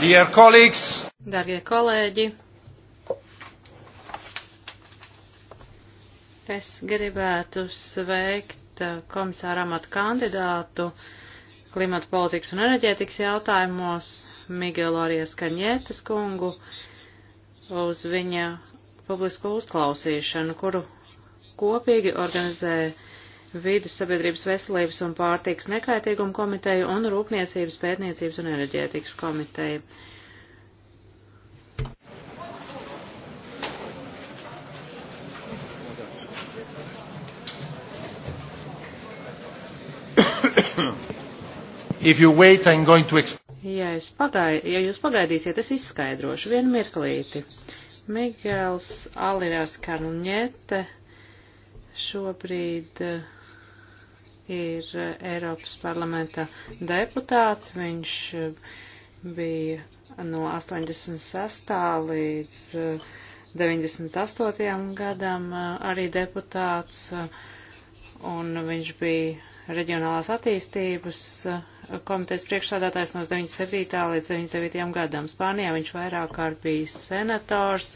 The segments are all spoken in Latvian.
Dear colleagues, Darbie kolēģi, es gribētu sveikt komisāra amata kandidātu klimata politikas un enerģētikas jautājumos Miguelu Arijas Kaņietes kungu uz viņa publisko uzklausīšanu, kuru kopīgi organizē vidas sabiedrības veselības un pārtīks nekaitīgumu komiteju un Rūpniecības, pētniecības un enerģētikas komiteju. Wait, ja, pagai, ja jūs pagaidīsiet, es izskaidrošu vienu mirklīti. Migels Aliras Karnjete šobrīd uh, ir eh, Eiropas parlamenta deputāts. Viņš eh, bija no 86. līdz 98. Eh, gadam arī deputāts, un viņš bija reģionālās attīstības komitejas priekšsādātājs no 97. līdz 99. gadam. Spānijā viņš vairāk kārt bija senators,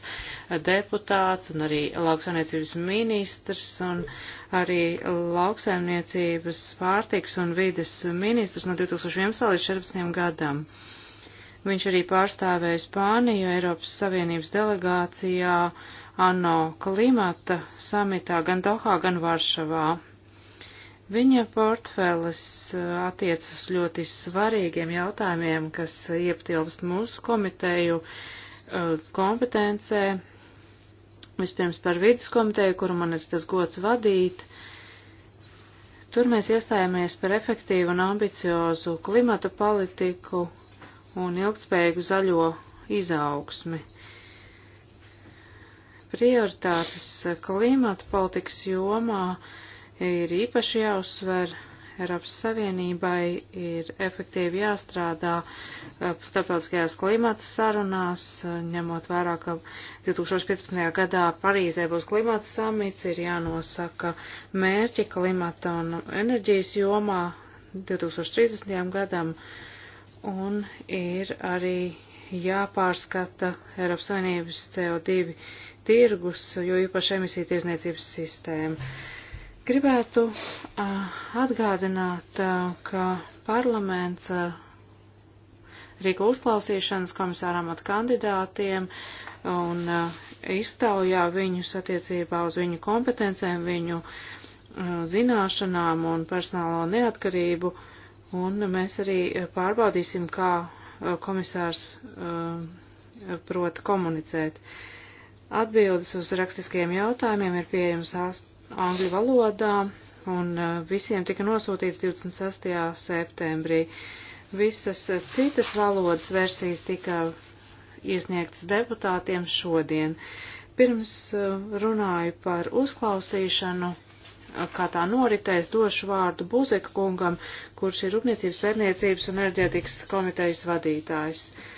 deputāts un arī lauksaimniecības ministrs un arī lauksaimniecības pārtiks un vides ministrs no 2011. līdz 2014. gadam. Viņš arī pārstāvēja Spāniju Eiropas Savienības delegācijā ANO klimata samitā gan Dohā, gan Varšavā Viņa portfelis eh, attiec uz ļoti svarīgiem jautājumiem, kas ieptilpst mūsu komiteju eh, kompetencē. Vispirms par vidas komiteju, kuru man ir tas gods vadīt. Tur mēs iestājāmies par efektīvu un ambiciozu klimata politiku un ilgspējīgu zaļo izaugsmi. Prioritātes klimata politikas jomā uh, ir īpaši jāuzsver. Eiropas Savienībai ir efektīvi jāstrādā eh, starptautiskajās klimata sarunās, eh, ņemot vērā, ka 2015. gadā Parīzē būs klimata samits, ir jānosaka mērķi klimata un enerģijas jomā 2030. gadam, un ir arī jāpārskata Eiropas Savienības CO2 tirgus, jo īpaši emisija tiesniecības sistēma Gribētu uh, atgādināt, uh, ka parlaments uh, Rīga uzklausīšanas komisāram at kandidātiem un uh, iztaujā viņus attiecībā uz viņu kompetencēm, viņu uh, zināšanām un personālo neatkarību. Un mēs arī pārbaudīsim, kā uh, komisārs prot komunicēt. Atbildes uz rakstiskajiem jautājumiem ir pieejams 8 angļu valodā, un uh, visiem tika nosūtīts 26. septembrī. Visas uh, citas valodas versijas tika iesniegtas deputātiem šodien. Pirms uh, runāju par uzklausīšanu, kā tā noritēs, došu vārdu Buzeka kungam, kurš ir Rūpniecības, Vērniecības un enerģētikas komitejas vadītājs. Uh,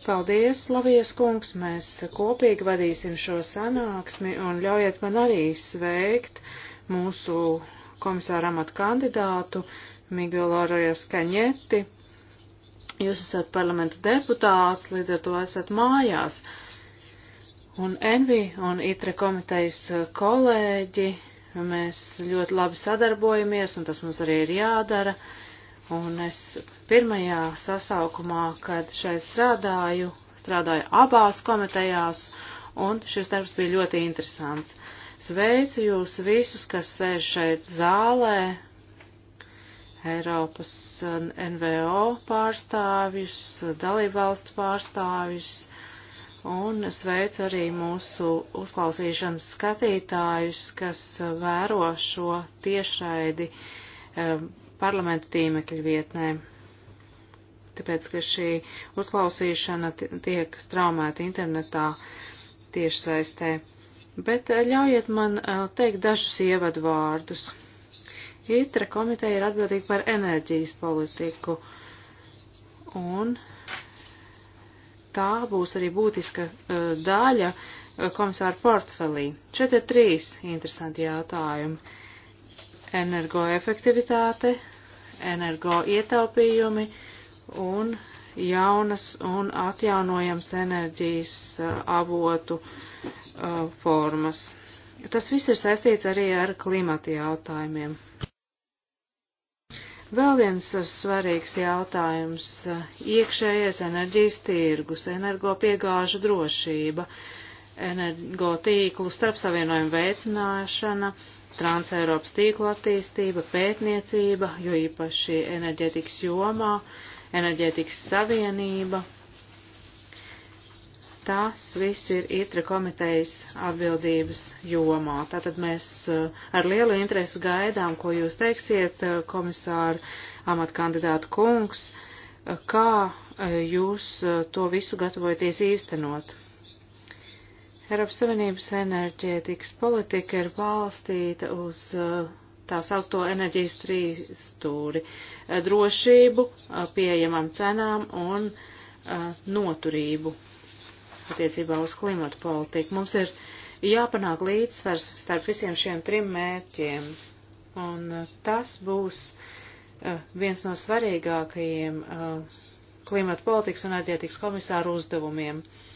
Paldies, Lavijas kungs, mēs kopīgi vadīsim šo sanāksmi un ļaujiet man arī sveikt mūsu komisāra amatu kandidātu Miguel Orojas Kaņeti. Jūs esat parlamenta deputāts, līdz ar to esat mājās. Un Envi un ITRE komitejas kolēģi, mēs ļoti labi sadarbojamies, un tas mums arī ir jādara. Uh, Un es pirmajā sasaukumā, kad šeit strādāju, strādāju abās komitejās, un šis darbs bija ļoti interesants. Sveicu jūs visus, kas sēž šeit zālē, Eiropas um, NVO pārstāvjus, dalībvalstu pārstāvjus, un sveicu arī mūsu uzklausīšanas skatītājus, kas uh, vēro šo tiešraidi um, parlamenta tīmekļa vietnē. Tāpēc, ka šī uzklausīšana tiek straumēta internetā tiešsaistē. Bet eh, ļaujiet man eh, teikt dažus ievadu vārdus. ITRA komiteja ir atbildīga par enerģijas politiku, un tā būs arī būtiska eh, daļa komisāra portfelī. Šeit ir trīs interesanti jautājumi energoefektivitāte, energoietaupījumi un jaunas un atjaunojams enerģijas uh, avotu uh, formas. Tas viss ir saistīts arī ar klimata jautājumiem. Vēl viens svarīgs jautājums - iekšējais enerģijas tirgus, energopiegāžu drošība, energotīklu starpsavienojumu veicināšana, uh, Transeiropas tīklu attīstība, pētniecība, jo īpaši enerģētikas jomā, enerģētikas savienība. Tas viss ir ITRA komitejas atbildības jomā. Tātad mēs eh, ar lielu interesi gaidām, ko jūs teiksiet, eh, komisāra amatkandidāta kungs, eh, kā jūs to visu gatavojaties īstenot. Eiropas Savienības enerģētikas politika ir balstīta uz uh, tā saukto enerģijas trīstūri - uh, drošību, uh, pieejamām cenām un noturību attiecībā uz klimatu politiku. Mums ir jāpanāk līdzsvars starp visiem šiem trim mērķiem, un tas būs viens no svarīgākajiem klimatu politikas un enerģētikas komisāru uzdevumiem. Uh,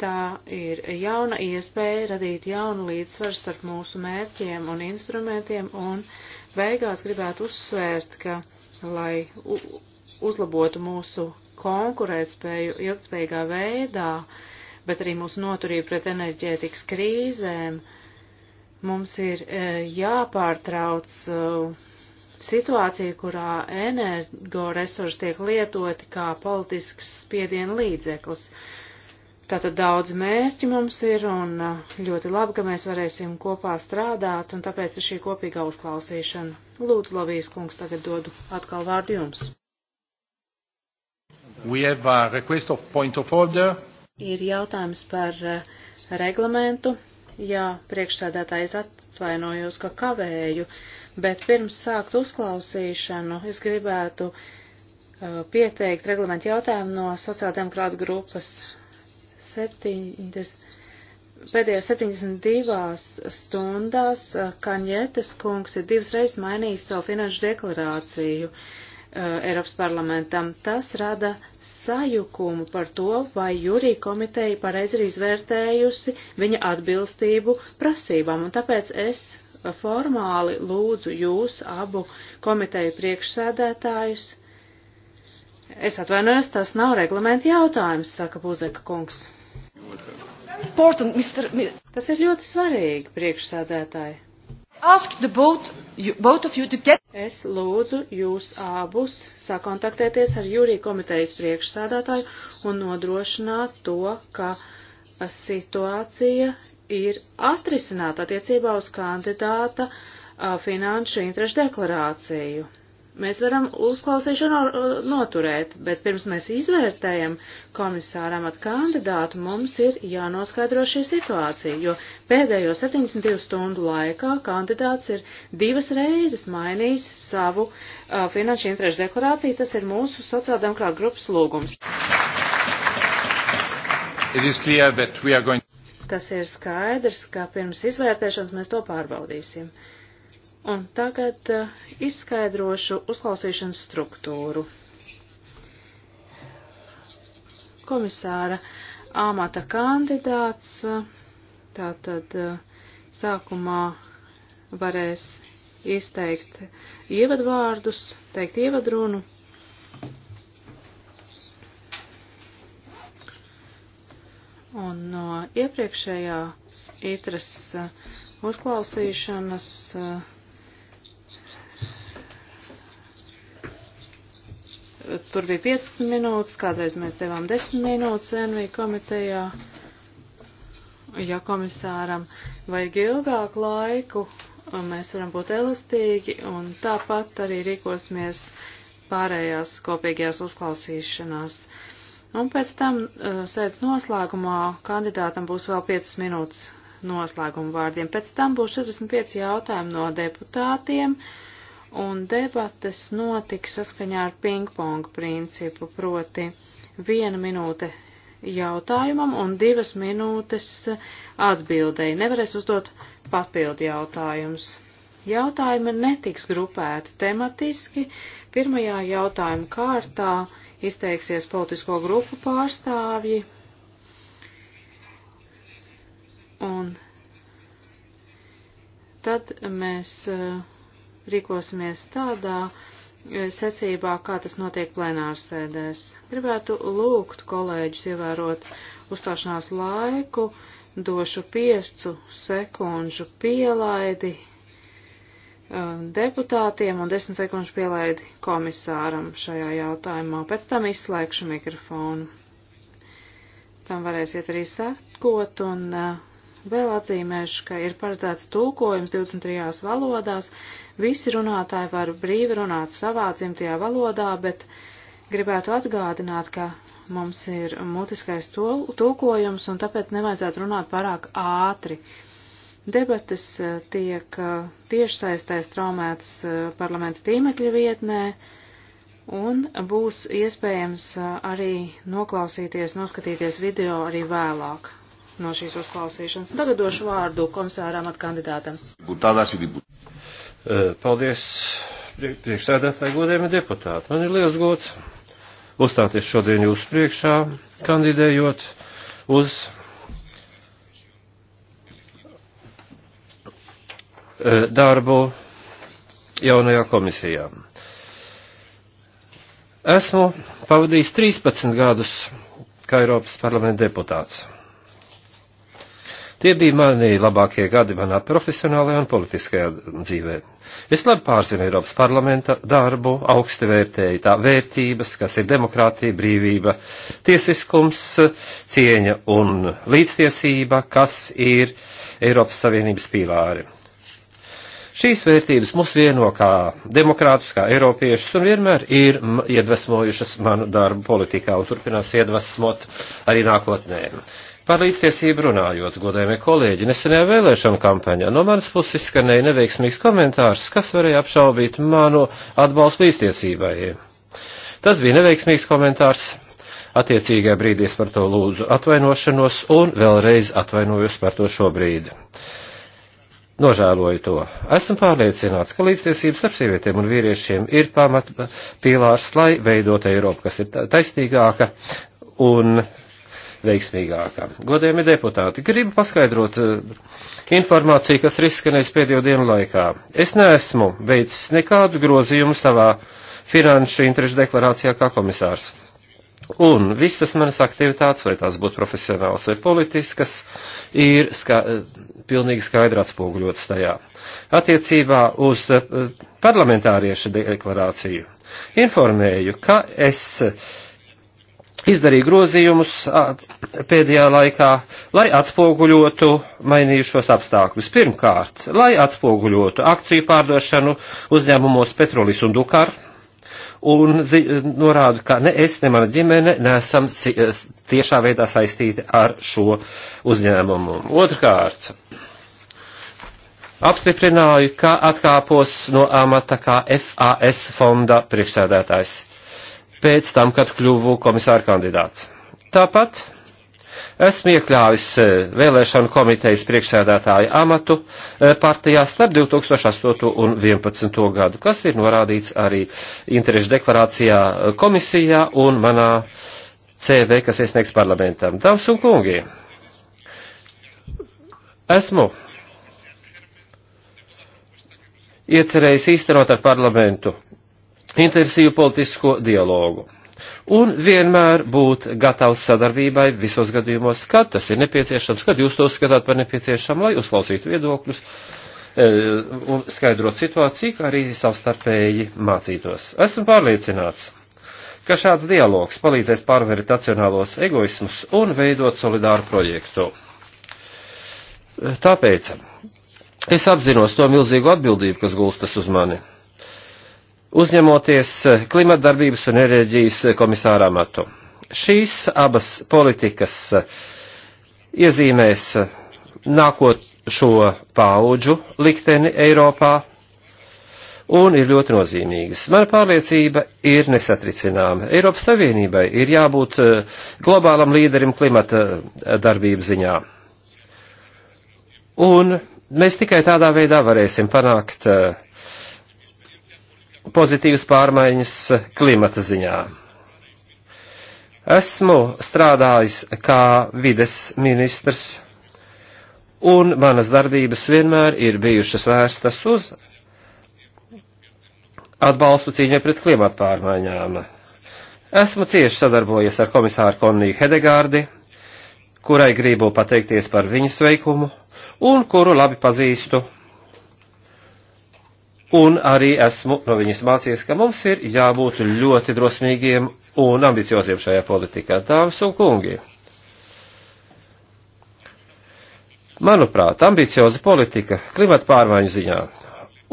Tā ir jauna iespēja radīt jaunu līdzsvaru starp mūsu mērķiem un instrumentiem, un beigās gribētu uzsvērt, ka, lai uzlabotu mūsu konkurētspēju ilgspējīgā veidā, bet arī mūsu noturību pret enerģētikas krīzēm, mums ir e, jāpārtrauc e, situācija, kurā energoresursi tiek lietoti kā politisks spiediena līdzeklis Tātad daudz mērķi mums ir un ļoti labi, ka mēs varēsim kopā strādāt, un tāpēc ir šī kopīgā uzklausīšana. Lūdzu, Lavijas kungs, tagad dodu atkal vārdu jums. Of of ir jautājums par reglamentu. Jā, priekšsēdētājs atvainojos, ka kavēju, bet pirms sākt uzklausīšanu es gribētu pieteikt reglamentu jautājumu no sociāldemokrāta grupas 70, pēdējās 72 stundās eh, Kaņetes kungs ir divas reizes mainījis savu finanšu deklarāciju. Uh, Eiropas parlamentam. Tas rada sajukumu par to, vai jūrī komiteja pareizi ir izvērtējusi viņa atbilstību prasībām, un tāpēc es formāli lūdzu jūs abu komiteju priekšsēdētājus. Es atvainojos, tas nav reglamenta jautājums, saka Buzeka kungs. Important, Mr. Tas ir ļoti svarīgi, priekšsēdētāji. Ask the both, you, both of you to get. Es lūdzu jūs abus sakontaktēties ar jūrī komitejas priekšsēdētāju un nodrošināt to, ka situācija ir atrisināta attiecībā uz kandidāta finanšu interešu deklarāciju. Mēs varam uzklausīšanu uh, noturēt, bet pirms mēs izvērtējam komisāram at kandidātu, mums ir jānoskaidro šī situācija, jo pēdējo 72 stundu laikā kandidāts ir divas reizes mainījis savu uh, finanšu interešu deklarāciju. Tas ir mūsu sociāldemokrāta grupas lūgums. Going... Tas ir skaidrs, ka pirms izvērtēšanas mēs to pārbaudīsim. Uh, Un tagad uh, izskaidrošu uzklausīšanas struktūru. Komisāra āmata kandidāts eh, tātad eh, sākumā varēs izteikt ievadvārdus, teikt ievadrunu, Un no iepriekšējās itras uh, uzklausīšanas uh, tur bija 15 minūtes, kādreiz mēs devām 10 minūtes NV komitejā. Ja komisāram vajag ilgāku laiku, uh, mēs varam būt elastīgi un tāpat arī rīkosimies pārējās kopīgajās uzklausīšanās. Uh, Un pēc tam eh, sēdz noslēgumā kandidātam būs vēl 5 minūtes noslēguma vārdiem. Pēc tam būs 45 jautājumi no deputātiem, un debates notiks saskaņā ar ping-pong principu, proti viena minūte jautājumam un divas minūtes atbildēji. Nevarēs uzdot papildu jautājumus. Jautājumi netiks grupēti tematiski. Pirmajā jautājuma kārtā izteiksies politisko grupu pārstāvji. Un tad mēs eh, rīkosimies tādā eh, secībā, kā tas notiek plenārsēdēs. Gribētu lūgt kolēģus ievērot uzstāšanās laiku, došu piecu sekundžu pielaidi Um, deputātiem un 10 sekundžu pielaidi komisāram šajā jautājumā. Pēc tam izslēgšu mikrofonu. Tam varēsiet arī sekot un uh, vēl atzīmēšu, ka ir paredzēts tulkojums 23 valodās. Visi runātāji var brīvi runāt savā dzimtajā valodā, bet gribētu atgādināt, ka mums ir mutiskais tulkojums un tāpēc nevajadzētu runāt pārāk ātri. Debates eh, tiek eh, tiešsaistē straumētas eh, parlamenta tīmekļa vietnē un būs iespējams arī noklausīties, noskatīties video arī vēlāk no šīs uzklausīšanas. Tagad došu vārdu komisāram at kandidātam. Paldies, priekšsēdētāji, godējumi deputāti. Man ir liels gods uzstāties šodien jūsu priekšā, kandidējot uz E, darbu jaunajā komisijā. Esmu pavadījis 13 gadus kā Eiropas parlamenta deputāts. Tie bija mani labākie gadi manā profesionālajā un politiskajā dzīvē. Es labi pārzinu Eiropas parlamenta darbu, augsti vērtēju tā vērtības, kas ir demokrātija, brīvība, tiesiskums, cieņa un līdztiesība, kas ir Eiropas Savienības pīlāri. Šīs vērtības mūs vieno kā demokrātus, kā eiropiešus un vienmēr ir iedvesmojušas manu darbu politikā un turpinās iedvesmot arī nākotnē. Par līdztiesību runājot, godējumie kolēģi, nesenajā vēlēšanu kampaņā no manas puses izskanēja neveiksmīgs komentārs, kas varēja apšaubīt manu atbalstu līdztiesībai. Tas bija neveiksmīgs komentārs, attiecīgajā brīdī es par to lūdzu atvainošanos un vēlreiz atvainojos par to šobrīd. Nožēloju to. Esmu pārliecināts, ka līdztiesības starp sievietēm un vīriešiem ir pamatpīlārs, lai veidot Eiropu, kas ir taisnīgāka un veiksmīgākā. Godējami deputāti, gribu paskaidrot eh, informāciju, kas ir izskanējis pēdējo dienu laikā. Es neesmu veicis nekādu grozījumu savā finanšu interešu deklarācijā kā komisārs. Un visas manas aktivitātes, vai tās būtu profesionālas vai politiskas, ir ska pilnīgi skaidri atspoguļotas tajā. Attiecībā uz eh, parlamentārieša deklarāciju informēju, ka es izdarīju grozījumus pēdējā laikā, lai atspoguļotu mainījušos apstākļus. Pirmkārt, lai atspoguļotu akciju pārdošanu uzņēmumos Petrolis un Dukar un zi, norādu, ka ne es, ne mana ģimene nesam eh, tiešā veidā saistīti ar šo uzņēmumu. Otrkārt, apstiprināju, ka atkāpos no amata kā FAS fonda priekšsēdētājs pēc tam, kad kļuvu komisāra kandidāts. Tāpat Esmu iekļāvis e, vēlēšanu komitejas priekšsēdētāju amatu e, partijā starp 2008 un 2011 gadu, kas ir norādīts arī interešu deklarācijā komisijā un manā CV, kas iesniegs parlamentam. Dāmas un kungi, esmu iecerējis īstenot ar parlamentu intensīvu politisko dialogu un vienmēr būt gatavs sadarbībai visos gadījumos, kad tas ir nepieciešams, kad jūs to skatāt par nepieciešamu, lai uzklausītu viedokļus e, un skaidrot situāciju, kā arī savstarpēji mācītos. Esmu pārliecināts, ka šāds dialogs palīdzēs pārvarēt nacionālos egoismus un veidot solidāru projektu. Tāpēc es apzinos to milzīgo atbildību, kas gulstas uz mani uzņemoties eh, klimatdarbības un enerģijas eh, komisāra amatu. Šīs abas politikas eh, iezīmēs nākošo paudžu likteni Eiropā un ir ļoti nozīmīgas. Mana pārliecība ir nesatricināma. Eiropas Savienībai ir jābūt globālam līderim klimata darbību ziņā. Un mēs tikai tādā veidā varēsim panākt uh, pozitīvas pārmaiņas klimata ziņā. Esmu strādājis kā vides ministrs, un manas darbības vienmēr ir bijušas vērstas uz atbalstu cīņai pret klimata pārmaiņām. Esmu cieši sadarbojies ar komisāru Konniju Hedegārdi, kurai gribu pateikties par viņas veikumu un kuru labi pazīstu Un arī esmu no viņas mācījies, ka mums ir jābūt ļoti drosmīgiem un ambicioziem šajā politikā, dāmas un kungi. Manuprāt, ambicioza politika klimata pārmaiņu ziņā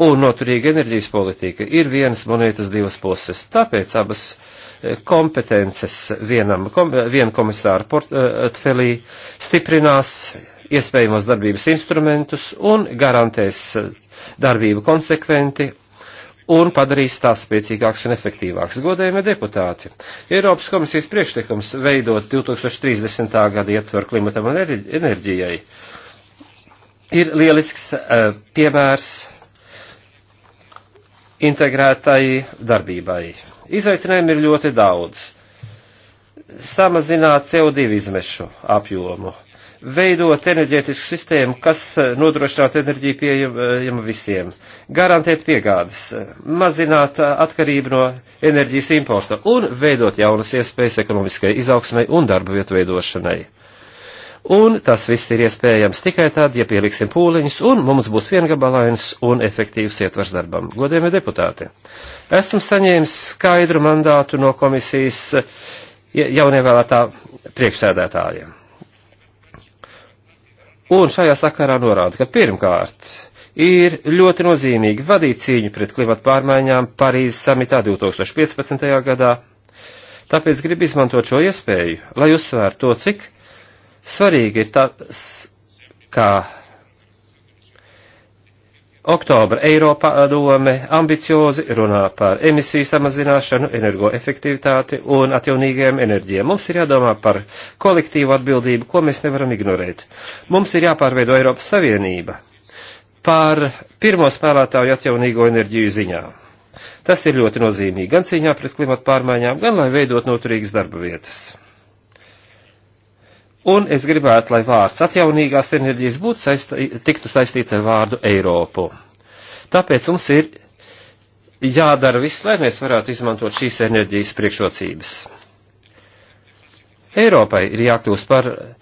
un noturīga enerģijas politika ir vienas monētas divas puses, tāpēc abas eh, kompetences vienam, kom, vienu komisāru portfelī stiprinās iespējamos darbības instrumentus un garantēs darbību konsekventi un padarīs tās spēcīgākas un efektīvākas. Godējumie deputāti, Eiropas komisijas priekšlikums veidot 2030. gada ietveru klimatam un enerģijai ir lielisks uh, piemērs integrētai darbībai. Izaicinājumi ir ļoti daudz. Samazināt CO2 izmešu apjomu, veidot enerģētisku sistēmu, kas eh, nodrošinātu enerģiju pieejamu visiem, garantēt piegādes, mazināt eh, atkarību no enerģijas importa un veidot jaunas iespējas ekonomiskai izaugsmai un darba vietu veidošanai. Un tas viss ir iespējams tikai tad, ja pieliksim pūliņus, un mums būs viengabalains un efektīvs ietvars darbam. Godējumie deputāti, esmu saņēmis skaidru mandātu no komisijas eh, jaunievēlētā priekšsēdētājiem. Un šajā sakarā norāda, ka pirmkārt ir ļoti nozīmīgi vadīt cīņu pret klimatu pārmaiņām Parīzes samitā 2015. gadā. Tāpēc gribu izmantot šo iespēju, lai uzsvērtu to, cik svarīgi ir tas, kā Oktobra Eiropā dome ambiciozi runā par emisiju samazināšanu, energoefektivitāti un atjaunīgiem enerģiem. Mums ir jādomā par kolektīvu atbildību, ko mēs nevaram ignorēt. Mums ir jāpārveido Eiropas Savienība par pirmo spēlētāju atjaunīgo enerģiju ziņā. Tas ir ļoti nozīmīgi gan cīņā pret klimatu pārmaiņām, gan lai veidot noturīgas darba vietas. Un es gribētu, lai vārds atjaunīgās enerģijas būtu saistī, tiktu saistīts ar vārdu Eiropu. Tāpēc mums ir jādara viss, lai mēs varētu izmantot šīs enerģijas priekšrocības. Eiropai ir jākļūst par eh,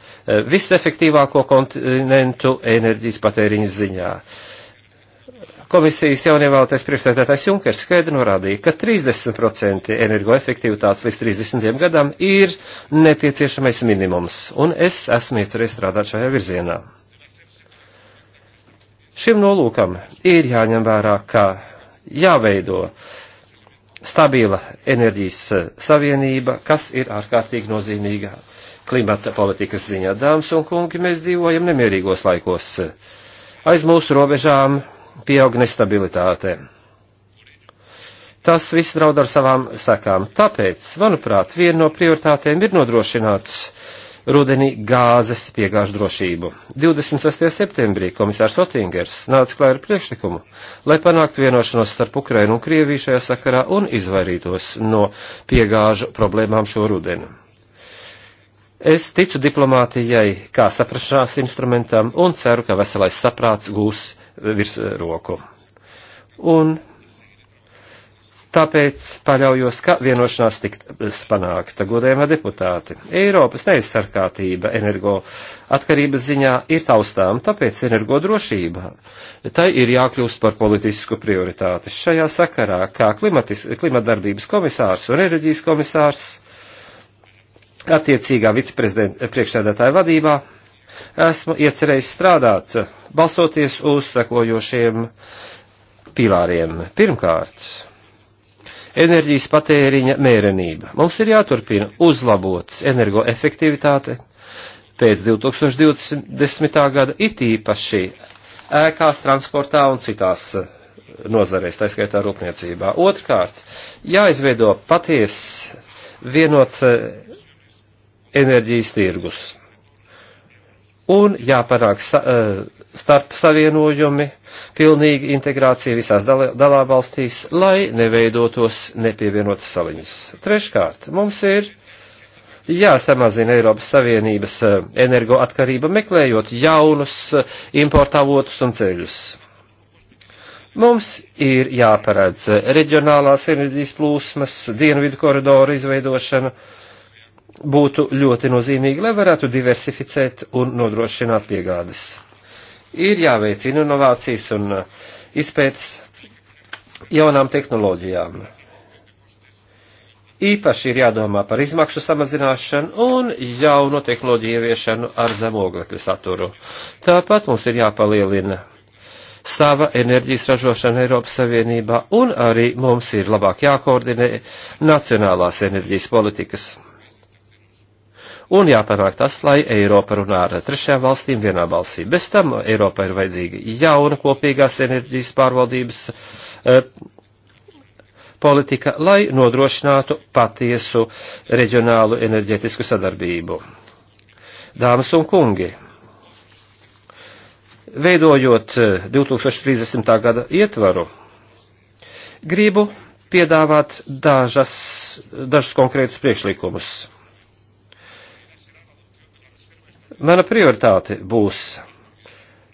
visefektīvāko kontinentu enerģijas patēriņas ziņā. Uh, Komisijas jaunievēlētais priekšstādātājs Junkers skaidri norādīja, ka 30% energoefektivitātes līdz 30. gadam ir nepieciešamais minimums, un es esmu iecerējis strādāt šajā virzienā. Šim nolūkam ir jāņem vērā, ka jāveido stabila enerģijas savienība, kas ir ārkārtīgi nozīmīga klimata politikas ziņā. Dāmas un kungi, mēs dzīvojam nemierīgos laikos. Aiz mūsu robežām pieaug nestabilitāte. Tas viss draud ar savām sekām. Tāpēc, manuprāt, viena no prioritātēm ir nodrošināts rudenī gāzes piegāžu drošību. 26. septembrī komisārs Otingers nāca klāja ar priekšlikumu, lai panāktu vienošanos starp Ukrainu un Krieviju šajā sakarā un izvairītos no piegāžu problēmām šo rudeni. Es ticu diplomātijai kā saprašanās instrumentam un ceru, ka veselais saprāts gūs virsroku. Un tāpēc paļaujos, ka vienošanās tiks panākta, godējumā deputāti. Eiropas neizsargātība energo atkarības ziņā ir taustām, tāpēc energo drošība. Tai ir jākļūst par politisku prioritāti. Šajā sakarā, kā klimatis, klimatdarbības komisārs un enerģijas komisārs, attiecīgā vicepriekšsēdētāja vadībā, esmu iecerējis strādāt, balstoties uz sekojošiem pilāriem. Pirmkārt, enerģijas patēriņa mērenība. Mums ir jāturpina uzlabot energoefektivitāte pēc 2020. gada it īpaši ēkās, transportā un citās nozarēs, tā skaitā rūpniecībā. Otrkārt, jāizveido paties vienots eh, enerģijas tirgus un jāpanāk sa, e, starp savienojumi, pilnīga integrācija visās dalībvalstīs, lai neveidotos nepievienotas saliņas. Treškārt, mums ir jāsamazina Eiropas Savienības e, energoatkarība, meklējot jaunus e, importavotus un ceļus. Mums ir jāparedz reģionālās enerģijas plūsmas, dienvidu koridoru izveidošana, uh, būtu ļoti nozīmīgi, lai varētu diversificēt un nodrošināt piegādes. Ir jāveicina inovācijas un uh, izpētes jaunām tehnoloģijām. Īpaši ir jādomā par izmaksu samazināšanu un jauno tehnoloģiju ieviešanu ar zemoglekļu saturu. Tāpat mums ir jāpalielina sava enerģijas ražošana Eiropas Savienībā un arī mums ir labāk jākoordinē nacionālās enerģijas politikas un jāpanāk tas, lai Eiropa runā ar trešajām valstīm vienā balsī. Bez tam Eiropa ir vajadzīga jauna kopīgās enerģijas pārvaldības eh, politika, lai nodrošinātu patiesu reģionālu enerģētisku sadarbību. Dāmas un kungi, veidojot 2030. E, gada ietvaru, gribu piedāvāt dažas, dažus konkrētus priekšlikumus Mana prioritāte būs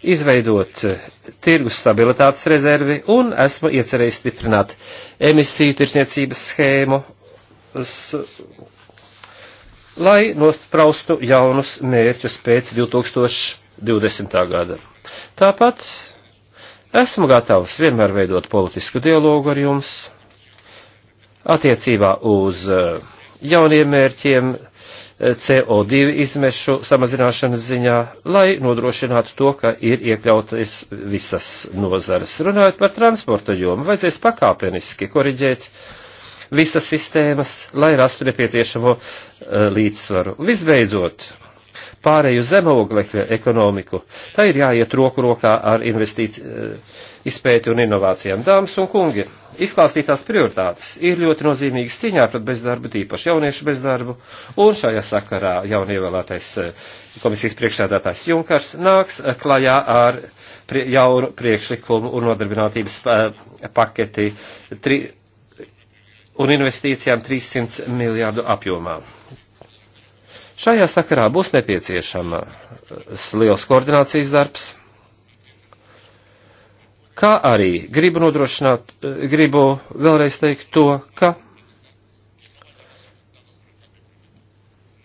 izveidot tirgus stabilitātes rezervi un esmu iecerējis stiprināt emisiju tirsniecības schēmu, lai nospraustu jaunus mērķus pēc 2020. gada. Tāpat esmu gatavs vienmēr veidot politisku dialogu ar jums attiecībā uz eh, jauniem mērķiem, CO2 izmešu samazināšanas ziņā, lai nodrošinātu to, ka ir iekļautas visas nozares. Runājot par transporta jomu, vajadzēs pakāpeniski koriģēt visas sistēmas, lai rastu nepieciešamo uh, līdzsvaru. Visbeidzot, pārēju zemoglekļa ekonomiku, tā ir jāiet roku rokā ar investīciju. Uh, izpēti un inovācijām. Dāmas un kungi, izklāstītās prioritātes ir ļoti nozīmīgas cīņā pret bezdarbu, tīpaši jauniešu bezdarbu, un šajā sakarā jaunievēlētais eh, komisijas priekšsēdētājs Junkars nāks eh, klajā ar prie, jaunu priekšlikumu un nodarbinātības eh, paketi tri, un investīcijām 300 miljārdu apjomā. Šajā sakarā būs nepieciešama liels koordinācijas darbs Kā arī gribu nodrošināt, eh, gribu vēlreiz teikt to, ka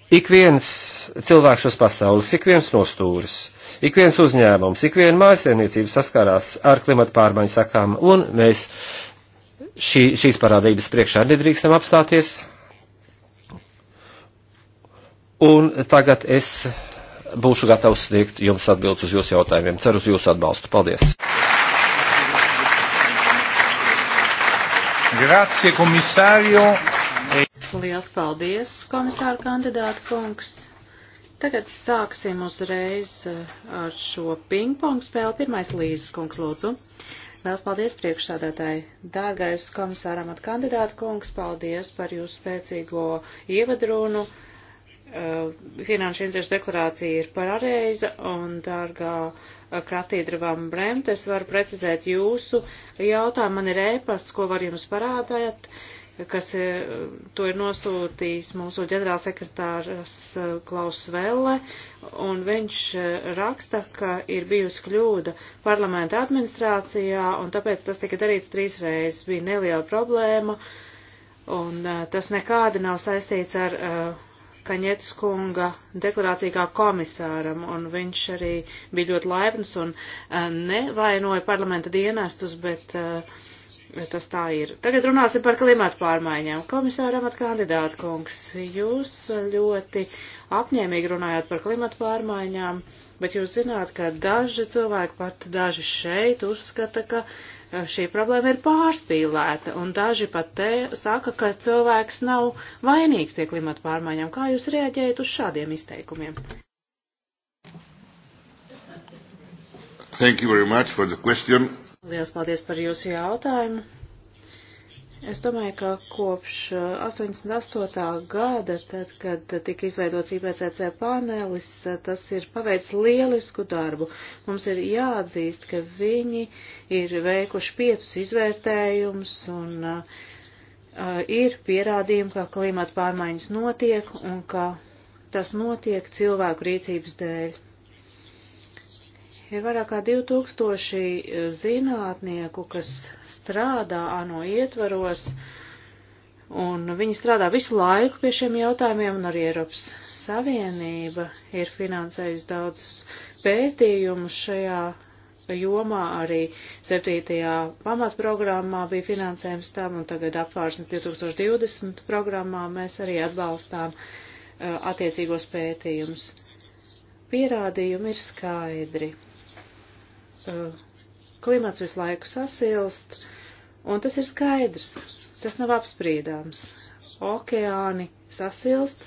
ik viens cilvēks uz pasaules, ik viens nostūris, ik viens uzņēmums, ik viena mājasēmniecība saskārās ar klimata pārmaiņu sakām, un mēs šī, šīs parādības priekšā nedrīkstam apstāties. Un tagad es būšu gatavs sniegt jums atbildus uz jūsu jautājumiem. Ceru uz jūsu atbalstu. Paldies! Grazie, komisārio. E- Liels paldies, komisāra kandidāta kungs. Tagad sāksim uzreiz eh, ar šo ping-pong spēli. Pirmais Līzes kungs, lūdzu. Liels paldies priekšsādātāji. Dārgais komisāram at kandidāta kungs, paldies par jūsu spēcīgo ievadrunu. Eh, finanšu interešu deklarācija ir pareiza, un, dārgā eh, Kratīdra Vam Bremt, es varu precizēt jūsu jautājumu. Man ir ēpasts, ko var jums parādāt, kas eh, to ir nosūtījis mūsu ģenerālsekretārs Klaus Velle, un viņš raksta, ka ir bijusi kļūda parlamenta administrācijā, un tāpēc tas tika darīts trīs reizes. Bija neliela problēma. Un uh, tas nekādi nav saistīts ar uh, Kaņets kunga deklarācija kā komisāram, un viņš arī bija ļoti laipns un eh, nevainoja parlamenta dienestus, bet eh, tas tā ir. Tagad runāsim par klimatu pārmaiņām. Komisāram at kandidātu kungs, jūs ļoti apņēmīgi runājāt par klimatu pārmaiņām, bet jūs zināt, ka daži cilvēki, pat daži šeit, uzskata, ka Eh, šī problēma ir pārspīlēta, un daži pat te saka, ka cilvēks nav vainīgs pie klimata pārmaiņām. Kā jūs reaģējat uz šādiem izteikumiem? Thank you very much for the question. Lielas paldies par jūsu jautājumu. Es domāju, ka kopš 88. Eh, gada, tad, kad tika izveidots IPCC panelis, eh, tas ir paveicis lielisku darbu. Mums ir jāatzīst, ka viņi ir veikuši piecus izvērtējumus un uh, ir pierādījumi, ka klimata pārmaiņas notiek un ka tas notiek cilvēku rīcības dēļ. Ir vairāk kā 2000 e, zinātnieku, kas strādā ANO ietvaros, un viņi strādā visu laiku pie šiem jautājumiem, un arī Eiropas Savienība ir finansējusi daudzus pētījumus šajā jomā, arī 7. pamatprogrammā bija finansējums tam, un tagad apvārsnes 2020 programmā mēs arī atbalstām uh, attiecīgos pētījumus. Pierādījumi ir skaidri Eh, klimats visu laiku sasilst, un tas ir skaidrs, tas nav apsprīdāms. Okeāni sasilst,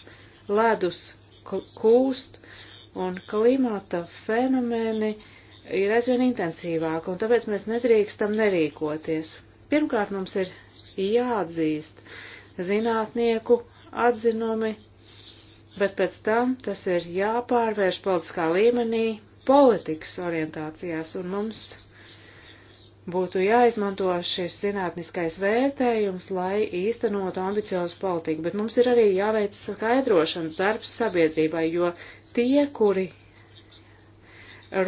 ledus kūst, un klimata fenomeni ir aizvien intensīvāki, un tāpēc mēs nedrīkstam nerīkoties. Pirmkārt, mums ir jāatzīst zinātnieku atzinumi, bet pēc tam tas ir jāpārvērš politiskā līmenī, politikas orientācijās, un mums būtu jāizmanto šis zinātniskais vērtējums, lai īstenotu ambiciozu politiku, bet mums ir arī jāveic skaidrošanas darbs sabiedrībai, jo tie, kuri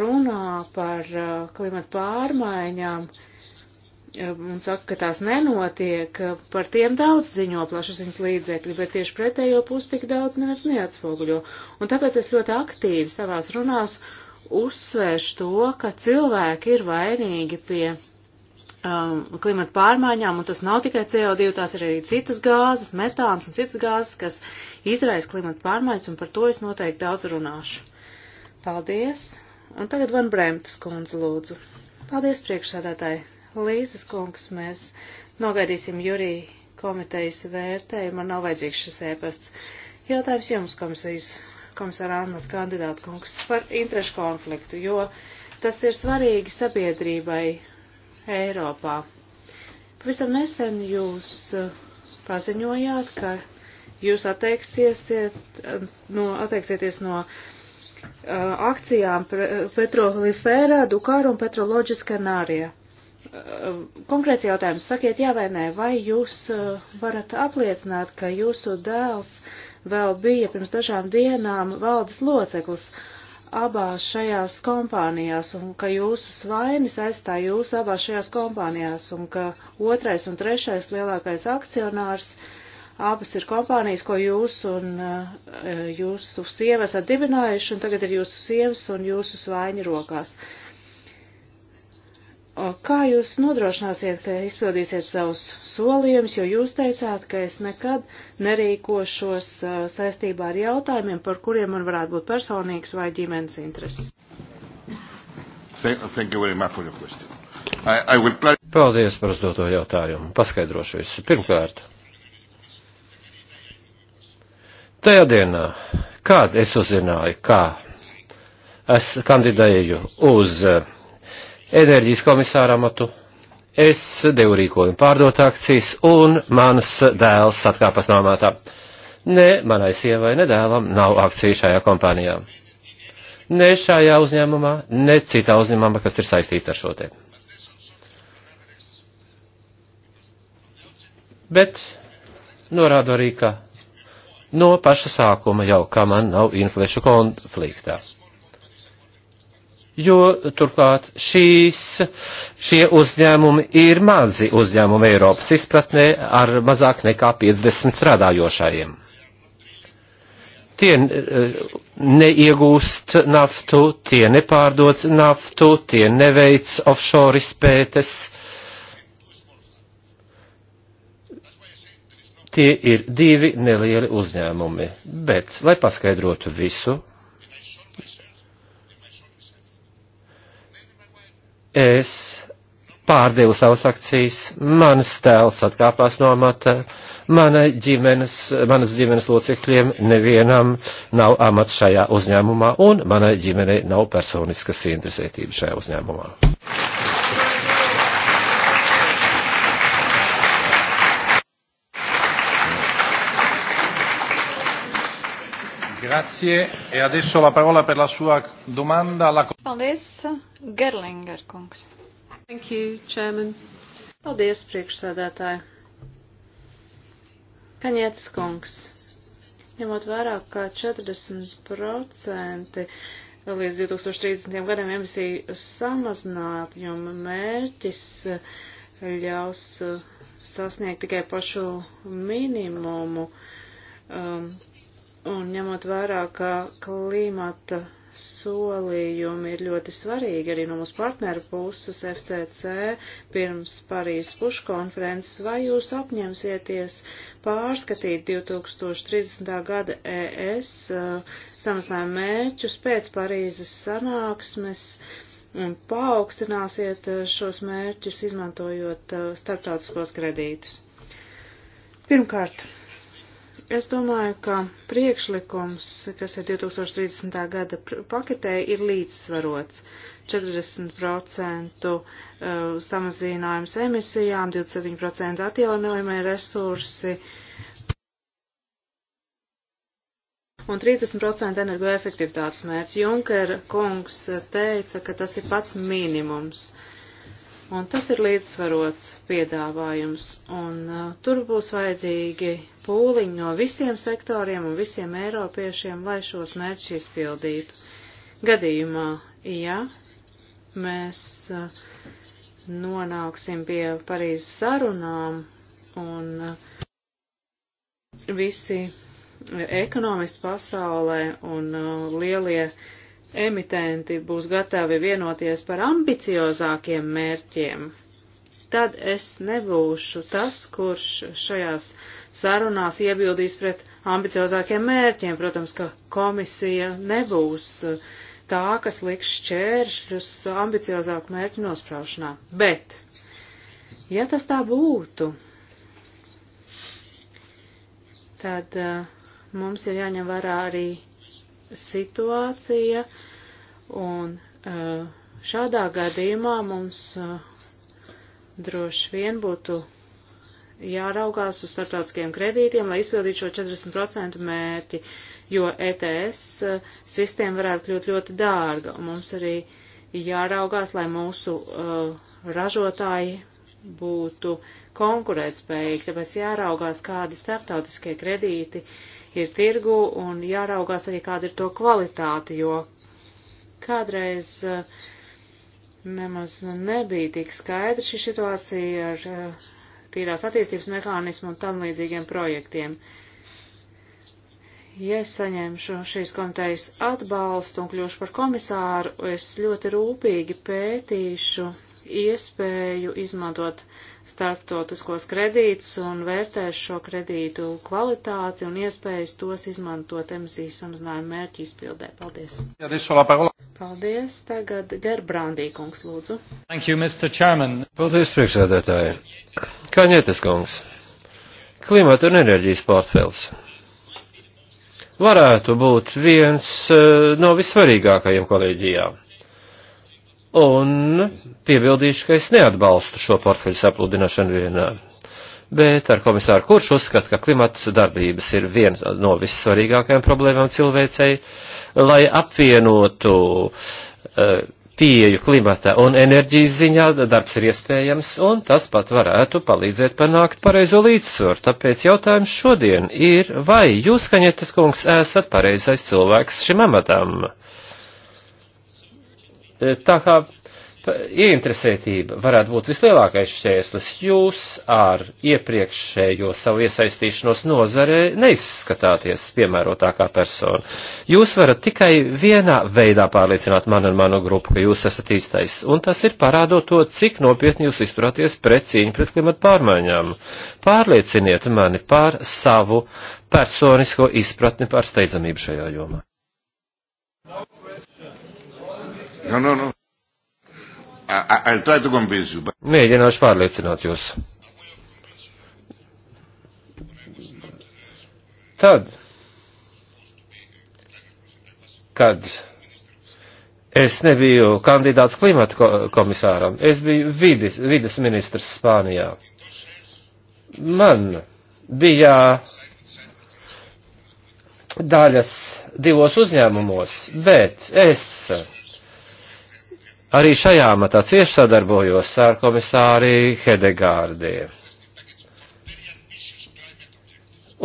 runā par uh, klimatu pārmaiņām uh, un saka, ka tās nenotiek, uh, par tiem daudz ziņo plašsaziņas līdzekļi, bet tieši pretējo pusi tik daudz neviens neatspoguļo. Un tāpēc es ļoti aktīvi savās runās uzsvērš to, ka cilvēki ir vainīgi pie um, klimata pārmaiņām, un tas nav tikai CO2, tās ir arī citas gāzes, metāns un citas gāzes, kas izraisa klimata pārmaiņas, un par to es noteikti daudz runāšu. Paldies! Un tagad Van Bremtas kundze lūdzu. Paldies priekšsādātāji! Līzes kungs, mēs nogaidīsim Jurī komitejas vērtējumu, man nav vajadzīgs šis ēpasts. Jautājums jums, komisijas komisāra Annas kandidāta kungs, par interešu konfliktu, jo tas ir svarīgi sabiedrībai Eiropā. Pavisam nesen jūs uh, paziņojāt, ka jūs uh, no, atteiksieties no uh, akcijām uh, Petrolifera, Dukāra un Petroloģiska Nārija. Uh, konkrēts jautājums, sakiet jā vai nē, vai jūs uh, varat apliecināt, ka jūsu dēls vēl bija pirms dažām dienām valdes loceklis abās šajās kompānijās un ka jūsu svainis aizstāja jūs abās šajās kompānijās un ka otrais un trešais lielākais akcionārs abas ir kompānijas, ko jūs un eh, jūsu sievas atdibinājuši un tagad ir jūsu sievas un jūsu svaini rokās. Uh, Kā jūs nodrošināsiet, ka izpildīsiet savus solījumus, jo jūs teicāt, ka es nekad nerīkošos saistībā ar jautājumiem, par kuriem man varētu būt personīgs vai ģimenes intereses? Will... Paldies par uzdoto jautājumu. Paskaidrošu visu. Pirmkārt, tajā dienā, kad es uzzināju, kā es kandidēju uz uh, enerģijas komisāra amatu. Es devu rīkojumu pārdot akcijas, un mans dēls atkāpas no amatā. Nē, manai sievai, ne dēlam nav akciju šajā kompānijā. Ne šajā uzņēmumā, ne citā uzņēmumā, kas ir saistīts ar šo te. Bet norādu arī, ka no paša sākuma jau, ka man nav inflešu konfliktās jo turklāt šīs, šie uzņēmumi ir mazi uzņēmumi Eiropas izpratnē ar mazāk nekā 50 strādājošajiem. Tie eh, neiegūst naftu, tie nepārdod naftu, tie neveic offshore izpētes. Tie ir divi nelieli uzņēmumi. Bet, lai paskaidrotu visu, es pārdevu savas akcijas, mans tēls atkāpās no amata, mana ģimenes, manas ģimenes locekļiem nevienam nav amats šajā uzņēmumā, un manai ģimenei nav personiskas interesētības šajā uzņēmumā. Grazie. E adesso la parola per la sua domanda alla Paldies, Gerlinger kungs. Thank you, Chairman. Paldies, priekšsēdētāji. Kaņietis kungs. Ņemot vērā, ka 40% līdz 2030. gadam emisiju samazinājuma mērķis ļaus sasniegt tikai pašu minimumu. Um, Un ņemot vērā, ka klimata solījumi ir ļoti svarīgi arī no mūsu partneru puses FCC pirms Parīzes puškonferences, vai jūs apņemsieties pārskatīt 2030. gada ES uh, samazinājumu mērķus pēc Parīzes sanāksmes un paaugstināsiet uh, šos mērķus, izmantojot uh, starptautiskos kredītus? Pirmkārt, Es domāju, ka priekšlikums, kas ir 2030. gada paketē, ir līdzsvarots. 40% uh, samazinājums emisijām, 27% atjaunojumai resursi un 30% energoefektivitātes mērķis. Junker kungs teica, ka tas ir pats minimums. Uh, Un tas ir līdzsvarots piedāvājums, un uh, tur būs vajadzīgi pūliņi no visiem sektoriem un visiem eiropiešiem, lai šos mērķus izpildītu. Gadījumā, ja mēs uh, nonāksim pie Parīzes sarunām un uh, visi ekonomisti pasaulē un uh, lielie uh, emitenti būs gatavi vienoties par ambiciozākiem mērķiem, tad es nebūšu tas, kurš šajās sarunās iebildīs pret ambiciozākiem mērķiem. Protams, ka komisija nebūs tā, kas liks šķēršļus ambiciozāku mērķu nospraušanā. Bet, ja tas tā būtu, tad uh, mums ir jāņem vērā arī situācija, un eh, šādā gadījumā mums eh, droši vien būtu jāraugās uz starptautiskiem kredītiem, lai izpildītu šo 40% mērķi, jo ETS eh, sistēma varētu kļūt ļoti dārga. Mums arī jāraugās, lai mūsu uh, ražotāji būtu konkurētspējīgi, tāpēc jāraugās, kādi starptautiskie kredīti ir tirgu un jāraugās arī, kāda ir to kvalitāte, jo kādreiz eh, nemaz nebija tik skaidra šī situācija ar eh, tīrās attīstības mehānismu un tam līdzīgiem projektiem. Ja es saņemšu šīs komitejas atbalstu un kļūšu par komisāru, es ļoti rūpīgi pētīšu iespēju izmantot starptautiskos kredītus un vērtēs šo kredītu kvalitāti un iespējas tos izmantot emisiju samazinājumu mērķu izpildē. Paldies. Paldies. Tagad Gerbrandī kungs lūdzu. Thank you, Mr. Chairman. Paldies, priekšsēdētāji. Kaņietis kungs. Klimata un enerģijas portfels varētu būt viens eh, no vissvarīgākajiem kolēģijām. Un piebildīšu, ka es neatbalstu šo portfeļu sapludināšanu vienā. Bet ar komisāru Kurš uzskat, ka klimats darbības ir viena no vissvarīgākajām problēmām cilvēcei, lai apvienotu uh, pieju klimata un enerģijas ziņā darbs ir iespējams, un tas pat varētu palīdzēt panākt pareizo līdzsvaru. Tāpēc jautājums šodien ir, vai jūs, Kaņetas kungs, esat pareizais cilvēks šim amatam? E, tā kā ieinteresētība varētu būt vislielākais šķērslis. Jūs ar iepriekšējo savu iesaistīšanos nozarē neizskatāties piemērotākā persona. Jūs varat tikai vienā veidā pārliecināt manu un manu grupu, ka jūs esat īstais, un tas ir parādot to, cik nopietni jūs izturāties pret cīņu pret klimatu pārmaiņām. Pārlieciniet mani par savu personisko izpratni par steidzamību šajā jomā. No, no, no. I, I'll try to convince you. But... Mēģināšu pārliecināt jūs. Tad, kad es nebiju kandidāts klimata komisāram, es biju vides, vides ministrs Spānijā. Man bija daļas divos uzņēmumos, bet es Arī šajā matā cieši sadarbojos ar komisāri Hedegārdī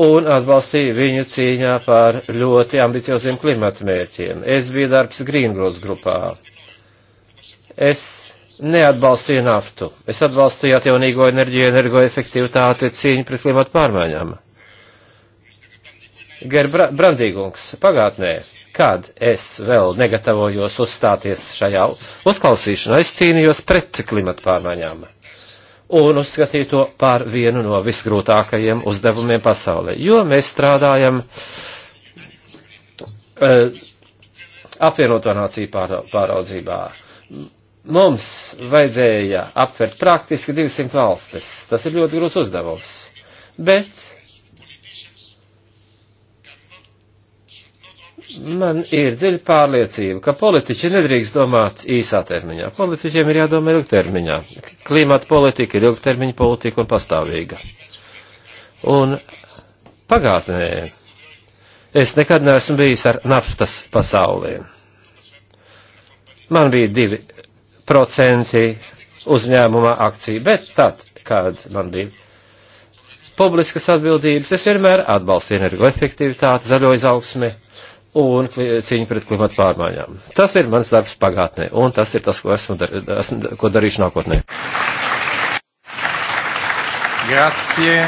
un atbalstīja viņu cīņā par ļoti ambicioziem klimata mērķiem. Es biju darbs Grīngros grupā. Es neatbalstīju naftu. Es atbalstīju atjaunīgo enerģiju, energoefektivitāti, cīņu pret klimatu pārmaiņām. Ger Brandīgungs, pagātnē kad es vēl negatavojos uzstāties šajā uzklausīšanā, es cīnījos pret klimatu pārmaiņām un uzskatīju to par vienu no visgrūtākajiem uzdevumiem pasaulē, jo mēs strādājam uh, apvienoto nāciju pāraudzībā. Mums vajadzēja aptvert praktiski 200 valstis. Tas ir ļoti grūts uzdevums. Bet Man ir dziļa pārliecība, ka politiķi nedrīkst domāt īsā termiņā. Politiķiem ir jādomā ilgtermiņā. Klimata politika ir ilgtermiņa politika un pastāvīga. Un pagātnē es nekad neesmu bijis ar naftas pasaulē. Man bija divi procenti uzņēmumā akciju, bet tad, kad man bija publiskas atbildības, es vienmēr atbalstu energoefektivitāti, zaļo izaugsmi un cīņu pret klimatu pārmaiņām. Tas ir mans darbs pagātnē, un tas ir tas, ko, esmu dar, esmu, ko darīšu nākotnē. Grazie.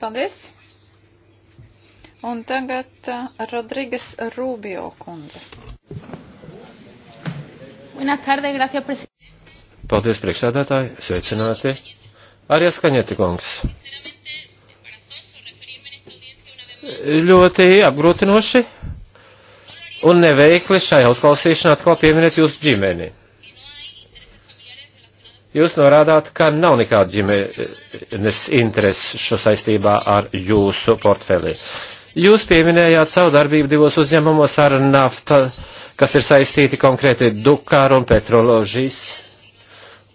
Paldies. Un tagad uh, Rodrīgas Rūbio kundze. Buenas tardes, gracias, presidente. Paldies, priekšsēdētāji, sveicināti. Arī skaņieti kungs ļoti apgrūtinoši un neveikli šajā uzklausīšanā atkal pieminēt jūsu ģimeni. Jūs norādāt, ka nav nekāda ģimenes interesu saistībā ar jūsu portfeli. Jūs pieminējāt savu darbību divos uzņēmumos ar nafta, kas ir saistīti konkrēti Dukāru un Petroložijas.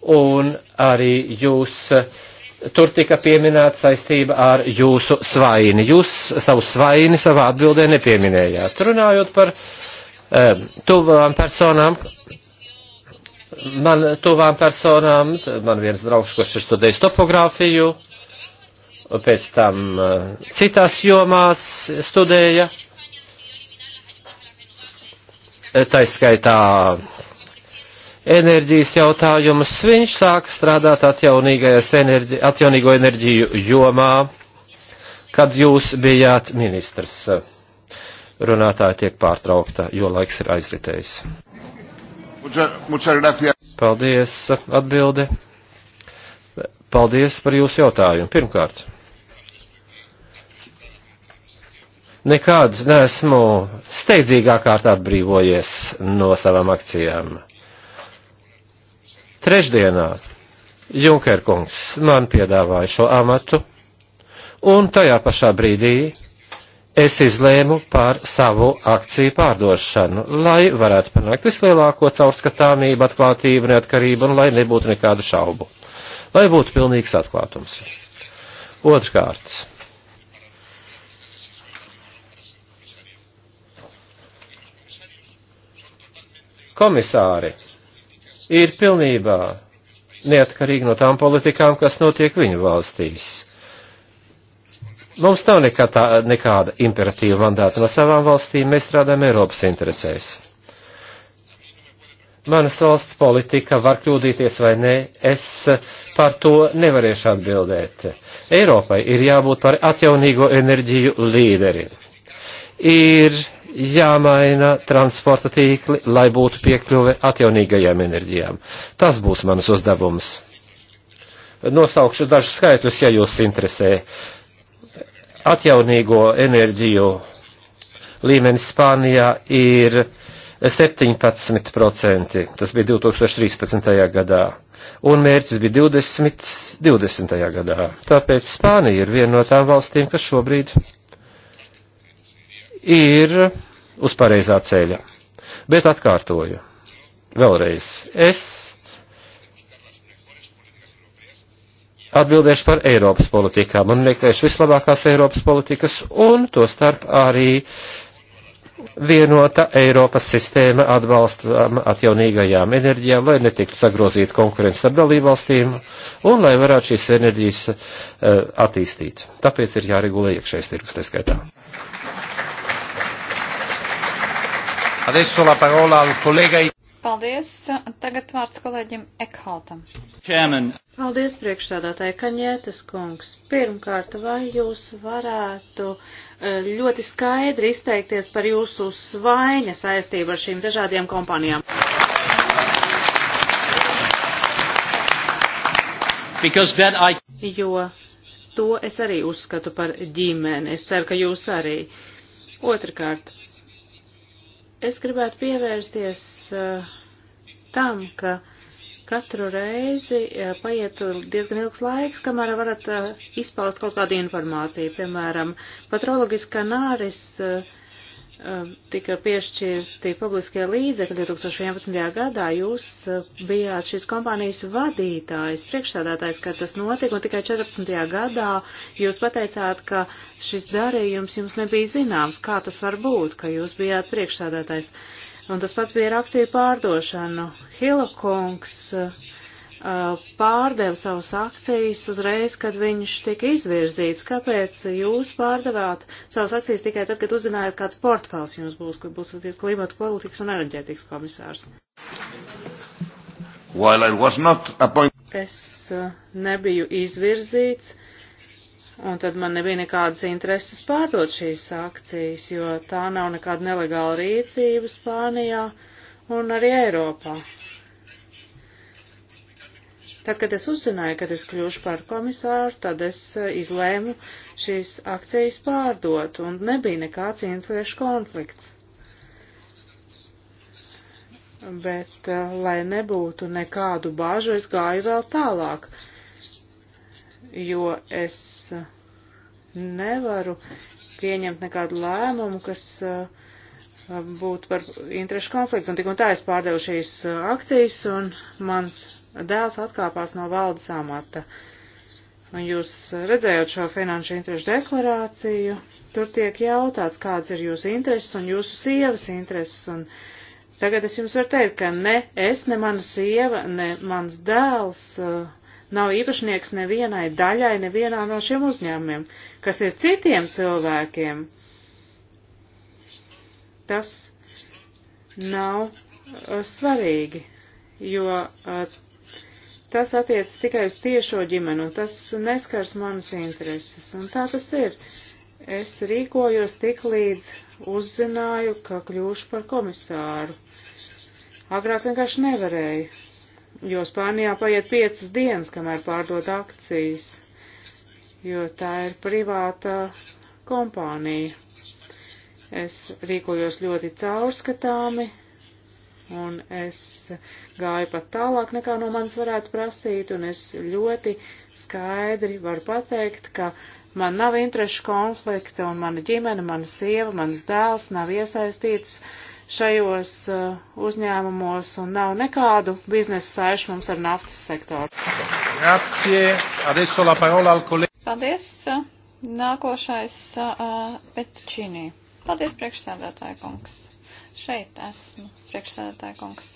Un arī jūs uh, Tur tika pieminēta saistība ar jūsu svaini. Jūs savu svaini savā atbildē nepieminējāt. Runājot par um, tuvām personām, man tuvām personām, man viens draugs, kurš ir studējis topogrāfiju, pēc tam uh, citās jomās studēja, eh, taiskaitā enerģijas jautājumus. Viņš sāka strādāt enerģi, atjaunīgo enerģiju jomā, kad jūs bijāt ministrs. Runātāji tiek pārtraukta, jo laiks ir aizritējis. Paldies, atbildi. Paldies par jūsu jautājumu. Pirmkārt, nekāds neesmu steidzīgā kārtā atbrīvojies no savām akcijām. Trešdienā Junkerkungs man piedāvāja šo amatu, un tajā pašā brīdī es izlēmu par savu akciju pārdošanu, lai varētu panākt vislielāko caurskatāmību, atklātību, neatkarību un lai nebūtu nekādu šaubu. Lai būtu pilnīgs atklātums. Otrkārt. Komisāri ir pilnībā neatkarīgi no tām politikām, kas notiek viņu valstīs. Mums nav nekā tā, nekāda imperatīva mandāta no savām valstīm, mēs strādājam Eiropas interesēs. Manas valsts politika var kļūdīties vai nē, es par to nevarēšu atbildēt. Eiropai ir jābūt par atjaunīgo enerģiju līderi. Ir jāmaina transporta tīkli, lai būtu piekļuve atjaunīgajām enerģijām. Tas būs manas uzdevums. Nosaukšu dažus skaitļus, ja jūs interesē. Atjaunīgo enerģiju līmenis Spānijā ir 17%, tas bija 2013. gadā, un mērķis bija 20, 20. gadā. Tāpēc Spānija ir viena no tām valstīm, kas šobrīd ir uz pareizā ceļa. Bet atkārtoju vēlreiz. Es atbildēšu par Eiropas politikām un meklēšu vislabākās Eiropas politikas un to starp arī vienota Eiropas sistēma atbalstam atjaunīgajām enerģijām, lai netiktu sagrozīta konkurence ar dalībvalstīm un lai varētu šīs enerģijas uh, attīstīt. Tāpēc ir jāregulē iekšējais tirgus, tā skaitā. Adesso la parola al collega. Paldies. Tagad vārds kolēģim Ekhautam. Chairman. Paldies, priekšsādātāji Kaņētas kungs. Pirmkārt, vai jūs varētu e, ļoti skaidri izteikties par jūsu svaiņa saistību ar šīm dažādiem kompānijām? I... Jo to es arī uzskatu par ģimeni. Es ceru, ka jūs arī. Otrakārt, Es gribētu pievērsties uh, tam, ka katru reizi uh, eh, paiet diezgan ilgs laiks, kamēr varat uh, izpaust kaut kādu informāciju. Piemēram, patroloģis kanāris uh, Um, tika piešķirti publiskie līdzekļi 2011. gadā, jūs uh, bijāt šīs kompānijas vadītājs, priekšstādātājs, kad tas notika, un tikai 14. gadā jūs pateicāt, ka šis darījums jums nebija zināms, kā tas var būt, ka jūs bijāt priekšstādātājs. Un tas pats bija ar akciju pārdošanu. Hilokungs. Uh, Uh, pārdeva savas akcijas uzreiz, kad viņš tika izvirzīts. Kāpēc jūs pārdevāt savas akcijas tikai tad, kad uzzinājāt, kāds portfels jums būs, kad būsiet klimata politikas un enerģētikas komisārs? Es uh, nebiju izvirzīts, un tad man nebija nekādas intereses pārdot šīs akcijas, jo tā nav nekāda nelegāla rīcība Spānijā un arī Eiropā. Tad, kad es uzzināju, kad es kļūšu par komisāru, tad es eh, izlēmu šīs akcijas pārdot, un nebija nekāds interešu konflikts. Bet, eh, lai nebūtu nekādu bāžu, es gāju vēl tālāk, jo es eh, nevaru pieņemt nekādu lēmumu, kas uh, būt par interešu konfliktu. Un tik un tā es pārdevu šīs uh, akcijas, un mans dēls atkāpās no valdes amata. Un jūs redzējot šo finanšu interešu deklarāciju, tur tiek jautāts, kāds ir jūsu intereses un jūsu sievas intereses. Un tagad es jums varu teikt, ka ne es, ne mana sieva, ne mans dēls uh, nav īpašnieks nevienai daļai, nevienā no šiem uzņēmumiem, kas ir citiem cilvēkiem tas nav uh, svarīgi, jo uh, tas attiec tikai uz tiešo ģimeni, un tas neskars manas intereses. Un tā tas ir. Es rīkojos tik līdz uzzināju, ka kļūšu par komisāru. Agrāk vienkārši nevarēju, jo Spānijā paiet piecas dienas, kamēr pārdod akcijas, jo tā ir privāta kompānija. Es rīkojos ļoti caurskatāmi, un es gāju pat tālāk nekā no manis varētu prasīt, un es ļoti skaidri varu pateikt, ka man nav interešu konflikta, un mana ģimene, mana sieva, mans dēls nav iesaistīts šajos uh, uzņēmumos, un nav nekādu biznesa saišu mums ar naftas sektoru. Grazie. Paldies. Nākošais uh, Petčīnī. Paldies, priekšsēdētāja kungs. Šeit esmu, priekšsēdētāja kungs.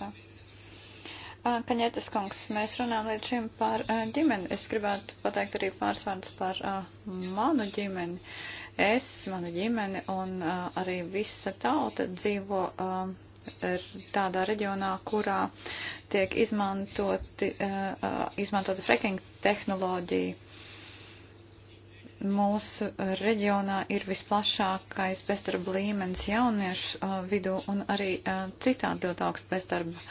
Kaņetes kungs, mēs runājam līdz šim par ģimeni. Es gribētu pateikt arī pāris vārdus par manu ģimeni. Es, mana ģimene un arī visa tauta dzīvo tādā reģionā, kurā tiek izmantoti, izmantota freking tehnoloģija mūsu uh, reģionā ir visplašākais bezdarba līmenis jauniešu uh, vidū un arī uh, citādi ļoti augsts bezdarba uh,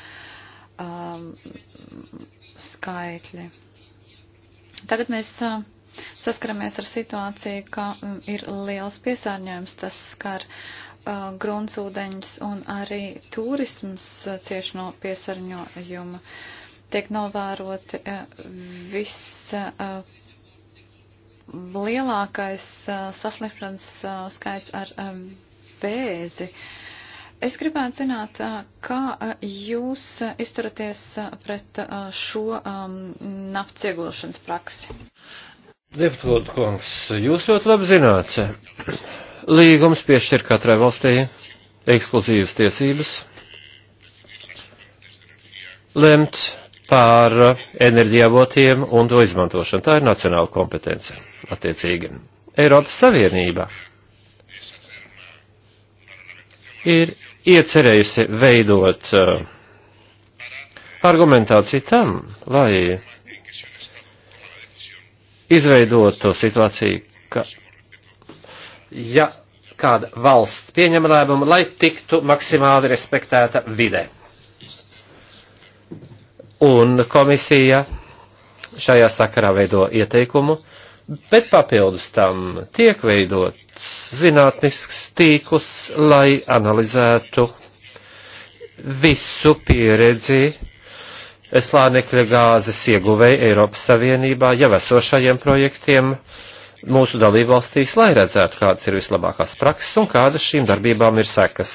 skaitļi. Tagad mēs uh, saskaramies ar situāciju, ka um, ir liels piesārņojums, tas skar uh, gruntsūdeņus un arī turisms uh, cieši no piesārņojuma. Tiek novēroti uh, viss. Uh, lielākais saslimšanas skaits ar vēzi. Es gribētu zināt, kā jūs izturaties pret šo naftas iegulšanas praksi? Deputāta kungs, jūs ļoti labi zināt, līgums piešķir katrai valstī ekskluzīvas tiesības lemt par enerģijavotiem un to izmantošanu. Tā ir nacionāla kompetence attiecīgi. Eiropas Savienība ir iecerējusi veidot eh, argumentāciju tam, lai izveidotu situāciju, ka ja kāda valsts pieņem lēmumu, lai tiktu maksimāli respektēta vide un komisija šajā sakarā veido ieteikumu, bet papildus tam tiek veidots zinātnisks tīkls, lai analizētu visu pieredzi slānekļa gāzes ieguvēja Eiropas Savienībā jau esošajiem projektiem mūsu dalībvalstīs, lai redzētu, kādas ir vislabākās prakses un kādas šīm darbībām ir sekas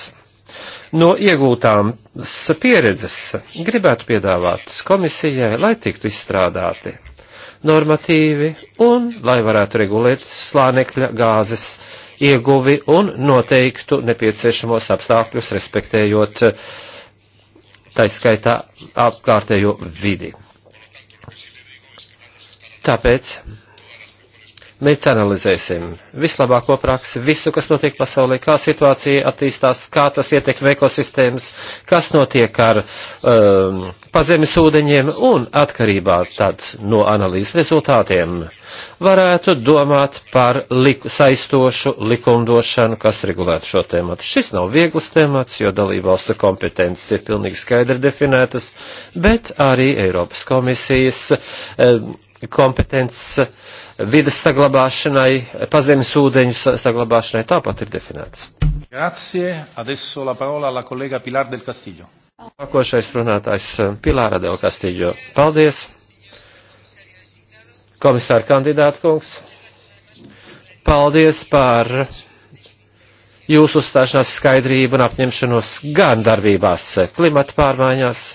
no iegūtām pieredzes gribētu piedāvāt komisijai, lai tiktu izstrādāti normatīvi un lai varētu regulēt slānekļa gāzes ieguvi un noteiktu nepieciešamos apstākļus, respektējot eh, taiskaitā apkārtējo vidi. Tāpēc mēs analizēsim vislabāko praksi, visu, kas notiek pasaulē, kā situācija attīstās, kā tas ietekmē ekosistēmas, kas notiek ar um, pazemes ūdeņiem un atkarībā tad no analīzes rezultātiem varētu domāt par liku, saistošu likumdošanu, kas regulētu šo tēmatu. Šis nav viegls tēmats, jo dalībvalstu kompetences ir pilnīgi skaidri definētas, bet arī Eiropas komisijas um, kompetences vidas saglabāšanai, pazemes ūdeņu saglabāšanai tāpat ir definētas. Grazie. Adesso la parola alla collega Pilar del Castillo. Nākošais runātājs eh, Pilāra del Castillo. Paldies. Komisāra kandidāta kungs. Paldies par jūsu uzstāšanās skaidrību un apņemšanos gan darbībās eh, klimata pārmaiņās,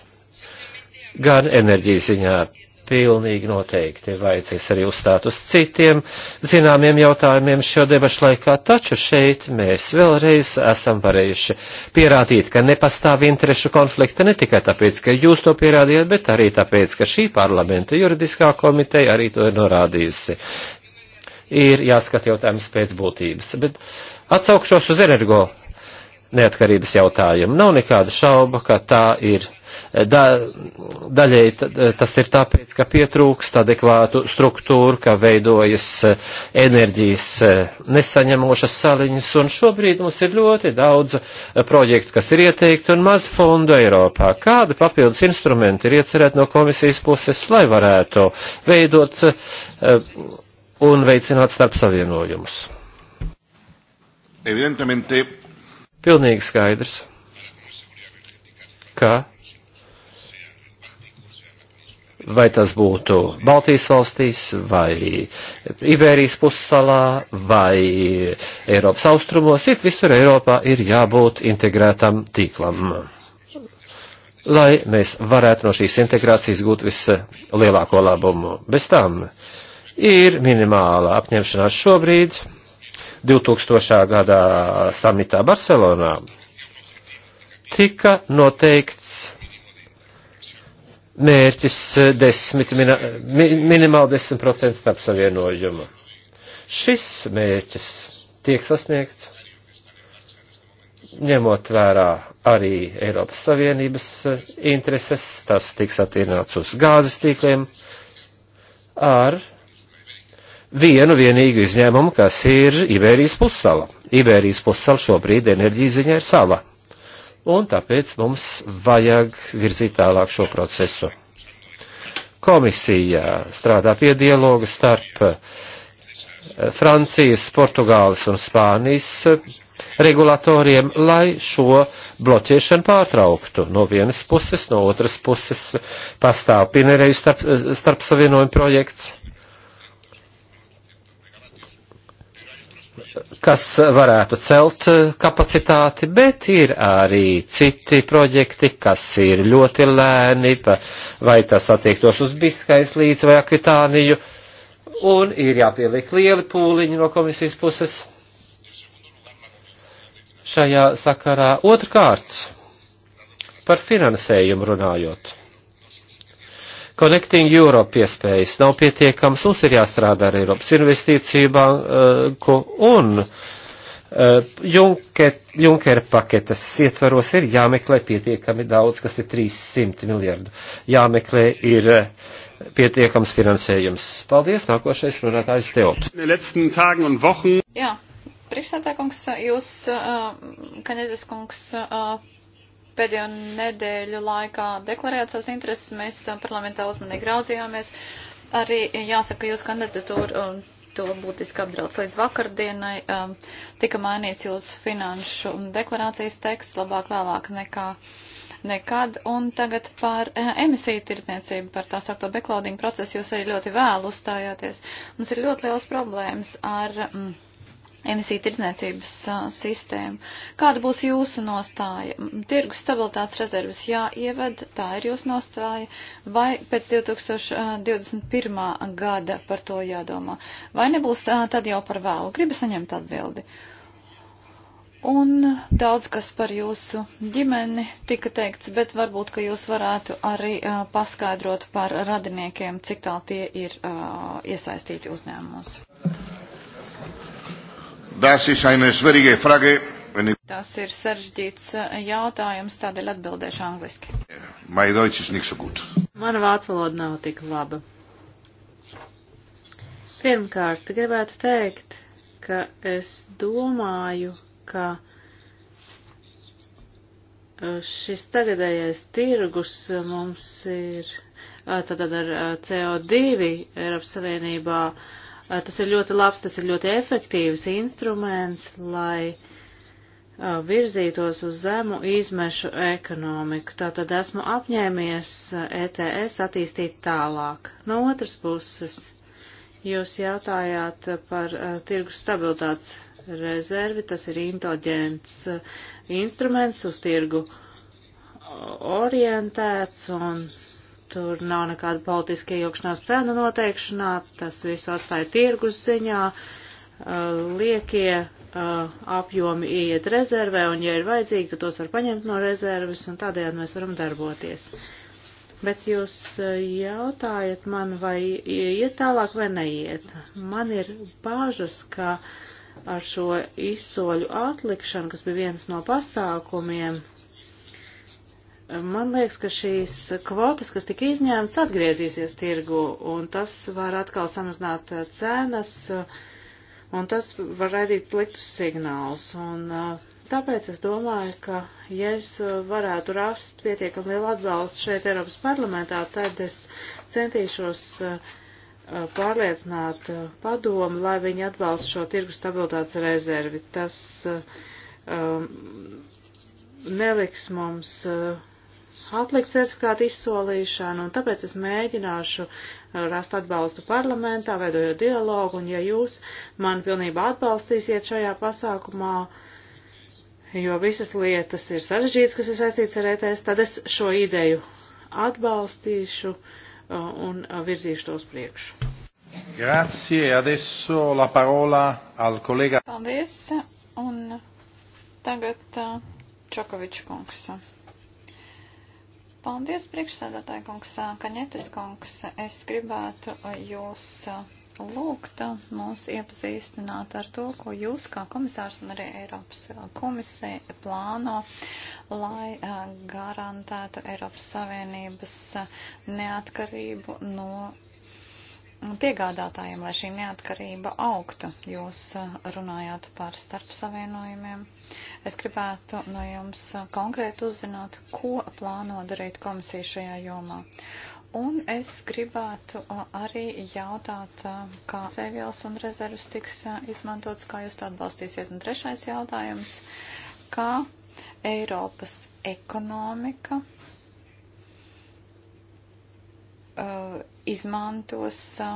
gan enerģijas ziņā pilnīgi noteikti vajadzēs arī uzstāt uz citiem zināmiem jautājumiem šo debašu laikā, taču šeit mēs vēlreiz esam varējuši pierādīt, ka nepastāv interešu konflikta ne tikai tāpēc, ka jūs to pierādījāt, bet arī tāpēc, ka šī parlamenta juridiskā komiteja arī to ir norādījusi. Ir jāskat jautājums pēc būtības, bet atsaukšos uz energo neatkarības jautājumu. Nav nekāda šauba, ka tā ir Da, daļai tas ir tāpēc, ka pietrūkst adekvātu struktūru, ka veidojas e, enerģijas e, nesaņemošas saliņas, un šobrīd mums ir ļoti daudz e, projektu, kas ir ieteikti, un maz fondu Eiropā. Kādi papildus instrumenti ir iecerēti no komisijas puses, lai varētu veidot un veicināt starp savienojumus? Evidentemente. Pilnīgi skaidrs, ka vai tas būtu Baltijas valstīs, vai Iberijas pussalā, vai Eiropas austrumos, it visur Eiropā ir jābūt integrētam tīklam, lai mēs varētu no šīs integrācijas gūt vislielāko labumu. Bez tam ir minimāla apņemšanās šobrīd 2000. gadā samitā Barcelonā tika noteikts mērķis eh, desmit, minimāli 10% starp savienojumu. Šis mērķis tiek sasniegts ņemot vērā arī Eiropas Savienības eh, intereses, tas tiks attiecināts uz gāzes tīkliem ar vienu vienīgu izņēmumu, kas ir Iberijas pussala. Iberijas pussala šobrīd enerģijas ziņā ir sala un tāpēc mums vajag virzīt tālāk šo procesu. Komisija strādā pie dialoga starp eh, Francijas, Portugāles un Spānijas eh, regulatoriem, lai šo bloķēšanu pārtrauktu. No vienas puses, no otras puses pastāv pinerēju starp, eh, starp savienojumu projekts kas varētu celt eh, kapacitāti, bet ir arī citi projekti, kas ir ļoti lēni, vai tas attiektos uz Biskais līdz vai Akvitāniju, un ir jāpieliek lieli pūliņi no komisijas puses šajā sakarā. Otrkārt, par finansējumu runājot. Connecting Europe iespējas nav pietiekams, mums ir jāstrādā ar Eiropas investīciju banku un eh, Junker, Junker paketes ietvaros ir jāmeklē pietiekami daudz, kas ir 300 miljardu. Jāmeklē ir eh, pietiekams finansējums. Paldies, nākošais runātājs Teot. Jā, priekšsētā kungs, jūs, uh, eh, kanēdis kungs, uh, pēdējo nedēļu laikā deklarējāt savus intereses, mēs uh, parlamentā uzmanīgi raudzījāmies. Arī jāsaka, jūs kandidatūru um, to būtiski apdraudz līdz vakardienai. Um, tika mainīts jūsu finanšu deklarācijas teksts, labāk vēlāk nekā nekad. Un tagad par uh, emisiju tirdzniecību, par tā sakto backloading procesu jūs arī ļoti vēlu uzstājāties. Mums ir ļoti liels problēmas ar. Mm, emisiju tirdzniecības sistēmu. Kāda būs jūsu nostāja? Tirgus stabilitātes rezerves jāieved, tā ir jūsu nostāja, vai pēc 2021. gada par to jādomā? Vai nebūs tad jau par vēlu? Gribu saņemt atbildi. Un daudz kas par jūsu ģimeni tika teikts, bet varbūt, ka jūs varētu arī uh, paskaidrot par radiniekiem, cik tālu tie ir uh, iesaistīti uzņēmumos. Tas ir sarežģīts eh, jautājums, tādēļ atbildēšu angliski. Eh, Mana vācu valoda nav tik laba. Pirmkārt, gribētu teikt, ka es domāju, ka eh, šis tagadējais tirgus mums ir tātad ar CO2 Eiropas Savienībā. Uh, Tas ir ļoti labs, tas ir ļoti efektīvs instruments, lai virzītos uz zemu izmešu ekonomiku. Tātad esmu apņēmies ETS attīstīt tālāk. No otras puses, jūs jautājāt par tirgus stabilitātes rezervi, tas ir intelģents instruments uz tirgu orientēts un Tur nav nekāda politiska iejaukšanās cenu noteikšanā, tas visu atstāja tirgus ziņā, uh, liekie uh, apjomi iet rezervē, un ja ir vajadzīgi, tad tos var paņemt no rezerves, un tādējādi mēs varam darboties. Bet jūs uh, jautājat man, vai iet tālāk vai neiet. Man ir bāžas, ka ar šo izsoļu atlikšanu, kas bija viens no pasākumiem, Man liekas, ka šīs kvotas, kas tika izņēmtas, atgriezīsies tirgu, un tas var atkal samazināt uh, cenas, uh, un tas var raidīt sliktus signālus. Un, uh, tāpēc es domāju, ka, ja es varētu rast pietiekami lielu atbalstu šeit Eiropas parlamentā, tad es centīšos pārliecināt padomu, lai viņi atbalsta šo tirgu stabilitātes rezervi. Tas um, neliks mums uh, atlikt certifikātu izsolīšanu, un tāpēc es mēģināšu rast atbalstu parlamentā, veidojot dialogu, un ja jūs man pilnībā atbalstīsiet šajā pasākumā, jo visas lietas ir sarežģītas, kas ir saistīts ar ETS, tad es šo ideju atbalstīšu uh, un virzīšu tos priekšu. Grazie, adesso la parola al collega. Paldies, un tagad uh, Čakovičs kungs. Paldies, priekšsēdētāji kungs, Kaņetes kungs. Es gribētu jūs lūgt mūs iepazīstināt ar to, ko jūs kā komisārs un arī Eiropas komisija plāno, lai garantētu Eiropas Savienības neatkarību no piegādātājiem, lai šī neatkarība augtu. Jūs uh, runājāt par starpsavienojumiem. Es gribētu no jums uh, konkrēti uzzināt, ko plāno darīt komisija šajā jomā. Un es gribētu uh, arī jautāt, kā sēvielas un rezervas tiks izmantots, kā jūs to atbalstīsiet. Un trešais jautājums, kā Eiropas ekonomika Uh, izmantos uh,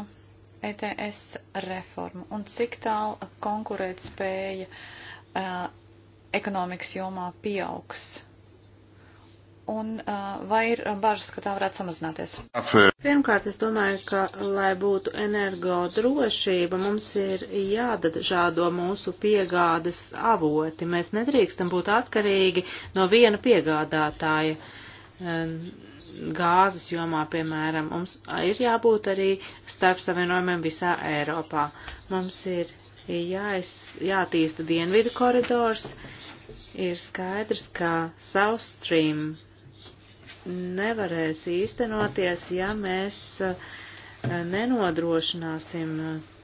ETS reformu un cik tālu konkurētspēja uh, ekonomikas jomā pieaugs un uh, vai ir bažas, ka tā varētu samazināties? Pirmkārt, es domāju, ka, lai būtu energodrošība, mums ir jādažādo mūsu piegādes avoti. Mēs nedrīkstam būt atkarīgi no viena piegādātāja gāzes jomā, piemēram, mums ir jābūt arī starp savienojumiem visā Eiropā. Mums ir jāiz, jātīsta dienvidu koridors. Ir skaidrs, ka South Stream nevarēs īstenoties, ja mēs eh, nenodrošināsim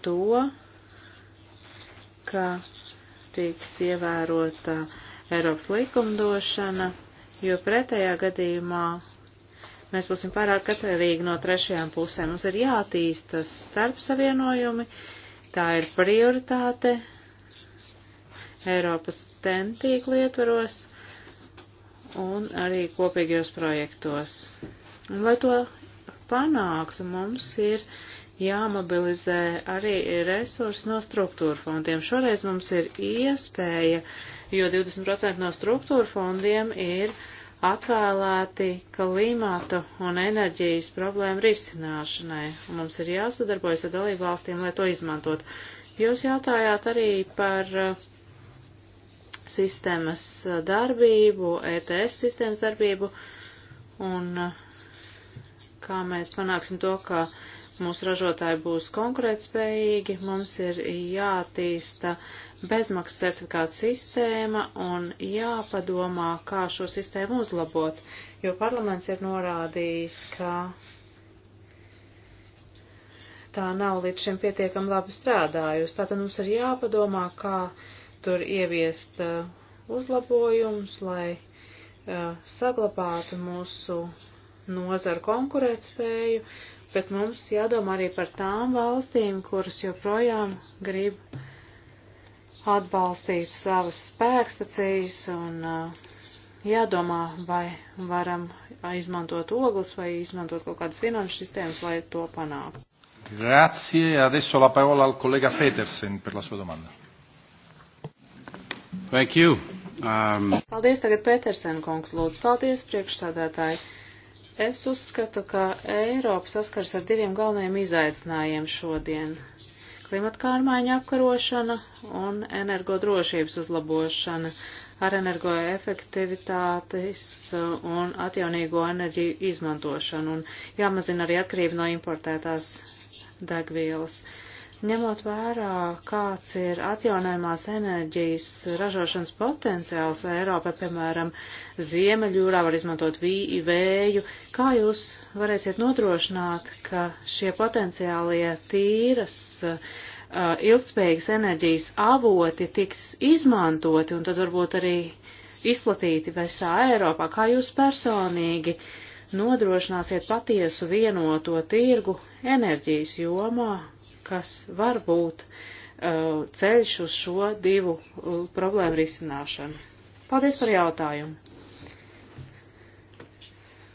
to, ka tiks ievērota Eiropas likumdošana, jo pretējā gadījumā mēs būsim pārāk atkarīgi no trešajām pusēm. Mums ir jātīsta starpsavienojumi, tā ir prioritāte Eiropas tentīkli ietvaros un arī kopīgajos projektos. Un, lai to panāktu, mums ir jāmobilizē arī resursi no struktūra fondiem. Šoreiz mums ir iespēja, jo 20% no struktūra fondiem ir uh, atvēlēti klimata un enerģijas problēmu risināšanai, un mums ir jāsadarbojas ar dalību valstīm, lai to izmantot. Jūs jautājāt arī par uh, sistēmas uh, darbību, ETS sistēmas darbību, un uh, kā mēs panāksim to, ka uh, mūsu ražotāji būs konkurētspējīgi, mums ir jātīsta bezmaksas certifikāta sistēma un jāpadomā, kā šo sistēmu uzlabot, jo parlaments ir norādījis, ka tā nav līdz šim pietiekam labi strādājusi. Tātad mums ir jāpadomā, kā tur ieviest uh, uzlabojumus, lai uh, saglabātu mūsu nozaru konkurētspēju, bet mums jādomā arī par tām valstīm, kuras joprojām grib atbalstīt savas spēkstacijas un uh, jādomā, vai varam izmantot ogles vai izmantot kaut kādas finanšu sistēmas, lai to panāktu. Grazie. Adesso la parola al collega Petersen per la sua domanda. Thank you. Um... Paldies tagad Petersen kungs, lūdzu. Paldies priekšsādātāji. Es uzskatu, ka Eiropa saskars ar diviem galvenajiem izaicinājumiem šodien - klimatkārmaiņa apkarošana un energodrošības uzlabošana ar energoefektivitātes un atjaunīgo enerģiju izmantošanu un jāmazina arī atkarība no importētās degvielas. Uh, Ņemot vērā, kāds ir atjaunojumās enerģijas ražošanas potenciāls Eiropā, piemēram, Ziemeļjūrā var izmantot vī, vēju, kā jūs varēsiet nodrošināt, ka šie potenciālie tīras uh, ilgspējīgas enerģijas avoti tiks izmantoti un tad varbūt arī izplatīti visā Eiropā? Kā jūs personīgi nodrošināsiet patiesu vienoto tirgu enerģijas jomā kas var būt uh, ceļš uz šo divu uh, problēmu risināšanu. Paldies par jautājumu.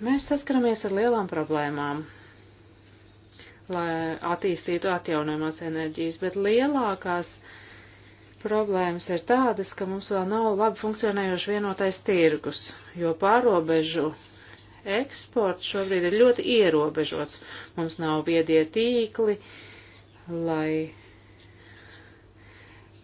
Mēs saskaramies ar lielām problēmām, lai attīstītu atjaunojumās enerģijas, bet lielākās problēmas ir tādas, ka mums vēl nav labi funkcionējoši vienotais tirgus, jo pārobežu eksports šobrīd ir ļoti ierobežots. Mums nav viedie tīkli, uh, lai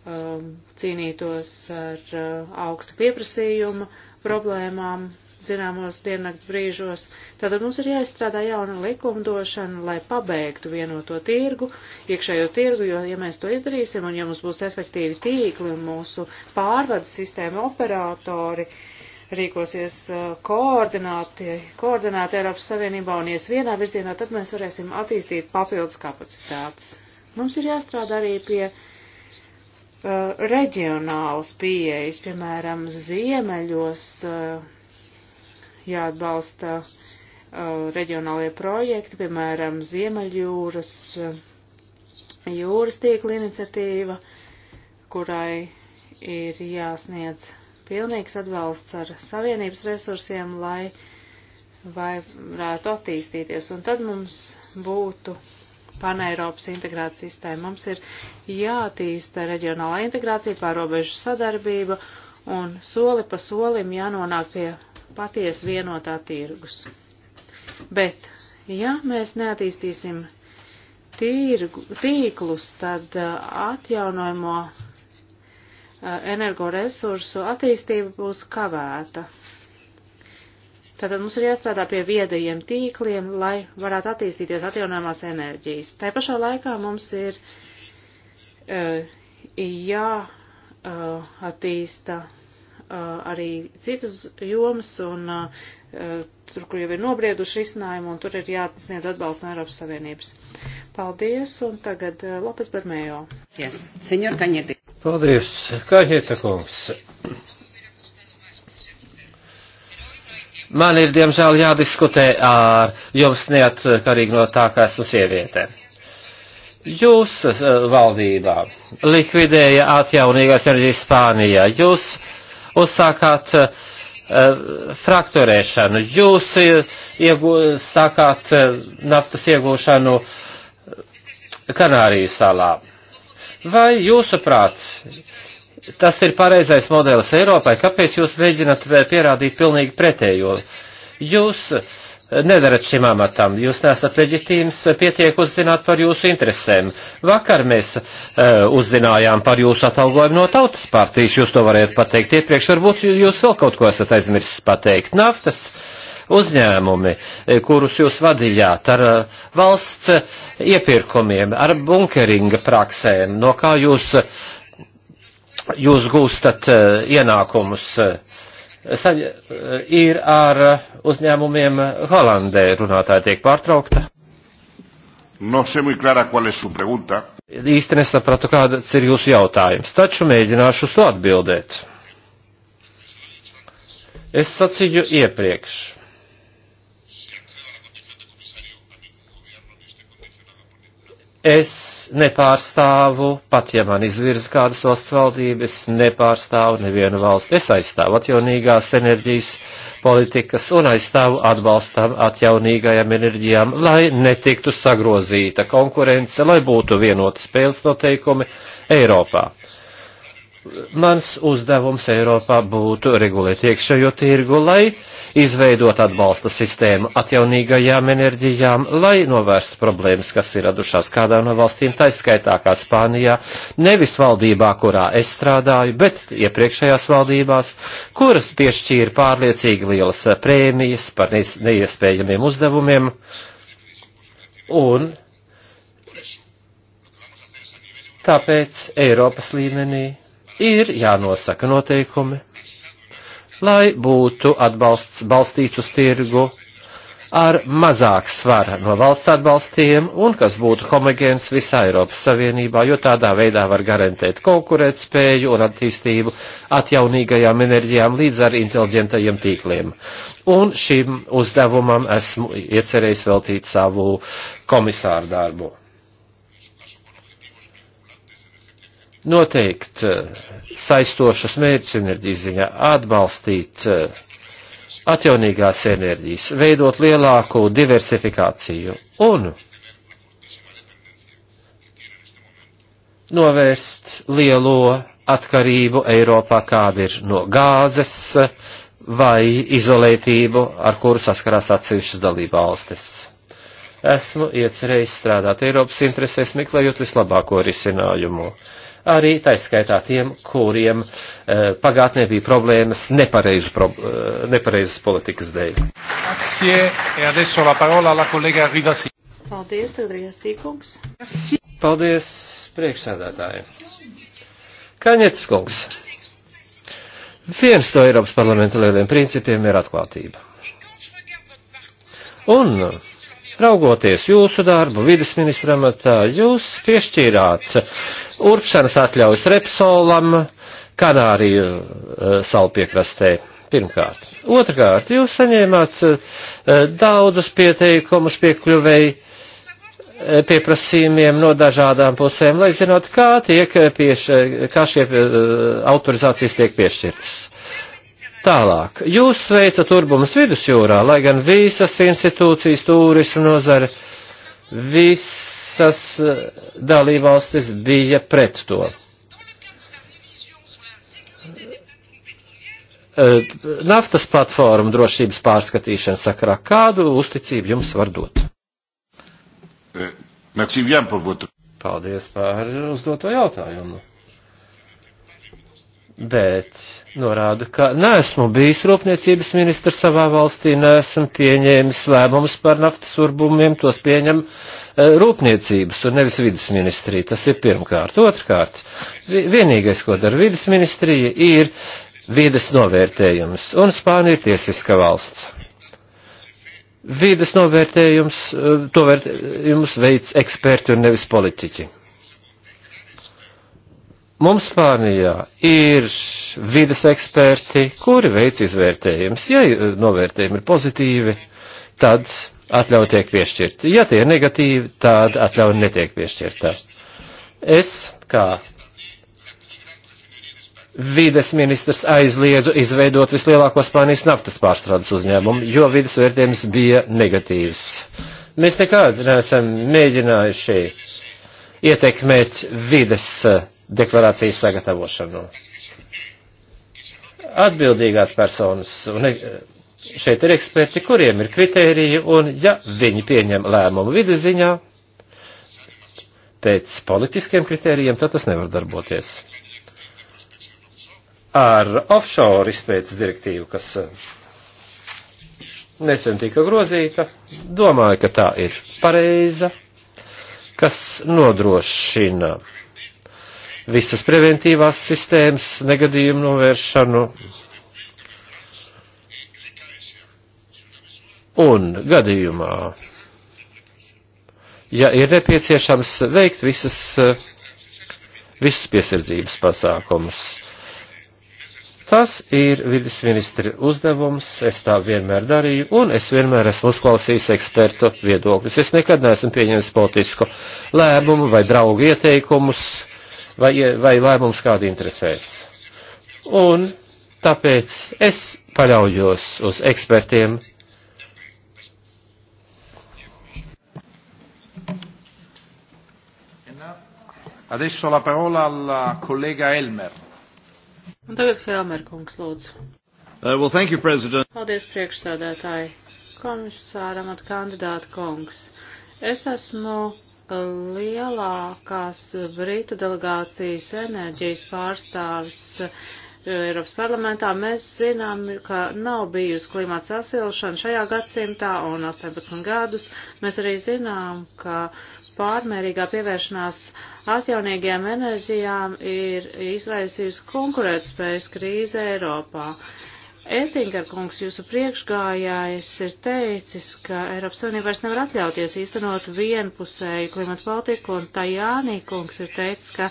um, cīnītos ar uh, augstu pieprasījumu problēmām zināmos diennakts brīžos. Tātad mums ir jāizstrādā jauna likumdošana, lai pabeigtu vienoto tirgu, iekšējo tirgu, jo, ja mēs to izdarīsim un ja mums būs efektīvi tīkli un mūsu pārvades sistēma operatori rīkosies uh, koordināti, koordināti Eiropas Savienībā un ies vienā virzienā, tad mēs varēsim attīstīt papildus kapacitātes. Mums ir jāstrādā arī pie uh, reģionālas pieejas, piemēram, ziemeļos uh, jāatbalsta uh, reģionālie projekti, piemēram, Ziemeļjūras uh, jūras tīkla iniciatīva, kurai ir jāsniedz pilnīgs atbalsts ar savienības resursiem, lai vai varētu attīstīties. Un tad mums būtu paneiropas integrētas sistēma. Mums ir jātīsta reģionālā integrācija, pārobežu sadarbība un soli pa solim jānonāk pie paties vienotā tirgus. Bet, ja mēs neattīstīsim tīrgu, tīklus, tad uh, atjaunojamo uh, energoresursu attīstība būs kavēta. Tātad mums ir jāstrādā pie viedajiem tīkliem, lai varētu attīstīties atjaunāmās enerģijas. Tā pašā laikā mums ir uh, jāattīsta uh, arī citas jomas un uh, tur, kur jau ir nobrieduši izcinājumi, un tur ir jāsniedz atbalsts no Eiropas Savienības. Paldies, un tagad Lopes Bermējo. Paldies, Kaņieta kungs. Man ir, diemžēl, jādiskutē ar jums neatkarīgi no tā, kā esmu sieviete. Jūs eh, valdībā likvidēja atjaunīgās enerģijas Spānijā. Jūs uzsākāt uh, frakturēšanu. Jūs eh, iegū, sākāt uh, naftas iegūšanu Kanāriju salā. Vai jūsuprāt tas ir pareizais modelis Eiropai, kāpēc jūs mēģināt eh, pierādīt pilnīgi pretējo? Jūs eh, nedarat šim amatam, jūs nesat leģitīms, eh, pietiek uzzināt par jūsu interesēm. Vakar mēs uh, uzzinājām par jūsu atalgojumu no tautas partijas, jūs to varētu pateikt iepriekš, varbūt jūs vēl kaut ko esat aizmirsis pateikt. Naftas uzņēmumi, kurus jūs vadījāt ar uh, valsts iepirkumiem, ar bunkeringa praksēm, no kā jūs uh, jūs gūstat eh, ienākumus, eh, saņa, eh, ir ar uzņēmumiem Holandē runātāja tiek pārtraukta. No sé muy clara cuál es su pregunta. Īsti nesapratu, kāds ir jūsu jautājums, taču mēģināšu uz to atbildēt. Es sacīju iepriekš. Es nepārstāvu, pat ja man izvirza kādas valsts valdības, nepārstāvu nevienu valsti. Es aizstāvu atjaunīgās enerģijas politikas un aizstāvu atbalstam atjaunīgajām enerģijām, lai netiktu sagrozīta konkurence, lai būtu vienotas spēles noteikumi Eiropā mans uzdevums Eiropā būtu regulēt iekšējo tirgu, lai izveidot atbalsta sistēmu atjaunīgajām enerģijām, lai novērstu problēmas, kas ir radušās kādā no valstīm, taiskaitā kā Spānijā, nevis valdībā, kurā es strādāju, bet iepriekšējās valdībās, kuras piešķīra pārliecīgi lielas prēmijas par neiespējamiem uzdevumiem. Un tāpēc Eiropas līmenī ir jānosaka noteikumi, lai būtu atbalsts balstīts uz tirgu ar mazāk svara no valsts atbalstiem un kas būtu homogēns visā Eiropas Savienībā, jo tādā veidā var garantēt konkurētspēju un attīstību atjaunīgajām enerģijām līdz ar inteliģentajiem tīkliem. Un šim uzdevumam esmu iecerējis veltīt savu komisāru darbu. noteikt eh, saistošus mērķus enerģijas ziņā, atbalstīt eh, atjaunīgās enerģijas, veidot lielāku diversifikāciju un novērst lielo atkarību Eiropā, kāda ir no gāzes vai izolētību, ar kuru saskarās atsevišķas dalībvalstis esmu iecerējis strādāt Eiropas interesēs, meklējot vislabāko risinājumu arī taiskaitā tiem, kuriem uh, pagātnē bija problēmas nepareizu, pro, uh, eh, nepareizas politikas dēļ. E Paldies, Andrijas Tīkungs. Paldies, priekšsēdētāji. Kaņets kungs. Viens no Eiropas parlamenta lieliem principiem ir atklātība. Un Raugoties jūsu darbu, vidas ministra matā, jūs piešķīrāt urpšanas atļaujas Repsolam Kanāriju eh, salu piekrastē. Pirmkārt. Otrkārt, jūs saņēmāt eh, daudzus pieteikumus piekļuvēji eh, pieprasījumiem no dažādām pusēm, lai zinot, kā, tiek pieš, kā šie autorizācijas tiek piešķirtas. Tālāk, jūs sveicat urbumus vidusjūrā, lai gan visas institūcijas, turismu nozare, visas eh, dalībvalstis bija pret to. Eh, naftas platforma drošības pārskatīšana sakarā, kādu uzticību jums var dot? Eh, Paldies par uzdoto jautājumu bet norādu, ka neesmu bijis rūpniecības ministrs savā valstī, neesmu pieņēmis lēmumus par naftas urbumiem, tos pieņem e, rūpniecības un nevis vidas ministrija. Tas ir pirmkārt. Otrkārt, vienīgais, ko dara vidas ministrija, ir vidas novērtējums, un Spānija ir tiesiska valsts. Vides novērtējums, e, to vērtējums veids eksperti un nevis politiķi. Mums Spānijā ir vides eksperti, kuri veic izvērtējums. Ja eh, novērtējumi ir pozitīvi, tad atļauja tiek piešķirta. Ja tie ir negatīvi, tad atļauja netiek piešķirta. Es, kā vides ministrs, aizliedzu izveidot vislielāko Spānijas naftas pārstrādes uzņēmumu, jo vides vērtējums bija negatīvs. Mēs nekāds neesam mēģinājuši ietekmēt vides uh, deklarācijas sagatavošanu. Atbildīgās personas, un e, šeit ir eksperti, kuriem ir kritēriji, un ja viņi pieņem lēmumu vidiziņā, pēc politiskiem kritērijiem, tad tas nevar darboties. Ar offshore izpētes direktīvu, kas e, nesen tika grozīta, domāju, ka tā ir pareiza, kas nodrošina visas preventīvās sistēmas, negadījumu novēršanu. Un gadījumā, ja ir nepieciešams veikt visas, visus piesardzības pasākumus, tas ir vidas ministri uzdevums, es tā vienmēr darīju, un es vienmēr esmu uzklausījis ekspertu viedokļus. Es nekad neesmu pieņēmis politisku lēmumu vai draugu ieteikumus vai, vai lēmums kādu interesēs. Un tāpēc es paļaujos uz ekspertiem. Adesso la parola al collega Elmer. Un tagad Helmer kungs lūdzu. Uh, well, thank you, President. Paldies, priekšsādātāji. Komisāram at kandidāta kungs. Es esmu lielākās Britu delegācijas enerģijas pārstāvis eh, Eiropas parlamentā, mēs zinām, ka nav bijusi klimata sasilšana šajā gadsimtā un 18 gadus. Mēs arī zinām, ka pārmērīgā pievēršanās atjaunīgajām enerģijām ir izraisījusi konkurētspējas krīze Eiropā. Uh, Ētingar kungs, jūsu priekšgājājs ir teicis, ka Eiropas Savienība vairs nevar atļauties īstenot vienpusēju klimatu politiku, un Tajānī kungs ir teicis, ka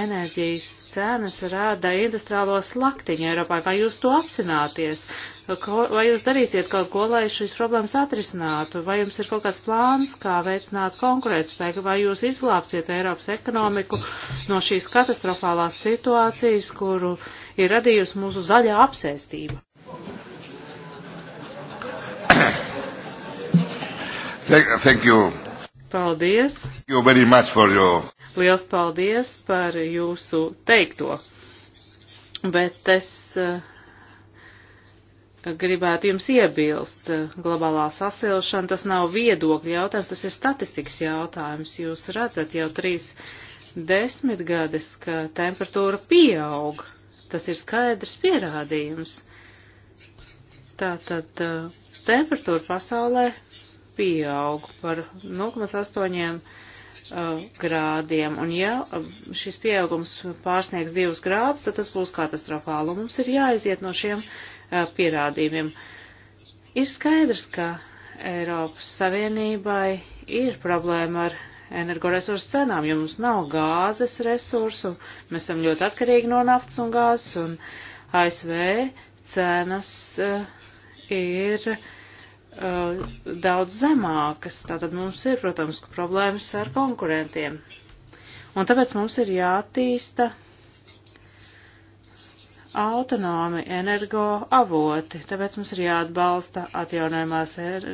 enerģijas cenas rada industriālo slaktiņu Eiropā. Vai jūs to apzināties? Vai jūs darīsiet kaut ko, lai šīs problēmas atrisinātu? Vai jums ir kaut kāds plāns, kā veicināt konkurētspēju? Vai jūs izglābsiet Eiropas ekonomiku no šīs katastrofālās situācijas, kuru ir radījusi mūsu zaļā apsēstība. Thank, thank you. Paldies. Thank you very much for your... Liels paldies par jūsu teikto. Bet es uh, gribētu jums iebilst. Eh, globālā sasilšana tas nav viedokļu jautājums, tas ir statistikas jautājums. Jūs redzat jau trīs desmitgades, ka temperatūra pieaug. Tas ir skaidrs pierādījums. Tātad uh, temperatūra pasaulē pieaug par 0,8 uh, grādiem, un ja uh, šis pieaugums pārsniegs divus grādus, tad tas būs katastrofāli, un mums ir jāiziet no šiem pierādījumiem. Ir skaidrs, ka Eiropas Savienībai ir problēma ar energoresursu cenām, jo mums nav gāzes resursu, mēs esam ļoti atkarīgi no naftas un gāzes, un ASV cenas uh, ir uh, daudz zemākas, tātad mums ir, protams, problēmas ar konkurentiem. Un tāpēc mums ir jātīsta autonomi energo avoti, tāpēc mums ir jāatbalsta atjaunojumās er-,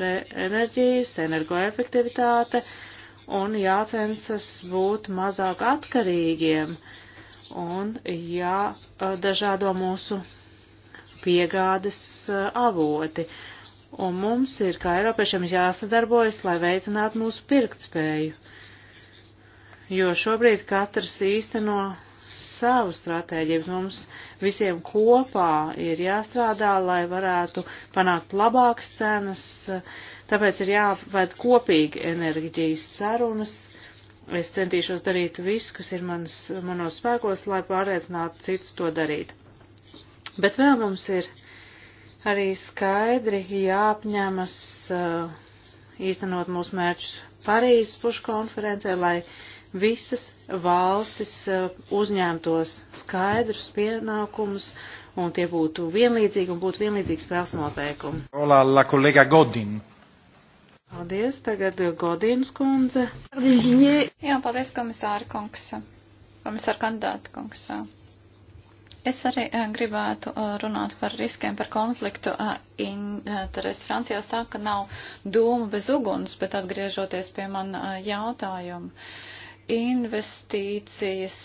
enerģijas, energoefektivitāte, uh, un jācensas būt mazāk atkarīgiem un jādažādo mūsu piegādes avoti. Un mums ir, kā Eiropiešiem, jāsadarbojas, lai veicinātu mūsu pirktspēju, jo šobrīd katrs īsteno savu stratēģiju. Mums visiem kopā ir jāstrādā, lai varētu panākt labākas cenas, uh, Tāpēc ir jāved kopīgi enerģijas sarunas. Es centīšos darīt visu, kas ir mans, manos spēkos, lai pārliecinātu citus to darīt. Bet vēl mums ir arī skaidri jāapņemas uh, īstenot mūsu mērķus Parīzes pušu konferencē, lai visas valstis uh, uzņemtos skaidrus pienākumus un tie būtu vienlīdzīgi un būtu vienlīdzīgi spēles noteikumi. Hola, la kolēga Godin. Paldies, tagad Godīnas kundze. Jā, paldies, komisāra kungs, komisāra kandidāta kungs. Es arī eh, gribētu eh, runāt par riskiem par konfliktu. Eh, Interes Francijā saka, nav doma bez uguns, bet atgriežoties pie man jautājumu. Investīcijas,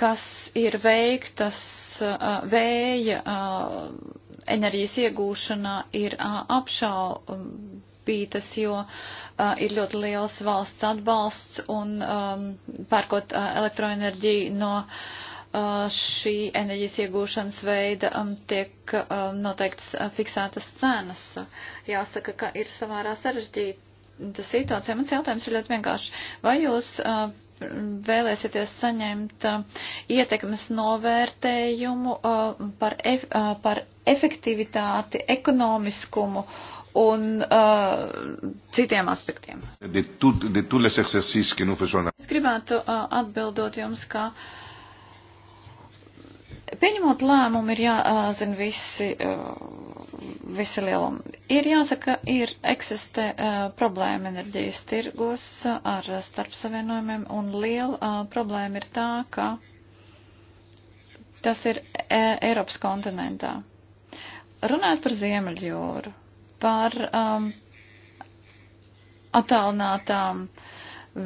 kas ir veiktas vēja enerģijas iegūšanā ir apšaubītas, um, jo ir ļoti liels valsts atbalsts un um, pērkot elektroenerģiju no šī enerģijas iegūšanas veida um, tiek noteikts fiksētas cenas. Jāsaka, ka ir samērā sarežģīta situācija. Mans jautājums ir ļoti vienkārši. Vai jūs vēlēsieties saņemt uh, ietekmes novērtējumu uh, par, ef, uh, par efektivitāti, ekonomiskumu un uh, citiem aspektiem. De tu, de tu es gribētu uh, atbildot jums, ka uh, Pieņemot lēmumu ir jāzina visi, uh, visi lielumi. Ir jāsaka, ir eksistē uh, problēma enerģijas tirgos uh, ar starpsavienojumiem, un liela problēma ir tā, ka tas ir e, Eiropas kontinentā. Runājot par Ziemeļjūru, par um, attālinātām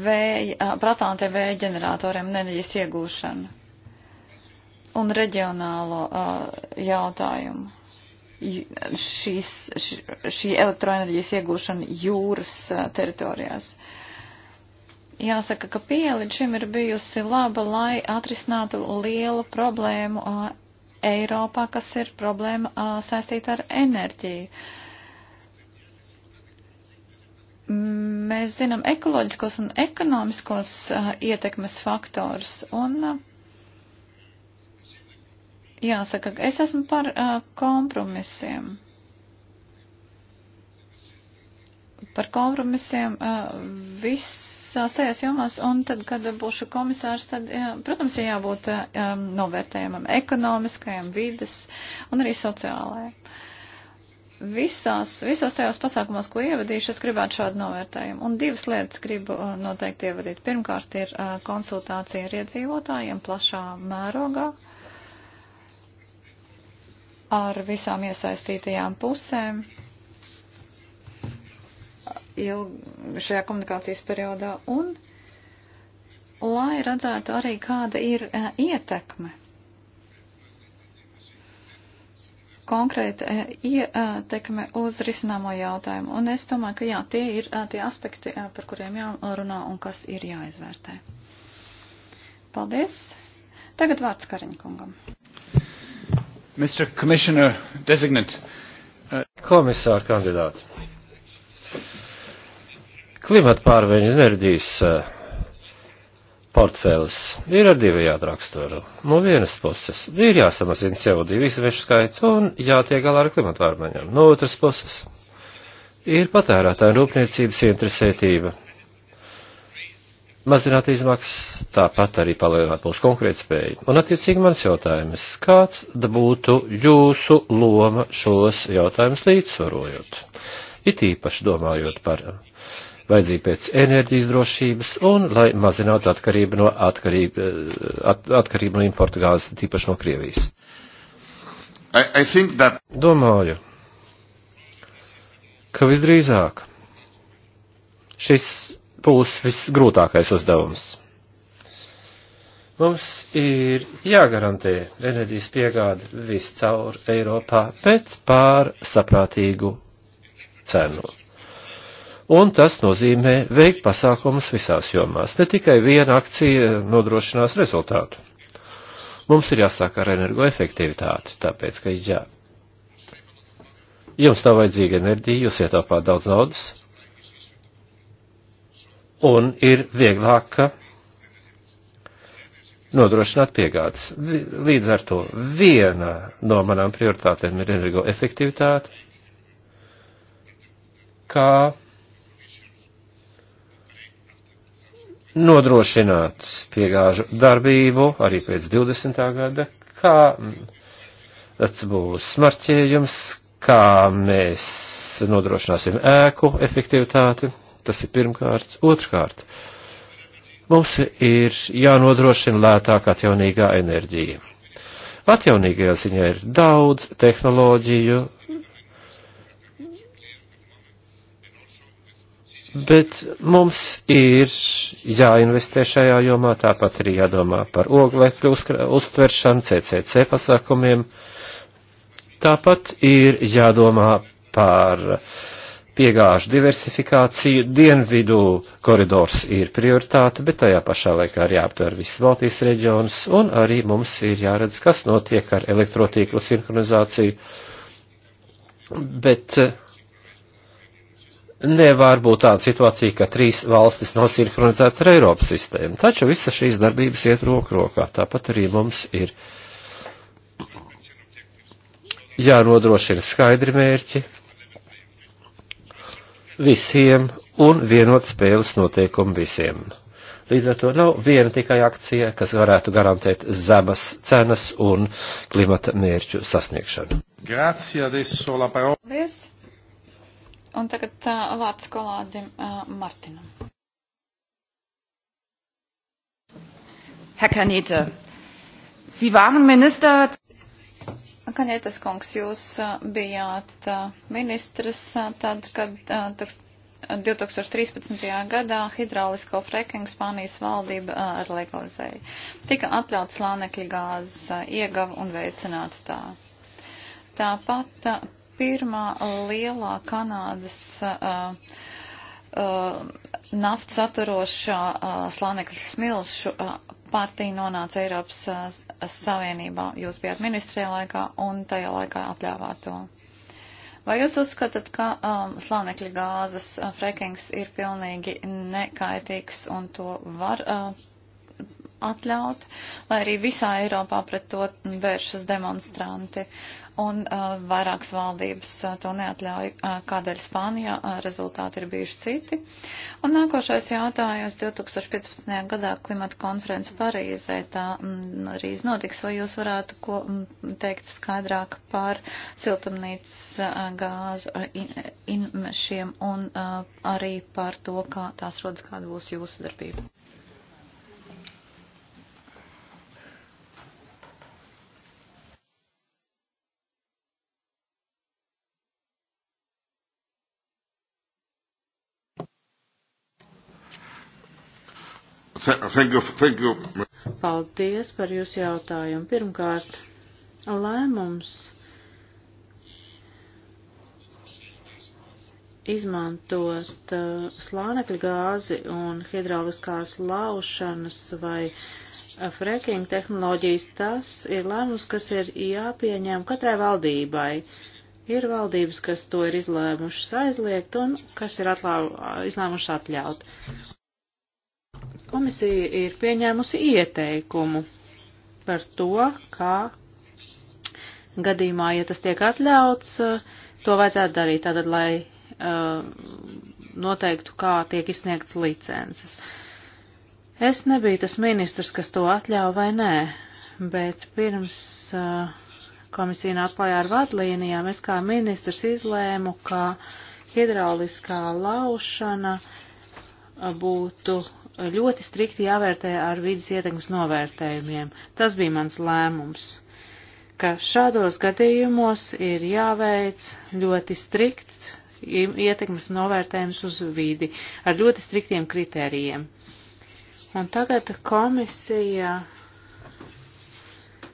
vēja, par attālinātiem vēja ģeneratoriem un enerģijas iegūšanu un reģionālo uh, jautājumu. Šīs, š, šī elektroenerģijas iegūšana jūras uh, teritorijās. Jāsaka, ka pieeja līdz šim ir bijusi laba, lai atrisinātu lielu problēmu uh, Eiropā, kas ir problēma uh, saistīta ar enerģiju. Mēs zinām ekoloģiskos un ekonomiskos uh, ietekmes faktors, un uh, jāsaka, es esmu par uh, kompromisiem. Par kompromisiem uh, visās tajās jomās, un tad, kad būšu komisārs, tad, jā, protams, ir jābūt uh, novērtējumam ekonomiskajam, vides un arī sociālajai. Visās, visos tajos pasākumos, ko ievadīšu, es gribētu šādu novērtējumu. Un divas lietas gribu uh, noteikti ievadīt. Pirmkārt ir uh, konsultācija ar iedzīvotājiem plašā mērogā. Uh, ar visām iesaistītajām pusēm ilg šajā komunikācijas periodā un lai redzētu arī, kāda ir uh, ietekme. Konkrēta uh, ietekme uz risināmo jautājumu. Un es domāju, ka jā, tie ir uh, tie aspekti, uh, par kuriem jārunā un kas ir jāizvērtē. Paldies. Tagad vārds Kariņkungam. Mr. Commissioner Designate. Uh, Komisāra kandidāti. Klimata pārmaiņu enerģijas uh, portfēlis ir ar divējādu raksturu. No vienas puses ir jāsamazina CO2 izvešu skaits un jātiek galā ar klimata pārmaiņām. No otras puses ir patērētāja rūpniecības interesētība mazināt izmaksas, tāpat arī palielināt mūsu konkurētspēju. Un attiecīgi mans jautājums, kāds būtu jūsu loma šos jautājumus līdzsvarojot? It īpaši domājot par vajadzību pēc enerģijas drošības un lai mazinātu atkarību no, atkarību, at, atkarību no importu gāzes, tīpaši no Krievijas. I, I that... Domāju, ka visdrīzāk šis būs visgrūtākais uzdevums. Mums ir jāgarantē enerģijas piegāde viscaur Eiropā pēc pār saprātīgu cenu. Un tas nozīmē veikt pasākumus visās jomās. Ne tikai viena akcija nodrošinās rezultātu. Mums ir jāsāk ar energoefektivitāti, tāpēc, ka jā. Jums nav vajadzīga enerģija, jūs ietaupāt daudz naudas, un ir vieglāk nodrošināt piegādes. Līdz ar to viena no manām prioritātēm ir energoefektivitāte, kā nodrošināt piegāžu darbību arī pēc 20. gada, kā tas būs marķējums, kā mēs nodrošināsim ēku efektivitāti. Tas ir pirmkārt. Otrkārt, mums ir jānodrošina lētāka atjaunīgā enerģija. Atjaunīgajā ziņā ir daudz tehnoloģiju, Bet mums ir jāinvestē šajā jomā, tāpat arī jādomā par oglekļu uztveršanu, CCC pasākumiem. Tāpat ir jādomā par piegāžu diversifikāciju, dienvidu koridors ir prioritāte, bet tajā pašā laikā arī jāaptver viss Baltijas reģions, un arī mums ir jāredz, kas notiek ar elektrotīklu sinhronizāciju. Bet eh, nevar būt tāda situācija, ka trīs valstis nav sinhronizētas ar Eiropas sistēmu, taču visas šīs darbības iet roku rokā, tāpat arī mums ir jānodrošina skaidri mērķi, visiem un vienot spēles noteikumu visiem. Līdz ar to nav viena tikai akcija, kas varētu garantēt zemas cenas un klimata mērķu sasniegšanu. Paldies! Un tagad uh, vārds kolādim uh, Martinam. Herr Kanete, Sie waren Minister. Kaņietas kungs, jūs bijāt ministrs tad, kad 2013. gadā hidraulisko frekingu Spānijas valdība legalizēja. Tika atļauts slānekļa gāzes iegava un veicināta tā. Tāpat pirmā lielā Kanādas uh, uh, naftu saturošā uh, slānekļa smilšu uh, partija nonāca Eiropas Savienībā. Jūs bijāt ministrijā laikā un tajā laikā atļāvāt to. Vai jūs uzskatāt, ka um, slānekļa gāzes uh, frekings ir pilnīgi nekaitīgs un to var uh, atļaut, lai arī visā Eiropā pret to vēršas demonstranti? Uh, un uh, vairākas valdības uh, to neatļauj, uh, kādēļ Spānijā uh, rezultāti ir bijuši citi. Un nākošais jautājums 2015. gadā klimata konference Parīzē, tā mm, arī notiks, vai jūs varētu ko mm, teikt skaidrāk par siltumnīcas uh, gāzu in, uh, in, šiem un uh, arī par to, kā tās rodas, kāda būs jūsu darbība. Thank you, thank you. Paldies par jūsu jautājumu. Pirmkārt, lēmums izmantot uh, slānekļa gāzi un hidrauliskās laušanas vai uh, freking tehnoloģijas, tas ir lēmums, kas ir jāpieņem katrai valdībai. Ir valdības, kas to ir izlēmušas aizliegt un kas ir atlāv, izlēmušas atļaut. Komisija ir pieņēmusi ieteikumu par to, kā gadījumā, ja tas tiek atļauts, to vajadzētu darīt tātad, lai uh, noteiktu, kā tiek izsniegts licences. Es nebiju tas ministrs, kas to atļauj vai nē, bet pirms uh, komisija nāk klajā ar vadlīnijām, es kā ministrs izlēmu, ka hidrauliskā laušana būtu ļoti strikti jāvērtē ar vidas ietekmes novērtējumiem. Tas bija mans lēmums, ka šādos gadījumos ir jāveic ļoti strikts ietekmes novērtējums uz vidi ar ļoti striktiem kritērijiem. Un tagad komisija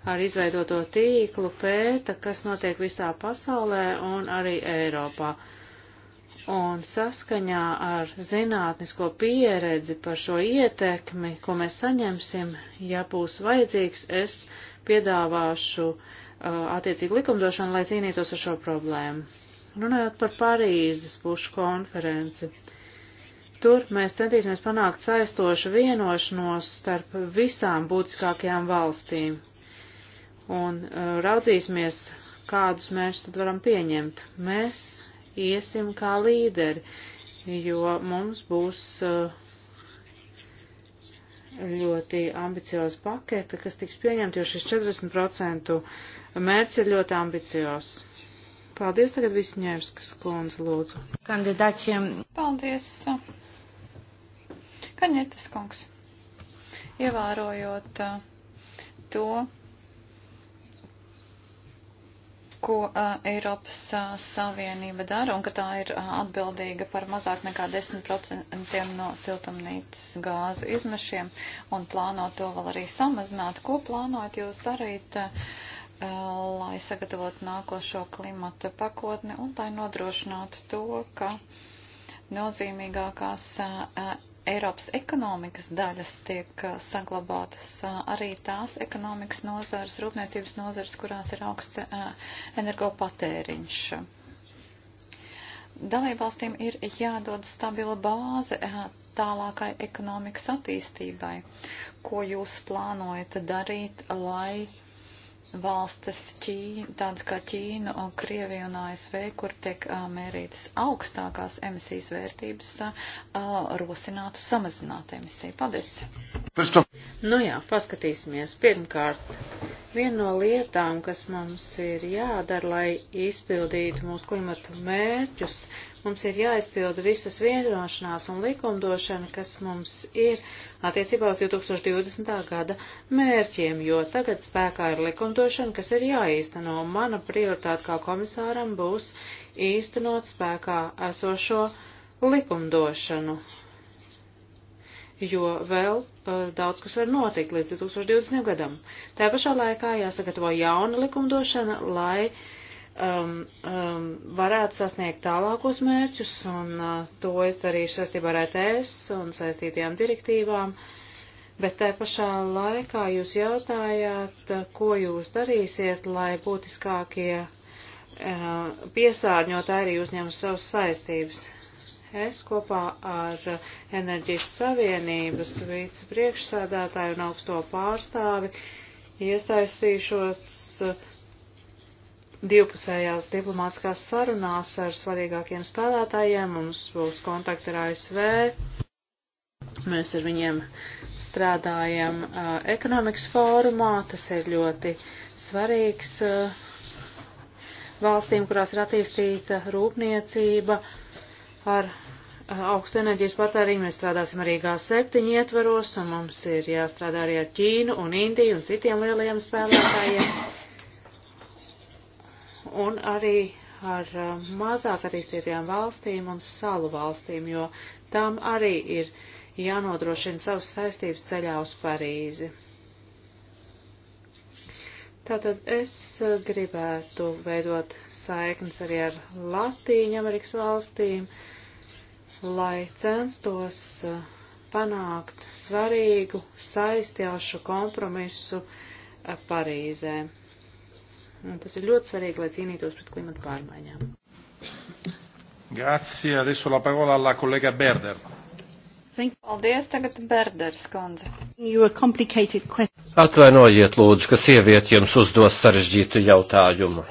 ar izveidoto tīklu pēta, kas notiek visā pasaulē un arī Eiropā. Uh, Un saskaņā ar zinātnisko pieredzi par šo ietekmi, ko mēs saņemsim, ja būs vajadzīgs, es piedāvāšu uh, attiecīgu likumdošanu, lai cīnītos ar šo problēmu. Runājot par Parīzes pušu konferenci, tur mēs centīsimies panākt saistošu vienošanos starp visām būtiskākajām valstīm un uh, raudzīsimies, kādus mērķus tad varam pieņemt. Mēs iesim kā līderi, jo mums būs uh, ļoti ambicioza paketa, kas tiks pieņemta, jo šis 40% mērķis ir ļoti ambiciozs. Paldies tagad Visņēvskas kundze, lūdzu. Kandidāčiem. Paldies. Kaņetes kungs. Ievērojot uh, to, ko uh, Eiropas uh, Savienība dara un ka tā ir uh, atbildīga par mazāk nekā 10% no siltumnīcas gāzu izmešiem un plāno to vēl arī samazināt. Ko plānojat jūs darīt, uh, lai sagatavotu nākošo klimata pakotni un lai nodrošinātu to, ka nozīmīgākās uh, Eiropas ekonomikas daļas tiek uh, saglabātas uh, arī tās ekonomikas nozars, rūpniecības nozars, kurās ir augsts uh, energopatēriņš. Dalībvalstīm ir jādod stabila bāze tālākai ekonomikas attīstībai. Ko jūs plānojat darīt, lai valstis, Ķī, tādas kā Ķīna un Krievija un ASV, kur tiek a, mērītas augstākās emisijas vērtības, a, a, rosinātu samazināt emisiju. Paldies! Nu jā, paskatīsimies. Pirmkārt, Viena no lietām, kas mums ir jādara, lai izpildītu mūsu klimatu mērķus, mums ir jāizpilda visas vienošanās un likumdošana, kas mums ir attiecībā uz 2020. gada mērķiem, jo tagad spēkā ir likumdošana, kas ir jāīsteno. Mana prioritāte kā komisāram būs īstenot spēkā esošo likumdošanu jo vēl uh, daudz kas var notikt līdz 2020. gadam. Tā pašā laikā jāsagatavo jauna likumdošana, lai um, um, varētu sasniegt tālākos mērķus, un uh, to es darīšu saistībā ar ETS un saistītajām direktīvām. Bet tā pašā laikā jūs jautājāt, uh, ko jūs darīsiet, lai būtiskākie uh, piesārņotāji arī uzņem savas saistības. Es kopā ar Enerģijas Savienības vicepriekšsēdētāju un augsto pārstāvi iesaistīšos divpusējās diplomātiskās sarunās ar svarīgākiem spēlētājiem. Mums būs kontakti ar ASV. Mēs ar viņiem strādājam uh, ekonomikas fórumā. Tas ir ļoti svarīgs uh, valstīm, kurās ir attīstīta rūpniecība. Uh, ar eh, augstu enerģijas patēriņu mēs strādāsim arī G7 ietvaros, un mums ir jāstrādā arī ar Ķīnu un Indiju un citiem lielajiem spēlētājiem. Un arī ar eh, mazāk attīstītajām valstīm un salu valstīm, jo tam arī ir jānodrošina savas saistības ceļā uz Parīzi. Tātad es eh, gribētu veidot saiknes arī ar Latīņu Amerikas valstīm. Uh, lai censtos eh, panākt svarīgu saistjaušu kompromisu eh, Parīzē. Un tas ir ļoti svarīgi, lai cīnītos pret klimatu pārmaiņām. Grazie. Adesso la parola alla collega Berder. Paldies, tagad Berders, kundze. Atvainojiet, lūdzu, ka sieviete jums uzdos sarežģītu jautājumu.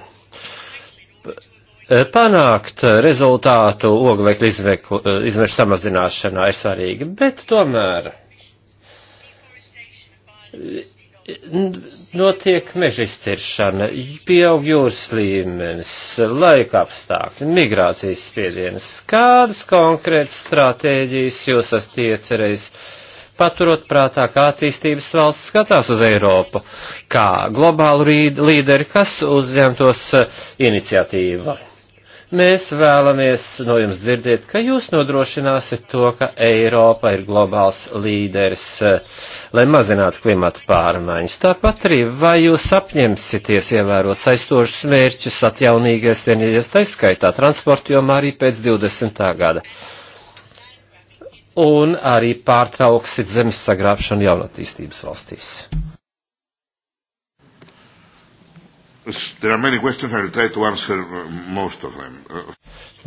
Eh, panākt eh, rezultātu oglekļa eh, izmešu samazināšanā ir svarīgi, bet tomēr notiek meža izciršana, pieaug jūras līmenis, laika apstākļi, migrācijas spiedienas. Kādas konkrētas stratēģijas jūs esat iecerējis? paturot prātā, kā attīstības valsts skatās uz Eiropu, kā globālu rīd, līderi, kas uzņemtos iniciatīvu. Mēs vēlamies no jums dzirdēt, ka jūs nodrošināsiet to, ka Eiropa ir globāls līderis, lai mazinātu klimata pārmaiņas. Tāpat arī, vai jūs apņemsities ievērot saistošus mērķus atjaunīgais enerģijas taiskaitā transporta jomā arī pēc 20. gada? Un arī pārtrauksit zemes sagrābšanu jaunatīstības valstīs. There are many questions, I will try to answer most of them.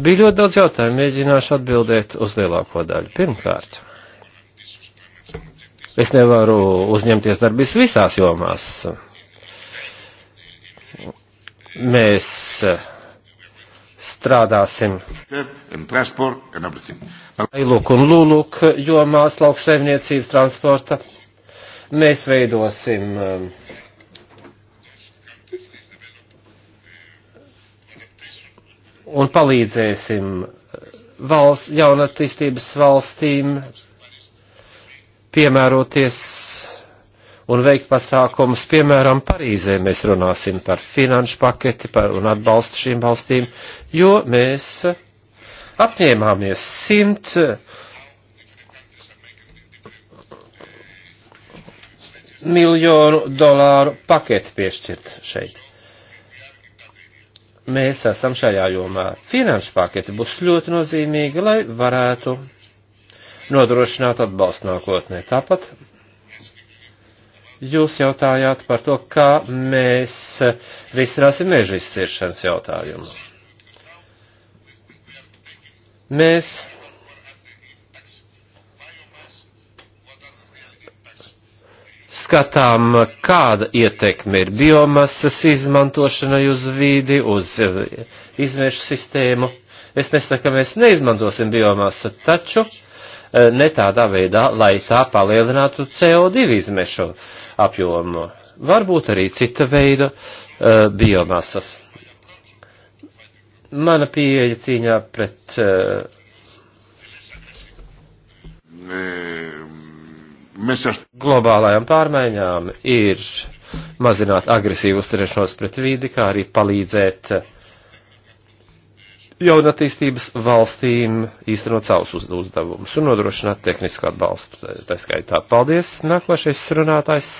Bija ļoti daudz jautājumu, mēģināšu atbildēt uz lielāko daļu. Pirmkārt, es nevaru uzņemties darbības visās jomās. Mēs strādāsim. Lūk un lūk jomās lauksaimniecības transporta. Mēs veidosim um, un palīdzēsim valsts, jaunatīstības valstīm piemēroties un veikt pasākumus. Piemēram, Parīzē mēs runāsim par finanšu paketi par, un atbalstu šīm valstīm, jo mēs apņēmāmies simt miljonu dolāru paketi piešķirt šeit mēs esam šajā jomā. Finanšu paketi būs ļoti nozīmīgi, lai varētu nodrošināt atbalstu nākotnē. Tāpat jūs jautājāt par to, kā mēs risināsim meža izciršanas jautājumu. Mēs skatām, kāda ietekme ir biomasas izmantošanai uz vīdi, uz eh, izmešu sistēmu. Es nesaku, ka mēs neizmantosim biomasu, taču eh, ne tādā veidā, lai tā palielinātu CO2 izmešu apjomu. Varbūt arī cita veida uh, biomasas. Mana pieeja cīņā pret. Uh, globālajām pārmaiņām ir mazināt agresīvu uzturēšanos pret vīdi, kā arī palīdzēt jaunatīstības valstīm īstenot savus uzdevumus un nodrošināt tehnisku atbalstu. Tā skaitā paldies. Nākošais runātājs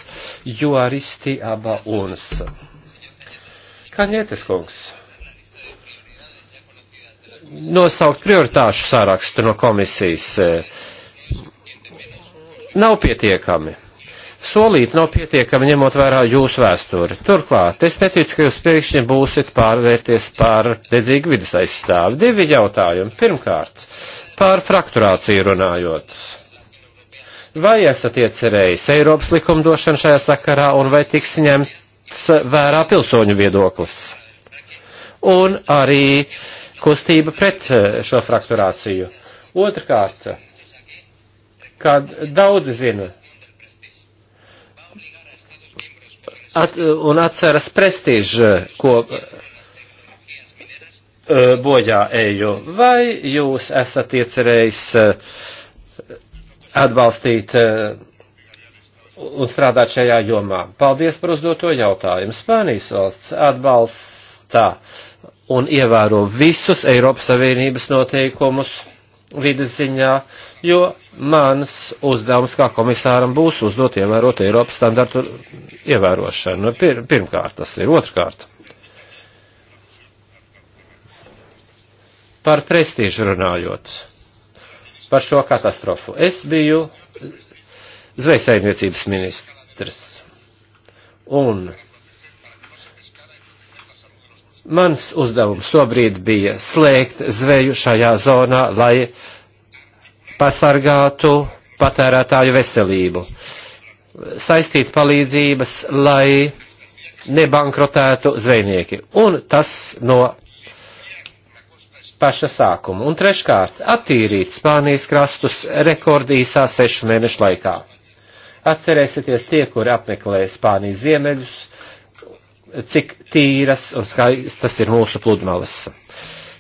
Juaristi Aba Unas. Kaņietes kungs nosaukt prioritāšu sārakstu no komisijas nav pietiekami. Solīt nav pietiekami ņemot vērā jūsu vēsturi. Turklāt, es neticu, ka jūs pēkšņi būsiet pārvērties par dedzīgu vidas aizstāvi. Divi jautājumi. Pirmkārt, par frakturāciju runājot. Vai esat iecerējis Eiropas likumdošanu šajā sakarā un vai tiks ņemts vērā pilsoņu viedoklis? Un arī kustība pret eh, šo frakturāciju. Otrkārt, kā daudzi zina. At, un atceras prestižu, ko e, bojā eju, vai jūs esat iecerējis e, atbalstīt e, un strādāt šajā jomā? Paldies par uzdoto jautājumu. Spānijas valsts atbalsta un ievēro visus Eiropas Savienības noteikumus vidas ziņā, uh, jo mans uzdevums kā komisāram būs uzdot ievērot Eiropas standartu ievērošanu. Pir, pirmkārt, tas ir otrkārt. Par prestīžu runājot, par šo katastrofu. Es biju zvejsaimniecības ministrs. Un mans uzdevums tobrīd bija slēgt zveju šajā zonā, lai pasargātu patērētāju veselību, saistīt palīdzības, lai nebankrotētu zvejnieki. Un tas no paša sākuma. Un treškārt, attīrīt Spānijas krastus rekordīsā sešu mēnešu laikā. Atcerēsieties tie, kuri apmeklē Spānijas ziemeļus, cik tīras un skaistas ir mūsu pludmales.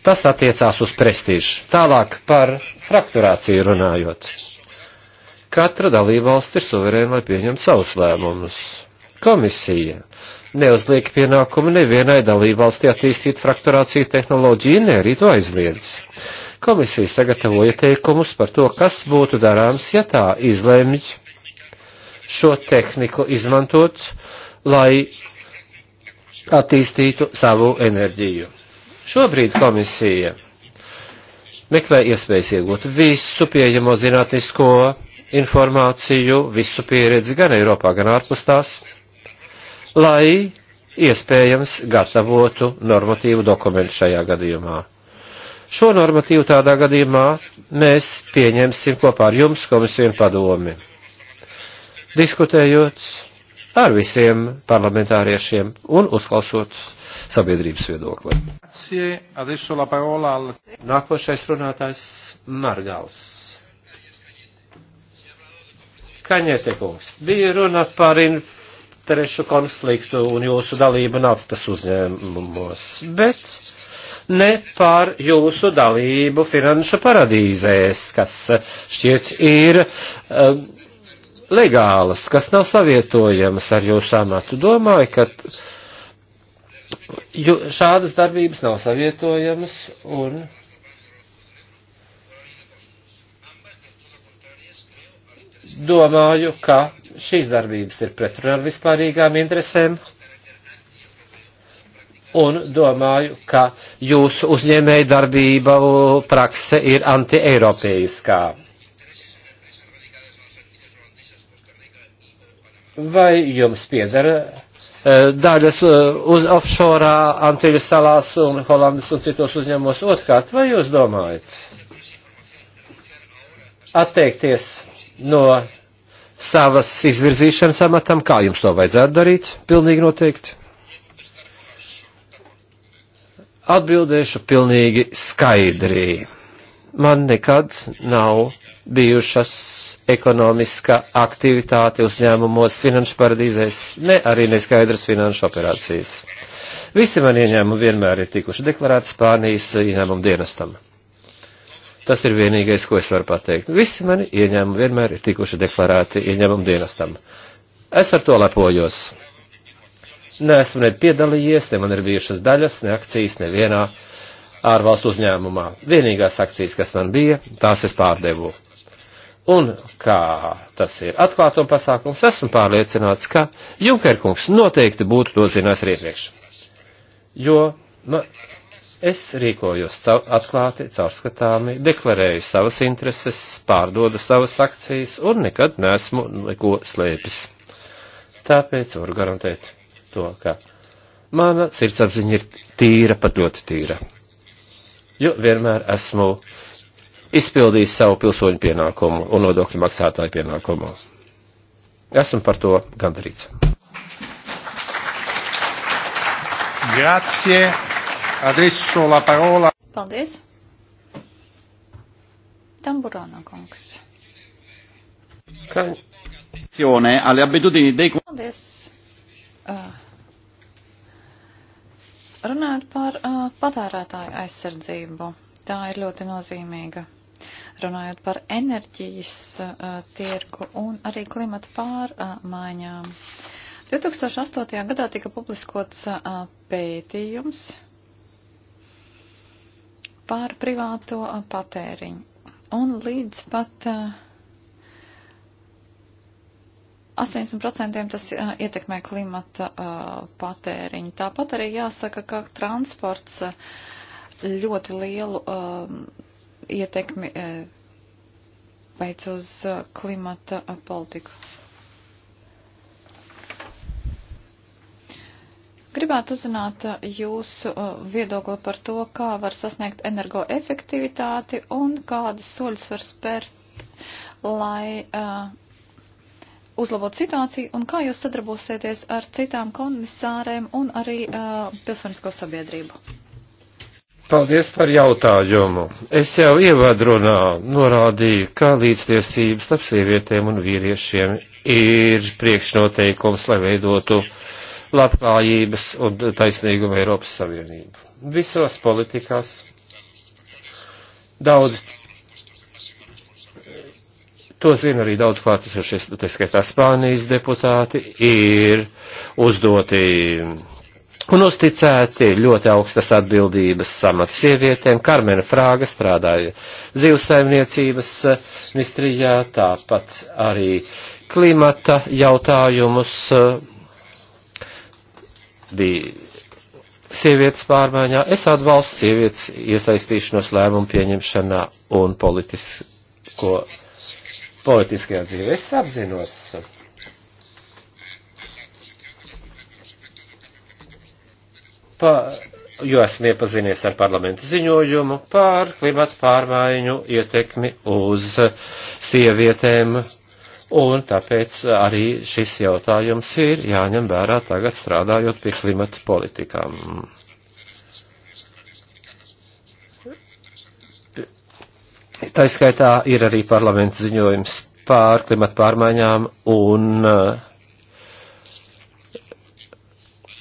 Tas attiecās uz prestižu. Tālāk par frakturāciju runājot. Katra dalībvalsts ir suverēna, lai pieņemtu savus lēmumus. Komisija neuzliek pienākumu nevienai dalībvalstī attīstīt frakturāciju tehnoloģiju, ne arī to aizliedz. Komisija sagatavo ieteikumus par to, kas būtu darāms, ja tā izlemj šo tehniku izmantot, lai attīstītu savu enerģiju. Šobrīd komisija meklē iespējas iegūt visu pieejamo zinātnisko informāciju, visu pieredzi gan Eiropā, gan ārpus tās, lai iespējams gatavotu normatīvu dokumentu šajā gadījumā. Šo normatīvu tādā gadījumā mēs pieņemsim kopā ar jums komisiju un padomi, diskutējot ar visiem parlamentāriešiem un uzklausot sabiedrības viedoklī. Nākošais runātājs Margals. Kaņete kungs, bija runa par interešu konfliktu un jūsu dalību naftas uzņēmumos, bet ne par jūsu dalību finanšu paradīzēs, kas šķiet ir um, legālas, kas nav savietojamas ar jūsu amatu. Domāju, ka jo šādas darbības nav savietojamas un. Domāju, ka šīs darbības ir pretrunā ar vispārīgām interesēm un domāju, ka jūsu uzņēmēja darbība prakse ir antieiropeiskā. Vai jums piedara Eh, daļas eh, uz offshore, Antīļu salās un Holandas un citos uzņēmumos. Otkārt, vai jūs domājat atteikties no savas izvirzīšanas amatam, kā jums to vajadzētu darīt? Pilnīgi noteikti. Atbildēšu pilnīgi skaidri. Man nekad nav bijušas ekonomiska aktivitāte uzņēmumos, finanšu paradīzēs, ne arī neskaidras finanšu operācijas. Visi mani ieņēmumi vienmēr ir tikuši deklarēti Spānijas ieņēmumu dienestam. Tas ir vienīgais, ko es varu pateikt. Visi mani ieņēmumi vienmēr ir tikuši deklarēti ieņēmumu dienestam. Es ar to lepojos. Neesmu ne piedalījies, ne man ir bijušas daļas, ne akcijas nevienā ārvalstu uzņēmumā. Vienīgās akcijas, kas man bija, tās es pārdevu. Un kā tas ir atklātuma pasākums, esmu pārliecināts, ka Junkerkungs noteikti būtu to zinājis arī iepriekš. Jo ma, es rīkojos caur, atklāti, caurskatāmi, deklarēju savas intereses, pārdodu savas akcijas un nekad nesmu neko slēpis. Tāpēc varu garantēt to, ka mana sirdsapziņa ir tīra, pat ļoti tīra. Jo vienmēr esmu uh, izpildīs savu pilsoņu pienākumu un nodokļu maksātāju pienākumu. Esmu par to gandarīts. Grazie. Adesso la parola. Paldies. Tamburāna kungs. Ka... alle abitudini dei Paldies. Uh, runājot par uh, patērētāju aizsardzību, tā ir ļoti nozīmīga runājot par enerģijas uh, tirgu un arī klimatu pārmaiņām. 2008. gadā tika publiskots uh, pētījums par privāto uh, patēriņu. Un līdz pat uh, 80% tas uh, ietekmē klimata uh, patēriņu. Tāpat arī jāsaka, ka transports uh, ļoti lielu. Uh, ietekmi e, veic uz e, klimata e, politiku. Gribētu uzzināt jūsu viedokli par to, kā var sasniegt energoefektivitāti un kādus soļus var spērt, lai uh, uzlabot situāciju un kā jūs sadarbosieties ar citām komisārēm un arī uh, pilsonisko sabiedrību. Paldies par jautājumu. Es jau ievadrunā norādīju, ka līdztiesības starp sievietēm un vīriešiem ir priekšnoteikums, lai veidotu labklājības un taisnīgumu Eiropas Savienību. Visos politikās daudz, to zina arī daudz klātesošie, tā skaitā Spānijas deputāti, ir uzdoti un uzticēti ļoti augstas atbildības samats sievietēm. Karmena Frāga strādāja zivsaimniecības eh, ministrijā, tāpat arī klimata jautājumus eh, bija sievietes pārmaiņā, es atbalstu sievietes iesaistīšanos lēmumu pieņemšanā un politisko, politiskajā dzīvē. Es apzinos pa, jo esmu iepazinies ar parlamenta ziņojumu par klimatu pārmaiņu ietekmi uz sievietēm, un tāpēc arī šis jautājums ir jāņem vērā tagad strādājot pie klimatu politikām. Tā skaitā ir arī parlamenta ziņojums pār klimatu pārmaiņām un uh,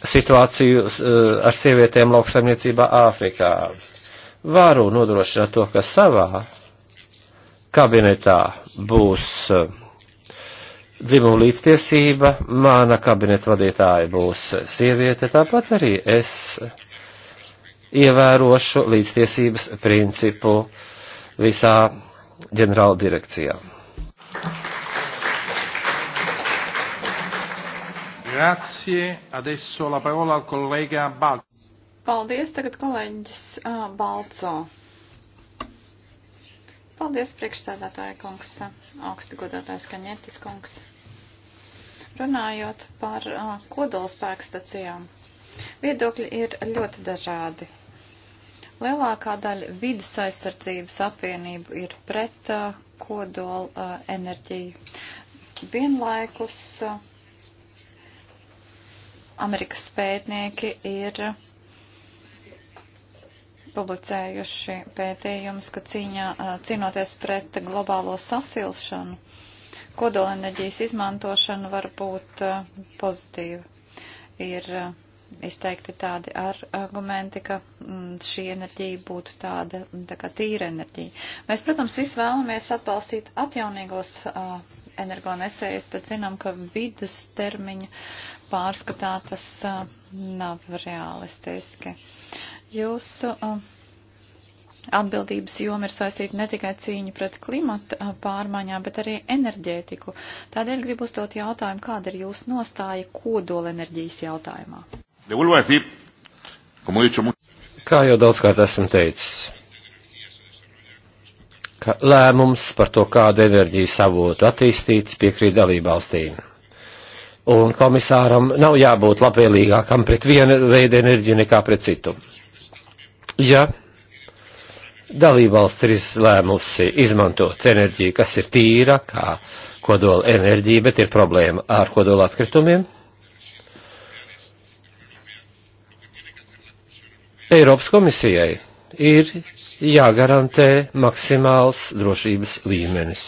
situāciju e, ar sievietēm lauksaimniecībā Āfrikā. Varu nodrošināt to, ka savā kabinetā būs e, dzimuma līdztiesība, mana kabineta vadītāja būs sieviete, tāpat arī es ievērošu līdztiesības principu visā ģenerāla direkcijā. Thank you. Grazie. Adesso la parola al collega Balco. Paldies, tagad kolēģis uh, Balco. Paldies, priekšstādātāja kungs, augsti godātājs Kaņetis kungs. Runājot par uh, kodolspēku stacijām, viedokļi ir ļoti dažādi. Lielākā daļa vidas aizsardzības apvienību ir pret uh, kodola uh, enerģiju. Vienlaikus uh, Amerikas pētnieki ir publicējuši pētījumus, ka cīņā, cīnoties pret globālo sasilšanu, kodolenerģijas izmantošana var būt pozitīva. Ir izteikti tādi argumenti, ka mm, šī enerģija būtu tāda tā kā tīra enerģija. Mēs, protams, visi vēlamies atbalstīt atjaunīgos energonesējas, bet zinām, ka vidus termiņa pārskatā tas nav realistiski. Jūsu atbildības joma ir saistīta ne tikai cīņa pret klimata pārmaiņām, bet arī enerģētiku. Tādēļ gribu uzdot jautājumu, kāda ir jūsu nostāja kodolenerģijas jautājumā? Kā jau daudzkārt esmu teicis, ka lēmums par to, kādu enerģijas avotu attīstīt, piekrīt dalībvalstīm. Un komisāram nav jābūt labvēlīgākam pret vienu veidu enerģiju nekā pret citu. Ja dalībvalsts ir izlēmusi izmantot enerģiju, kas ir tīra, kā kodola enerģija, bet ir problēma ar kodola atkritumiem. Eiropas komisijai ir jāgarantē maksimāls drošības līmenis.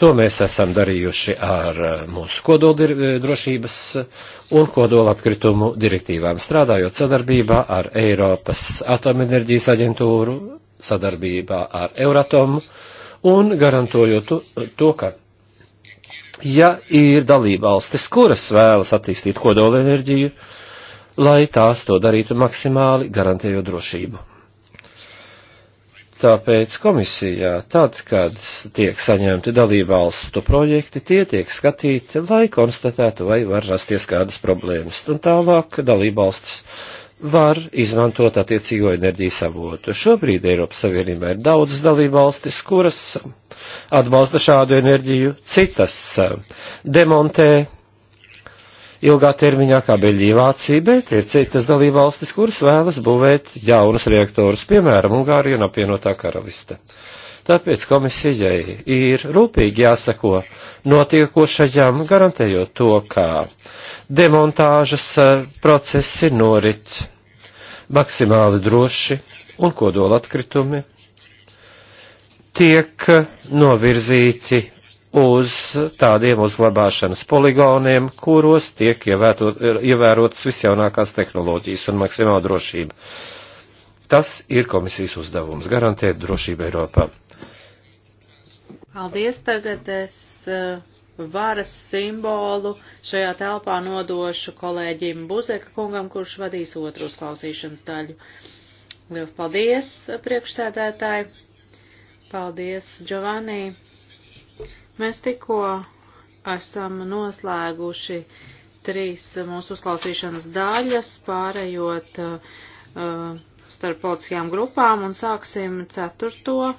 To mēs esam darījuši ar eh, mūsu kodoldrošības eh, un kodolatkritumu direktīvām, strādājot sadarbībā ar Eiropas atomenerģijas aģentūru, sadarbībā ar Euratomu un garantojot to, ka, ja ir dalībvalstis, kuras vēlas attīstīt kodolenerģiju, enerģiju, lai tās to darītu maksimāli, garantējot drošību. Tāpēc komisijā, tad, kad tiek saņemti dalībvalstu projekti, tie tiek skatīti, lai konstatētu, vai var rasties kādas problēmas. Un tālāk dalībvalstis var izmantot attiecīgo enerģijas avotu. Šobrīd Eiropas Savienībā ir daudzas dalībvalstis, kuras atbalsta šādu enerģiju, citas demontē ilgā termiņā, kā Beļģija, Vācija, bet ir citas dalībvalstis, kuras vēlas būvēt jaunus reaktorus, piemēram, Ungārija un apvienotā karaliste. Tāpēc komisijai ir rūpīgi jāsako notiekošajam, garantējot to, kā demontāžas eh, procesi norit maksimāli droši un kodola atkritumi tiek novirzīti uz tādiem uzglabāšanas poligoniem, kuros tiek ievērot, ievērotas visjaunākās tehnoloģijas un maksimāla drošība. Tas ir komisijas uzdevums - garantēt drošību Eiropā. Paldies, tagad es eh, varas simbolu šajā telpā nodošu kolēģim Buzeka kungam, kurš vadīs otru uzklausīšanas daļu. Liels paldies, priekšsēdētāji! Paldies, Giovanni! Mēs tikko esam noslēguši trīs mūsu uzklausīšanas daļas, pārējot uh, uh, starp politiskajām grupām un sāksim ceturto uh,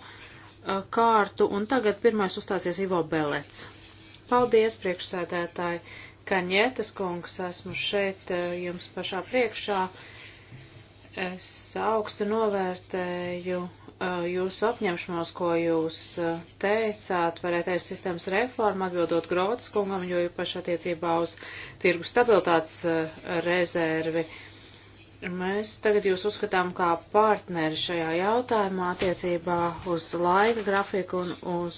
kārtu. Un tagad pirmais uzstāsies Ivo Belets. Paldies, priekšsēdētāji Kaņietas kungs, esmu šeit uh, jums pašā priekšā. Es augstu novērtēju Eh, jūsu apņemšanos, ko jūs eh, teicāt, varētais sistēmas reforma, atbildot Grotas kungam, jo īpaši attiecībā uz tirgu stabilitātes eh, rezervi. Mēs tagad jūs uzskatām kā partneri šajā jautājumā attiecībā uz laika grafiku un uz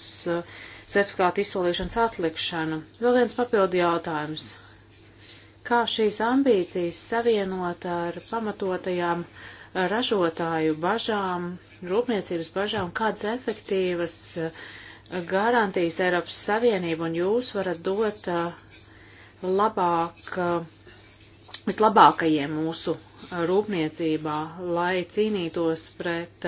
certifikātu izsolīšanas atlikšanu. Vēl viens papildu jautājums. Kā šīs ambīcijas savienot ar pamatotajām ražotāju bažām rūpniecības bažām, kādas efektīvas eh, garantijas Eiropas Savienība un jūs varat dot eh, labāk, eh, vislabākajiem mūsu rūpniecībā, lai cīnītos pret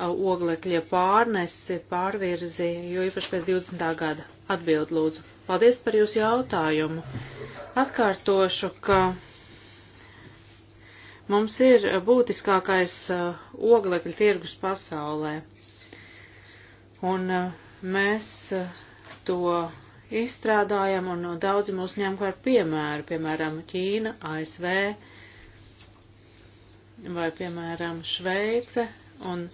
oglekļa pārnesi, pārvirzi, jo īpaši pēc 20. gada atbild lūdzu. Paldies par jūsu jautājumu. Atkārtošu, ka Mums ir būtiskākais uh, oglekļa tirgus pasaulē. Un uh, mēs uh, to izstrādājam, un daudzi mūs ņem par piemēru, piemēram, Ķīna, ASV vai, piemēram, Šveice, un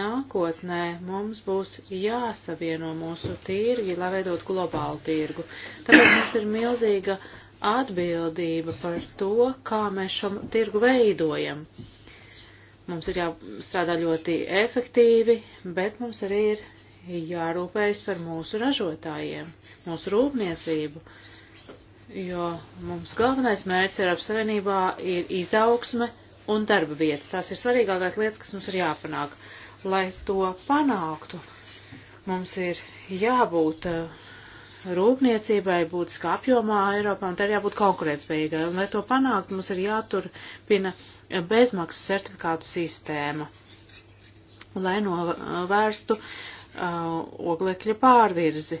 nākotnē mums būs jāsavieno mūsu tirgi, lai veidot globālu tirgu. Tāpēc mums ir milzīga atbildība par to, kā mēs šo tirgu veidojam. Mums ir jāstrādā ļoti efektīvi, bet mums arī ir jārūpējas par mūsu ražotājiem, mūsu rūpniecību, jo mums galvenais mērķis Eiropas Savienībā ir izaugsme un darba vietas. Tās ir svarīgākās lietas, kas mums ir jāpanāk. Lai to panāktu, mums ir jābūt uh, rūpniecībai būtiskā apjomā Eiropā, un tā ir jābūt konkurētspējīgai. Un, lai to panākt, mums ir jāturpina bezmaksas certifikātu sistēma, un, lai novērstu uh, oglekļa pārvirzi.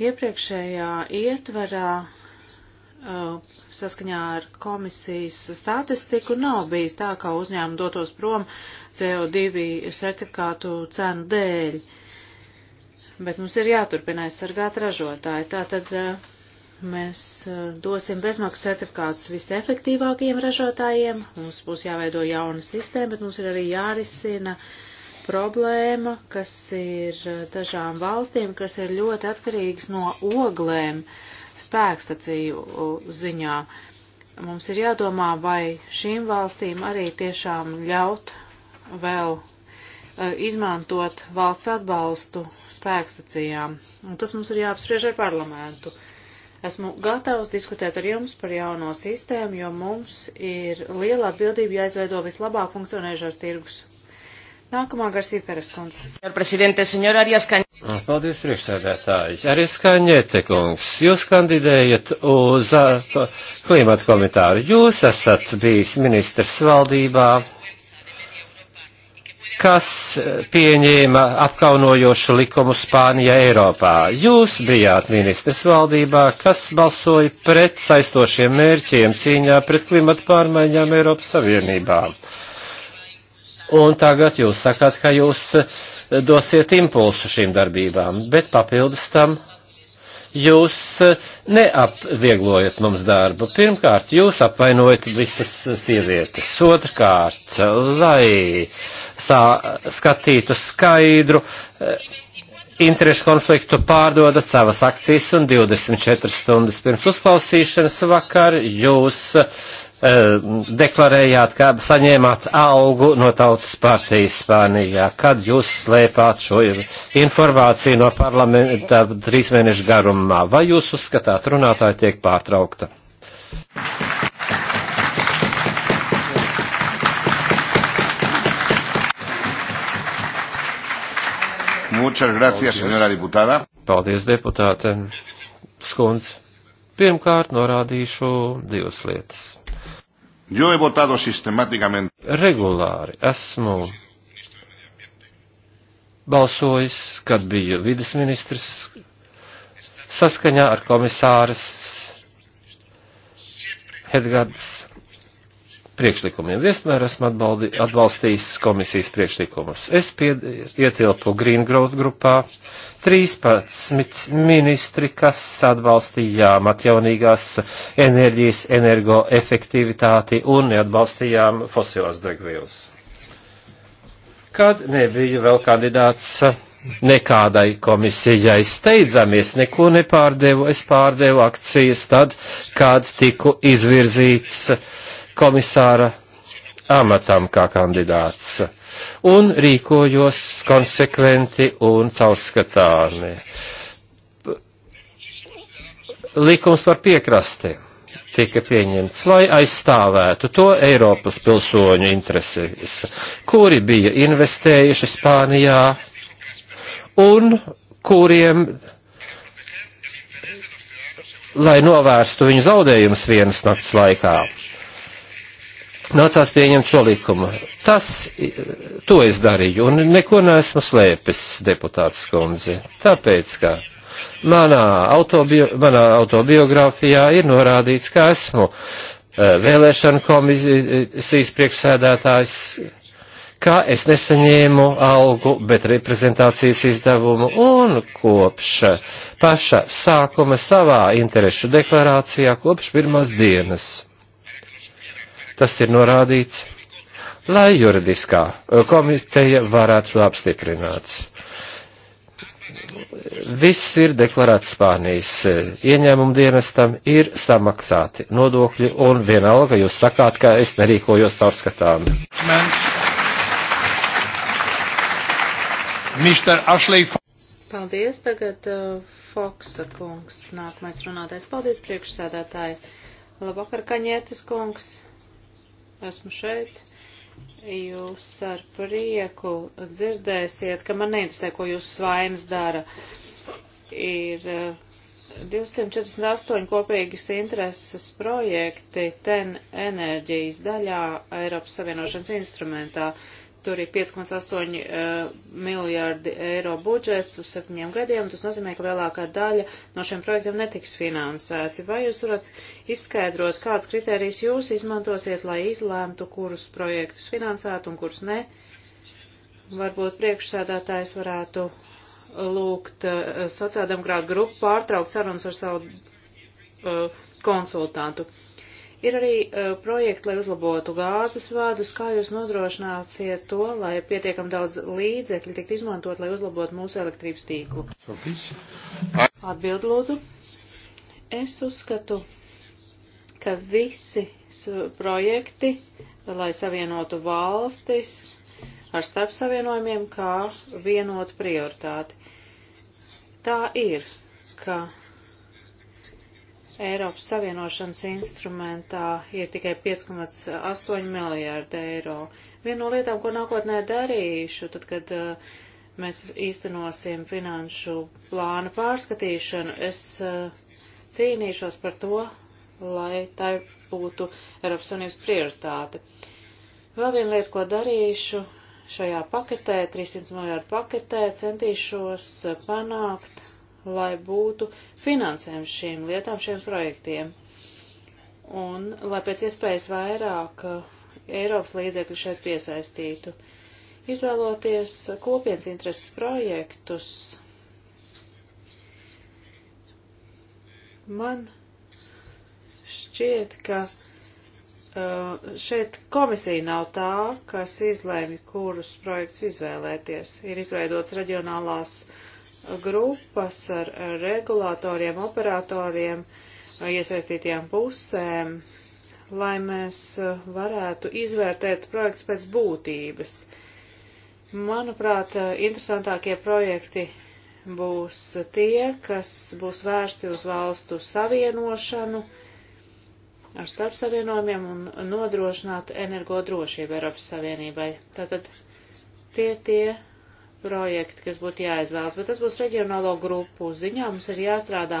Iepriekšējā ietverā uh, saskaņā ar komisijas statistiku nav bijis tā, ka uzņēmumi dotos prom CO2 certifikātu cenu dēļ. Uh, bet mums ir jāturpina aizsargāt ražotāji. Tātad eh, mēs eh, dosim bezmaksas certifikātus visefektīvākajiem ražotājiem, mums būs jāveido jauna sistēma, bet mums ir arī jārisina problēma, kas ir eh, dažām valstīm, kas ir ļoti atkarīgas no oglēm spēkstaciju ziņā. Mums ir jādomā, vai šīm valstīm arī tiešām ļaut vēl Eh, izmantot valsts atbalstu spēkstacijām. Un tas mums ir jāapspriež ar parlamentu. Esmu gatavs diskutēt ar jums par jauno sistēmu, jo mums ir liela atbildība jāizveido vislabāk funkcionējušās tirgus. Nākamā Garcija Pereskundze. Ah, paldies, priekšsēdētāji. Arī skaņiete, kungs, jūs kandidējat uz ah, klimata komitāru. Jūs esat bijis ministrs valdībā kas eh, pieņēma apkaunojošu likumu Spānija Eiropā. Jūs bijāt ministrs valdībā, kas balsoja pret saistošiem mērķiem cīņā pret klimatu pārmaiņām Eiropas Savienībā. Un tagad jūs sakāt, ka jūs eh, dosiet impulsu šīm darbībām, bet papildus tam jūs eh, neapvieglojat mums darbu. Pirmkārt, jūs apvainojat visas eh, sievietes. Otrkārt, lai sā, skatītu skaidru eh, interešu konfliktu, pārdodat savas akcijas un 24 stundas pirms uzklausīšanas vakar jūs Eh, deklarējāt, ka saņēmāt algu no Tautas partijas Spānijā, kad jūs slēpāt šo informāciju no parlamenta trīs mēnešu garumā. Vai jūs uzskatāt, runātāji tiek pārtraukta? Muchas gracias, señora diputada. Paldies, deputāte. Skundz. Pirmkārt norādīšu divas lietas. Yo he votado sistemáticamente. Regulāri esmu balsojis, kad bija vidas ministrs, saskaņā ar komisāras Hedgards priekšlikumiem. Vienmēr esmu atbaldi, atbalstījis komisijas priekšlikumus. Es pied, ietilpu Green Growth grupā 13 ministri, kas atbalstījām atjaunīgās enerģijas, energoefektivitāti un neatbalstījām fosilās degvielas. Kad nebija vēl kandidāts nekādai komisijai. Steidzamies, neko nepārdevu, es pārdevu akcijas tad, kāds tiku izvirzīts uh, komisāra amatam kā kandidāts un rīkojos konsekventi un caurskatāmi. Likums par piekrasti tika pieņemts, lai aizstāvētu to Eiropas pilsoņu intereses, kuri bija investējuši Spānijā un kuriem, lai novērstu viņu zaudējumus vienas nakts laikā nācās pieņemt šo likumu. Tas, to es darīju, un neko neesmu slēpis, deputāts kundze, tāpēc, ka manā, autobio, manā autobiogrāfijā ir norādīts, ka esmu e, vēlēšana komisijas priekšsēdētājs, kā es nesaņēmu algu, bet reprezentācijas izdevumu un kopš paša sākuma savā interešu deklarācijā, kopš pirmās dienas Tas ir norādīts, lai juridiskā eh, komiteja varētu to apstiprināt. Viss ir deklarēts Spānijas eh, ieņēmumu dienestam, ir samaksāti nodokļi, un vienalga jūs sakāt, ka es nerīkojos caurskatām. Paldies, tagad uh, Foksa kungs, nākamais runātais. Paldies, priekšsēdētāji. Labvakar, Kaņietis kungs esmu šeit. Jūs ar prieku dzirdēsiet, ka man neinteresē, ko jūsu svainas dara. Ir 248 eh, kopīgas intereses projekti TEN enerģijas daļā Eiropas Savienošanas instrumentā. Uh, Tur ir 5,8 uh, miljārdi eiro budžets uz septiņiem gadiem. Tas nozīmē, ka lielākā daļa no šiem projektiem netiks finansēti. Vai jūs varat izskaidrot, kāds kriterijs jūs izmantosiet, lai izlēmtu, kurus projektus finansēt un kurus ne? Varbūt priekšsēdētājs varētu lūgt uh, e, sociāldemokrātu grupu pārtraukt sarunas ar savu uh, konsultantu. Ir arī uh, projekti, lai uzlabotu gāzes vadus, kā jūs nodrošināsiet to, lai pietiekam daudz līdzekļu tikt izmantot, lai uzlabotu mūsu elektrības tīklu. Atbild lūdzu. Es uzskatu, ka visi projekti, lai savienotu valstis ar starpsavienojumiem, kā vienotu prioritāti. Tā ir, ka Eiropas Savienošanas instrumentā ir tikai 5,8 miljārdi eiro. Viena no lietām, ko nākotnē darīšu, tad, kad uh, mēs īstenosim finanšu plānu pārskatīšanu, es uh, cīnīšos par to, lai tā būtu Eiropas Savienības prioritāte. Vēl viena lieta, ko darīšu šajā paketē, 300 miljārdu paketē, centīšos eh, panākt lai būtu finansējums šīm lietām, šiem projektiem. Un lai pēc iespējas vairāk uh, Eiropas līdzekļu šeit piesaistītu. Izvēloties kopienas intereses projektus, man šķiet, ka uh, šeit komisija nav tā, kas izlēmi, kurus projektus izvēlēties. Ir izveidots reģionālās uh, grupas ar regulātoriem, operatoriem, iesaistītajām pusēm, lai mēs eh, varētu izvērtēt projekts pēc būtības. Manuprāt, eh, interesantākie projekti būs tie, kas būs vērsti uz valstu savienošanu ar starpsavienojumiem un nodrošināt energodrošību Eiropas Savienībai. Tātad tie tie projekti, kas būtu jāizvēlas, bet tas būs reģionālo grupu ziņā. Mums ir jāstrādā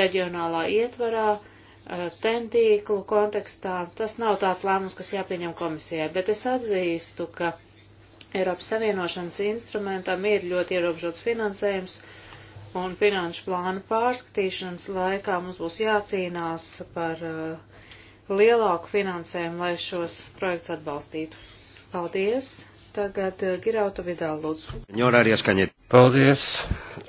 reģionālā ietvarā, eh, tentīklu kontekstā. Tas nav tāds lēmums, kas jāpieņem komisijai, bet es atzīstu, ka Eiropas Savienošanas instrumentam ir ļoti ierobežots finansējums un finanšu plānu pārskatīšanas laikā mums būs jācīnās par eh, lielāku finansējumu, lai šos projektus atbalstītu. Paldies! Tagad eh, Girauta Vidāla lūdzu. Ņora arī skaņiet. Paldies.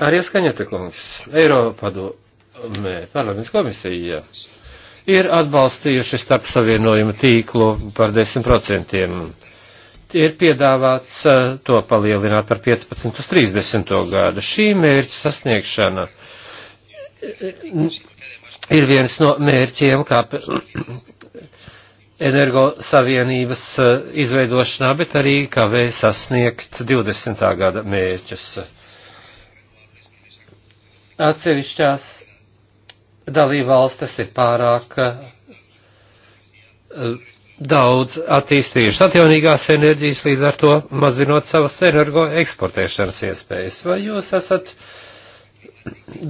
Arī skaņiet, kungs. Eiropadomē, parlaments komisija ir atbalstījuši starp savienojumu tīklu par 10%. Ir piedāvāts eh, to palielināt par 15 uz 30 gadu. Šī mērķa sasniegšana eh, ir viens no mērķiem, kā energosavienības eh, izveidošanā, bet arī kavē sasniegt 20. gada mērķus. Atsevišķās dalībvalstis ir pārāk eh, daudz attīstījuši atjaunīgās enerģijas, līdz ar to mazinot savas energo eksportēšanas iespējas. Vai jūs esat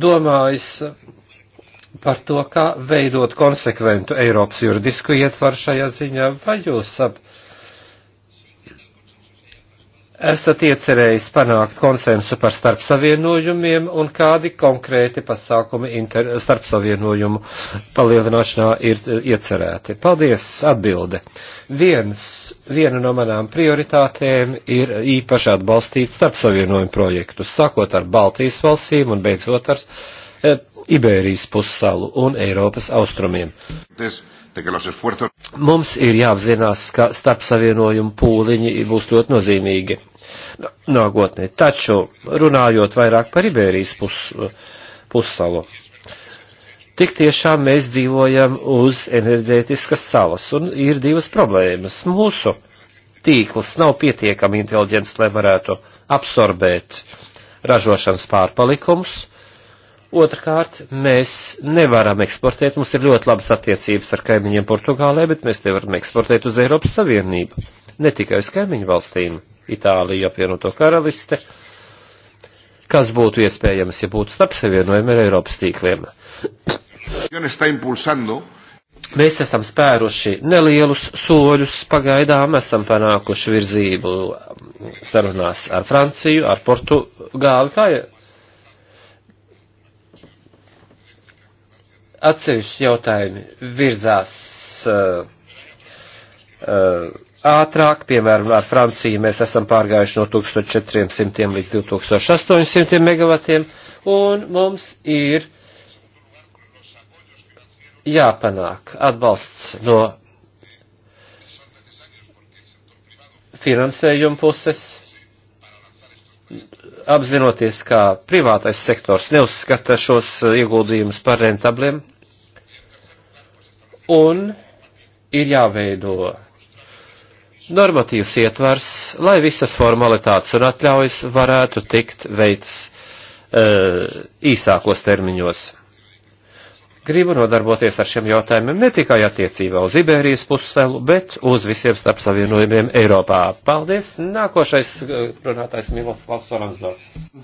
domājis par to, kā veidot konsekventu Eiropas juridisku ietvaru šajā ziņā, vai jūs ap, esat iecerējis panākt konsensu par starpsavienojumiem un kādi konkrēti pasākumi inter, starpsavienojumu palielināšanā ir e, iecerēti? Paldies, atbilde. Viens, viena no manām prioritātēm ir īpaši atbalstīt starpsavienojumu projektus, sākot ar Baltijas valstīm un beidzot ar e, Iberijas pussalu un Eiropas austrumiem. Mums ir jāapzinās, ka starpsavienojumu pūliņi būs ļoti nozīmīgi nākotnē. Taču runājot vairāk par Iberijas pus, pussalu, tik tiešām mēs dzīvojam uz enerģētiskas salas un ir divas problēmas. Mūsu tīkls nav pietiekami inteliģents, lai varētu absorbēt ražošanas pārpalikumus Otrkārt, mēs nevaram eksportēt, mums ir ļoti labas attiecības ar kaimiņiem Portugālē, bet mēs nevaram eksportēt uz Eiropas Savienību, ne tikai uz kaimiņu valstīm, Itāliju, apvienoto karaliste, kas būtu iespējams, ja būtu starp savienojumi ar Eiropas tīkliem. Mēs esam spēruši nelielus soļus, pagaidām esam panākuši virzību sarunās ar Franciju, ar Portugāli, kā Atsevišķi jautājumi virzās uh, uh, ātrāk, piemēram, ar Franciju mēs esam pārgājuši no 1400 līdz 2800 megavatiem, un mums ir jāpanāk atbalsts no finansējuma puses, apzinoties, ka privātais sektors neuzskata šos ieguldījumus par rentabliem un ir jāveido normatīvs ietvars, lai visas formalitātes un atļaujas varētu tikt veikts e, īsākos termiņos. Gribu nodarboties ar šiem jautājumiem ne tikai attiecībā uz Iberijas pusselu, bet uz visiem starp savienojumiem Eiropā. Paldies! Nākošais e, runātājs Miloslavs Oransdorfs. Uh,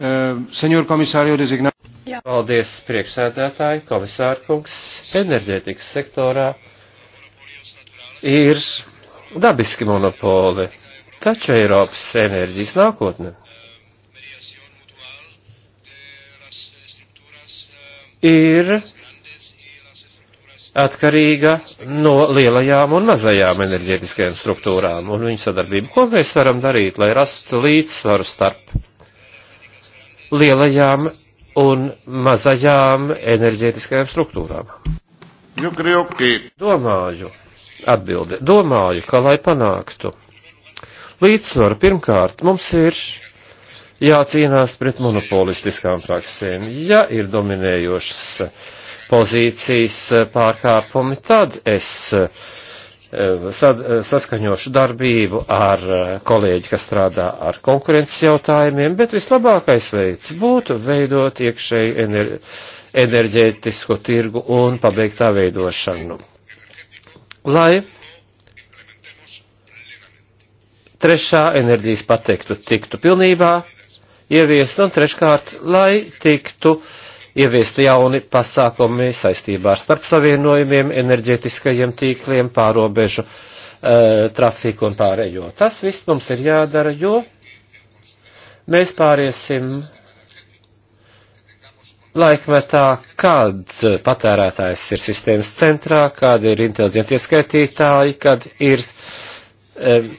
e, senjor komisārio designā. Jā. Paldies, priekšsēdētāji, komisārkungs. Enerģētikas sektorā ir dabiski monopoli, taču Eiropas enerģijas nākotne ir atkarīga no lielajām un mazajām enerģētiskajām struktūrām un viņu sadarbību. Ko mēs varam darīt, lai rastu līdzsvaru starp lielajām un mazajām enerģētiskajām struktūrām. Nu, domāju, atbildi, domāju, ka lai panāktu līdzsvaru, pirmkārt, mums ir jācīnās pret monopolistiskām praksēm. Ja ir dominējošas pozīcijas pārkāpumi, tad es uh, Eh, eh, saskaņošu darbību ar eh, kolēģi, kas strādā ar konkurences jautājumiem, bet vislabākais veids būtu veidot iekšēju ener enerģētisko tirgu un pabeigtā veidošanu. Lai trešā enerģijas pateiktu tiktu pilnībā ieviest un treškārt, lai tiktu uh, ieviesti jauni pasākumi saistībā ar starpsavienojumiem, enerģetiskajiem tīkliem, pārobežu uh, trafiku un pārējo. Tas viss mums ir jādara, jo mēs pāriesim laikmetā, kad patērētājs ir sistēmas centrā, kad ir inteliģenti ieskaitītāji, kad ir um,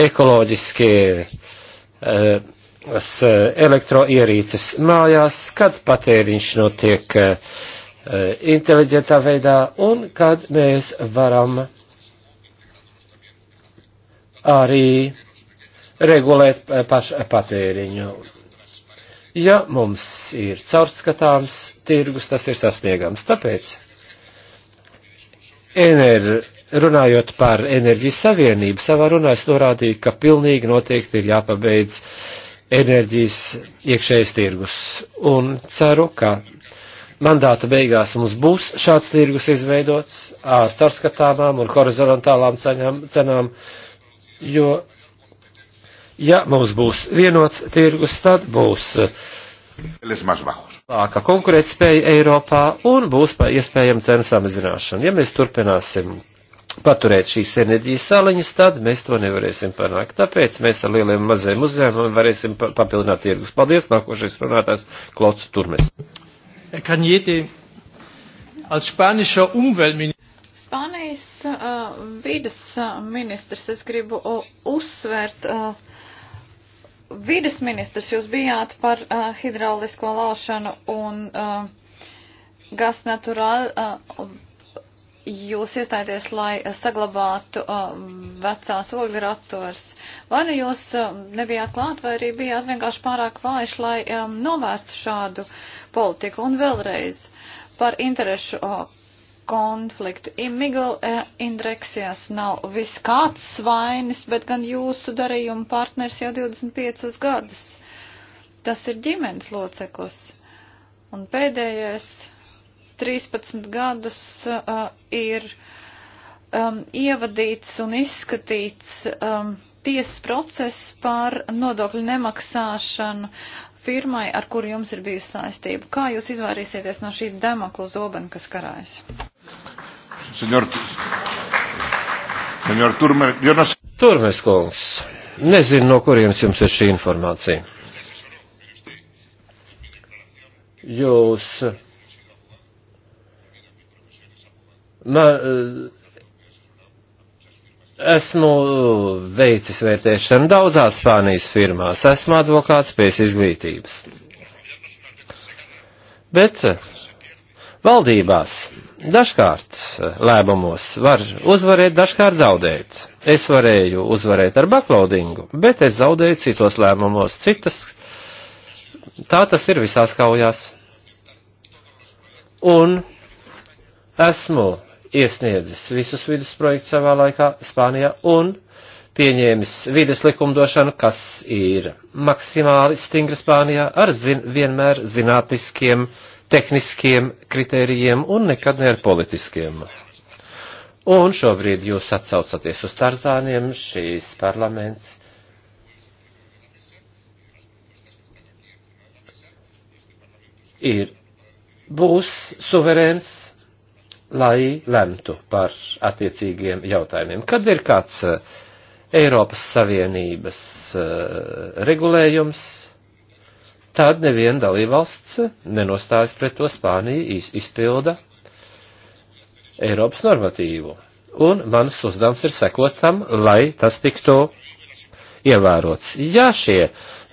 ekoloģiskie um, Eh, elektroierīces mājās, kad patēriņš notiek eh, eh, inteliģentā veidā un kad mēs varam arī regulēt pašu patēriņu. Ja mums ir caurskatāms tirgus, tas ir sasniegams. Tāpēc ener, runājot par enerģijas savienību, savā runā es norādīju, ka pilnīgi noteikti ir jāpabeidz uh, enerģijas iekšējais tirgus. Un ceru, ka mandāta beigās mums būs šāds tirgus izveidots ar caurskatāmām un horizontālām ceņām, cenām, jo, ja mums būs vienots tirgus, tad būs labāka konkurētspēja Eiropā un būs iespējama cenu samazināšana. Ja mēs turpināsim paturēt šīs enerģijas saliņas, tad mēs to nevarēsim panākt. Tāpēc mēs ar lieliem maziem uzņēmumiem varēsim papildināt tirgus. Paldies, nākošais runātājs Klots Turmes. Spānijas uh, vidas uh, ministrs, es gribu uh, uzsvērt, uh, vidas ministrs, jūs bijāt par uh, hidraulisko laušanu un uh, gas naturāli. Uh, jūs iestājaties, lai eh, saglabātu eh, vecās ogļrators? Vai nu jūs eh, nebijāt klāt, vai arī bijāt vienkārši pārāk vājš, lai novērstu šādu politiku? Un vēlreiz par interešu konfliktu. Imigl Indreksijas nav viskāds vainis, bet gan jūsu darījuma partners jau 25 gadus. Tas ir ģimenes loceklis. Un pēdējais 13 gadus uh, ir um, ievadīts un izskatīts um, tiesas process par nodokļu nemaksāšanu firmai, ar kuru jums ir bijusi saistība. Kā jūs izvairīsieties no šī demakla zobena, kas karājas? Senor, senor Turmer, no... Turmes kungs, nezinu, no kurienes jums ir šī informācija. Jūs Man, eh, esmu eh, veicis vērtēšanu daudzās Spānijas firmās, esmu advokāts pēc izglītības. Bet eh, valdībās dažkārt lēmumos var uzvarēt, dažkārt zaudēt. Es varēju uzvarēt ar baklaudingu, bet es zaudēju citos lēmumos, citas. Tā tas ir visās kaujās. Un esmu iesniedzis visus vidus projektus savā laikā Spānijā un pieņēmis vides likumdošanu, kas ir maksimāli stingra Spānijā ar zin, vienmēr zinātniskiem, tehniskiem kritērijiem un nekad ne ar politiskiem. Un šobrīd jūs atsaucaties uz Tarzāniem, šīs parlaments. Ir būs suverēns lai lemtu par attiecīgiem jautājumiem. Kad ir kāds eh, Eiropas Savienības eh, regulējums, tad neviena dalībvalsts nenostājas pret to Spānija izpilda Eiropas normatīvu. Un mans uzdevums ir sekot tam, lai tas tiktu ievērots. Ja šie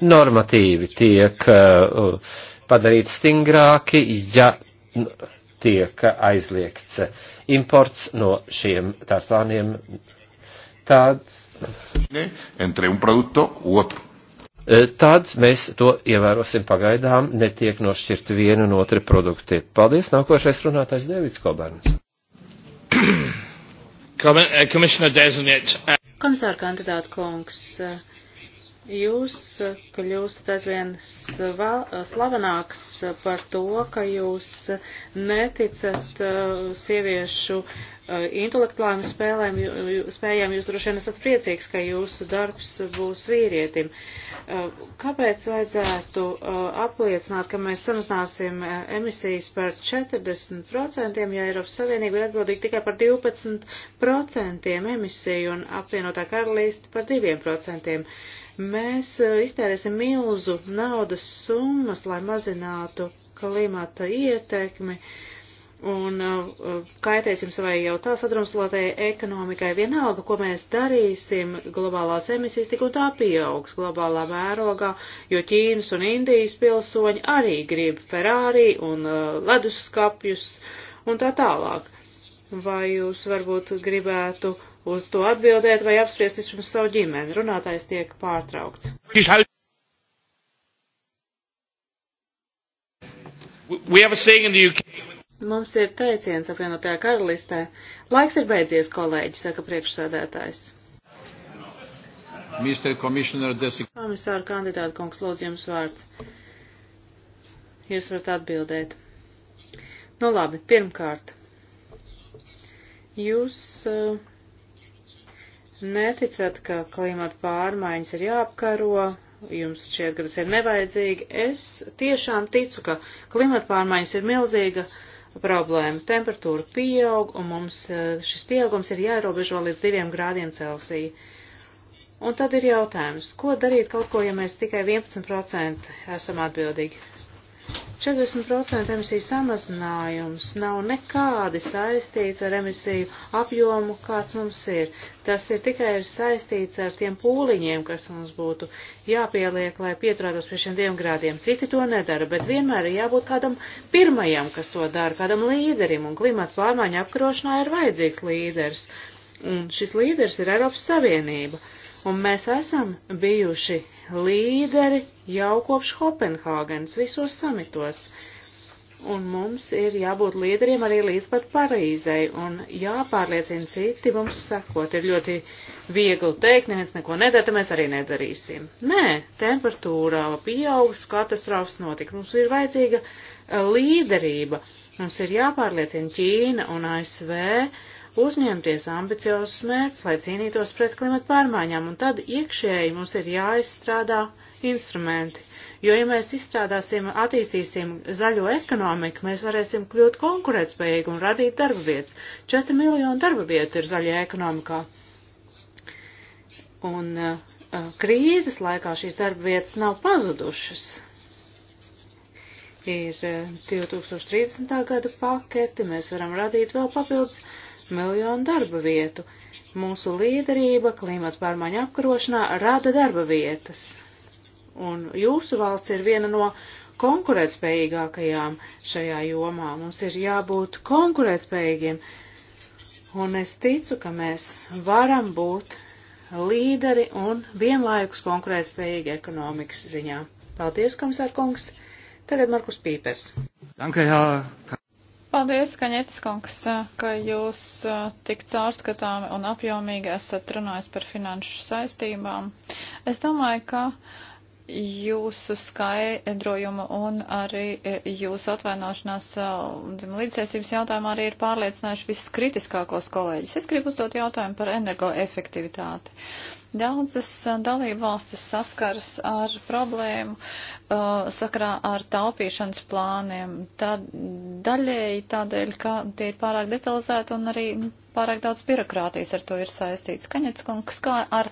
normatīvi tiek uh, padarīti stingrāki, ja tiek aizliegts imports no šiem tartāniem. Tāds. Entre un produkto u otru. Eh, Tad mēs to ievērosim pagaidām, netiek nošķirt viena un otra produkti. Paldies, nākošais runātājs Devits Koberns. Eh, eh, Komisāra kandidāta kungs, Jūs eh, kļūstat aizvien slavenāks par to, ka jūs neticat eh, sieviešu uh, Uh, intelektuālām spēlēm, spējām jūs droši vien esat priecīgs, ka jūsu darbs būs vīrietim. Uh, kāpēc vajadzētu uh, apliecināt, ka mēs samazināsim emisijas par 40%, ja Eiropas Savienība ir atbildīga tikai par 12% emisiju un apvienotā karalīste par 2%? Mēs iztērēsim milzu naudas summas, lai mazinātu klimata ietekmi. Uh, un uh, kaitēs jums vai jau tā sadrumstalotajai ekonomikai. Vienalga, ko mēs darīsim, globālās emisijas tik un tā pieaugs globālā mērogā, jo Ķīnas un Indijas pilsoņi arī grib Ferrari un uh, leduskapjus un tā tālāk. Vai jūs varbūt gribētu uz to atbildēt vai apspriest vispirms savu ģimeni? Runātājs tiek pārtraukts. We have a saying in the UK. Mums ir teiciens apvienotajā karalistē. Laiks ir beidzies, kolēģi, saka priekšsēdētājs. Komisāra kandidāta kungs, lūdzu jums vārds. Jūs varat atbildēt. Nu labi, pirmkārt, jūs uh, neticat, ka klimata pārmaiņas ir jāapkaro, jums šķiet, ka tas ir nevajadzīgi. Es tiešām ticu, ka klimata pārmaiņas ir milzīga. Uh, problēma. Temperatūra pieaug, un mums eh, šis pieaugums ir jāierobežo līdz 2 grādiem Celsija. Un tad ir jautājums, ko darīt kaut ko, ja mēs tikai 11% esam atbildīgi? 40% emisiju samazinājums nav nekādi saistīts ar emisiju apjomu, kāds mums ir. Tas ir tikai ir saistīts ar tiem pūliņiem, kas mums būtu jāpieliek, lai pieturētos pie šiem diviem grādiem. Citi to nedara, bet vienmēr ir jābūt kādam pirmajam, kas to dara, kādam līderim, un klimata pārmaiņa apkarošanā ir vajadzīgs līderis. Un šis līderis ir Eiropas Savienība. Uh, Un mēs esam bijuši līderi jau kopš Kopenhāgenes visos samitos. Un mums ir jābūt līderiem arī līdz pat Parīzei un jāpārliecina citi mums sakot. Ir ļoti viegli teikt, neviens neko nedara, mēs arī nedarīsim. Nē, temperatūra pieaugs, katastrofas notika. Mums ir vajadzīga eh, līderība. Mums ir jāpārliecina Ķīna un ASV uzņemties ambiciozus mērķus, lai cīnītos pret klimatu pārmaiņām, un tad iekšēji mums ir jāizstrādā instrumenti. Jo, ja mēs izstrādāsim, attīstīsim zaļo ekonomiku, mēs varēsim kļūt konkurētspējīgi un radīt darba vietas. 4 miljoni darba vietu ir zaļajā ekonomikā. Un uh, uh, krīzes laikā šīs darba vietas nav pazudušas ir 2030. Uh, gada paketi, mēs varam radīt vēl papildus miljonu darba vietu. Mūsu līderība klimata pārmaiņu apkarošanā rada darba vietas. Un jūsu valsts ir viena no konkurētspējīgākajām šajā jomā. Mums ir jābūt konkurētspējīgiem. Un es ticu, ka mēs varam būt līderi un vienlaikus konkurētspējīgi ekonomikas ziņā. Paldies, komisārkungs! Tagad Markus Pīpers. Danke, Herr Paldies, Kaņetis kungs, ka jūs tik caurskatāmi un apjomīgi esat runājis par finanšu saistībām. Es domāju, ka jūsu skaidrojumu un arī jūsu atvainošanās līdzsēsības jautājumā arī ir pārliecinājuši viskritiskākos kolēģis. Es gribu uzdot jautājumu par energoefektivitāti. Daudzas uh, dalību valstis saskaras ar problēmu uh, sakarā ar taupīšanas plāniem. Tā daļēji tādēļ, ka tie ir pārāk detalizēti un arī pārāk daudz birokrātijas ar to ir saistīts. Kaņetskungs, kā ar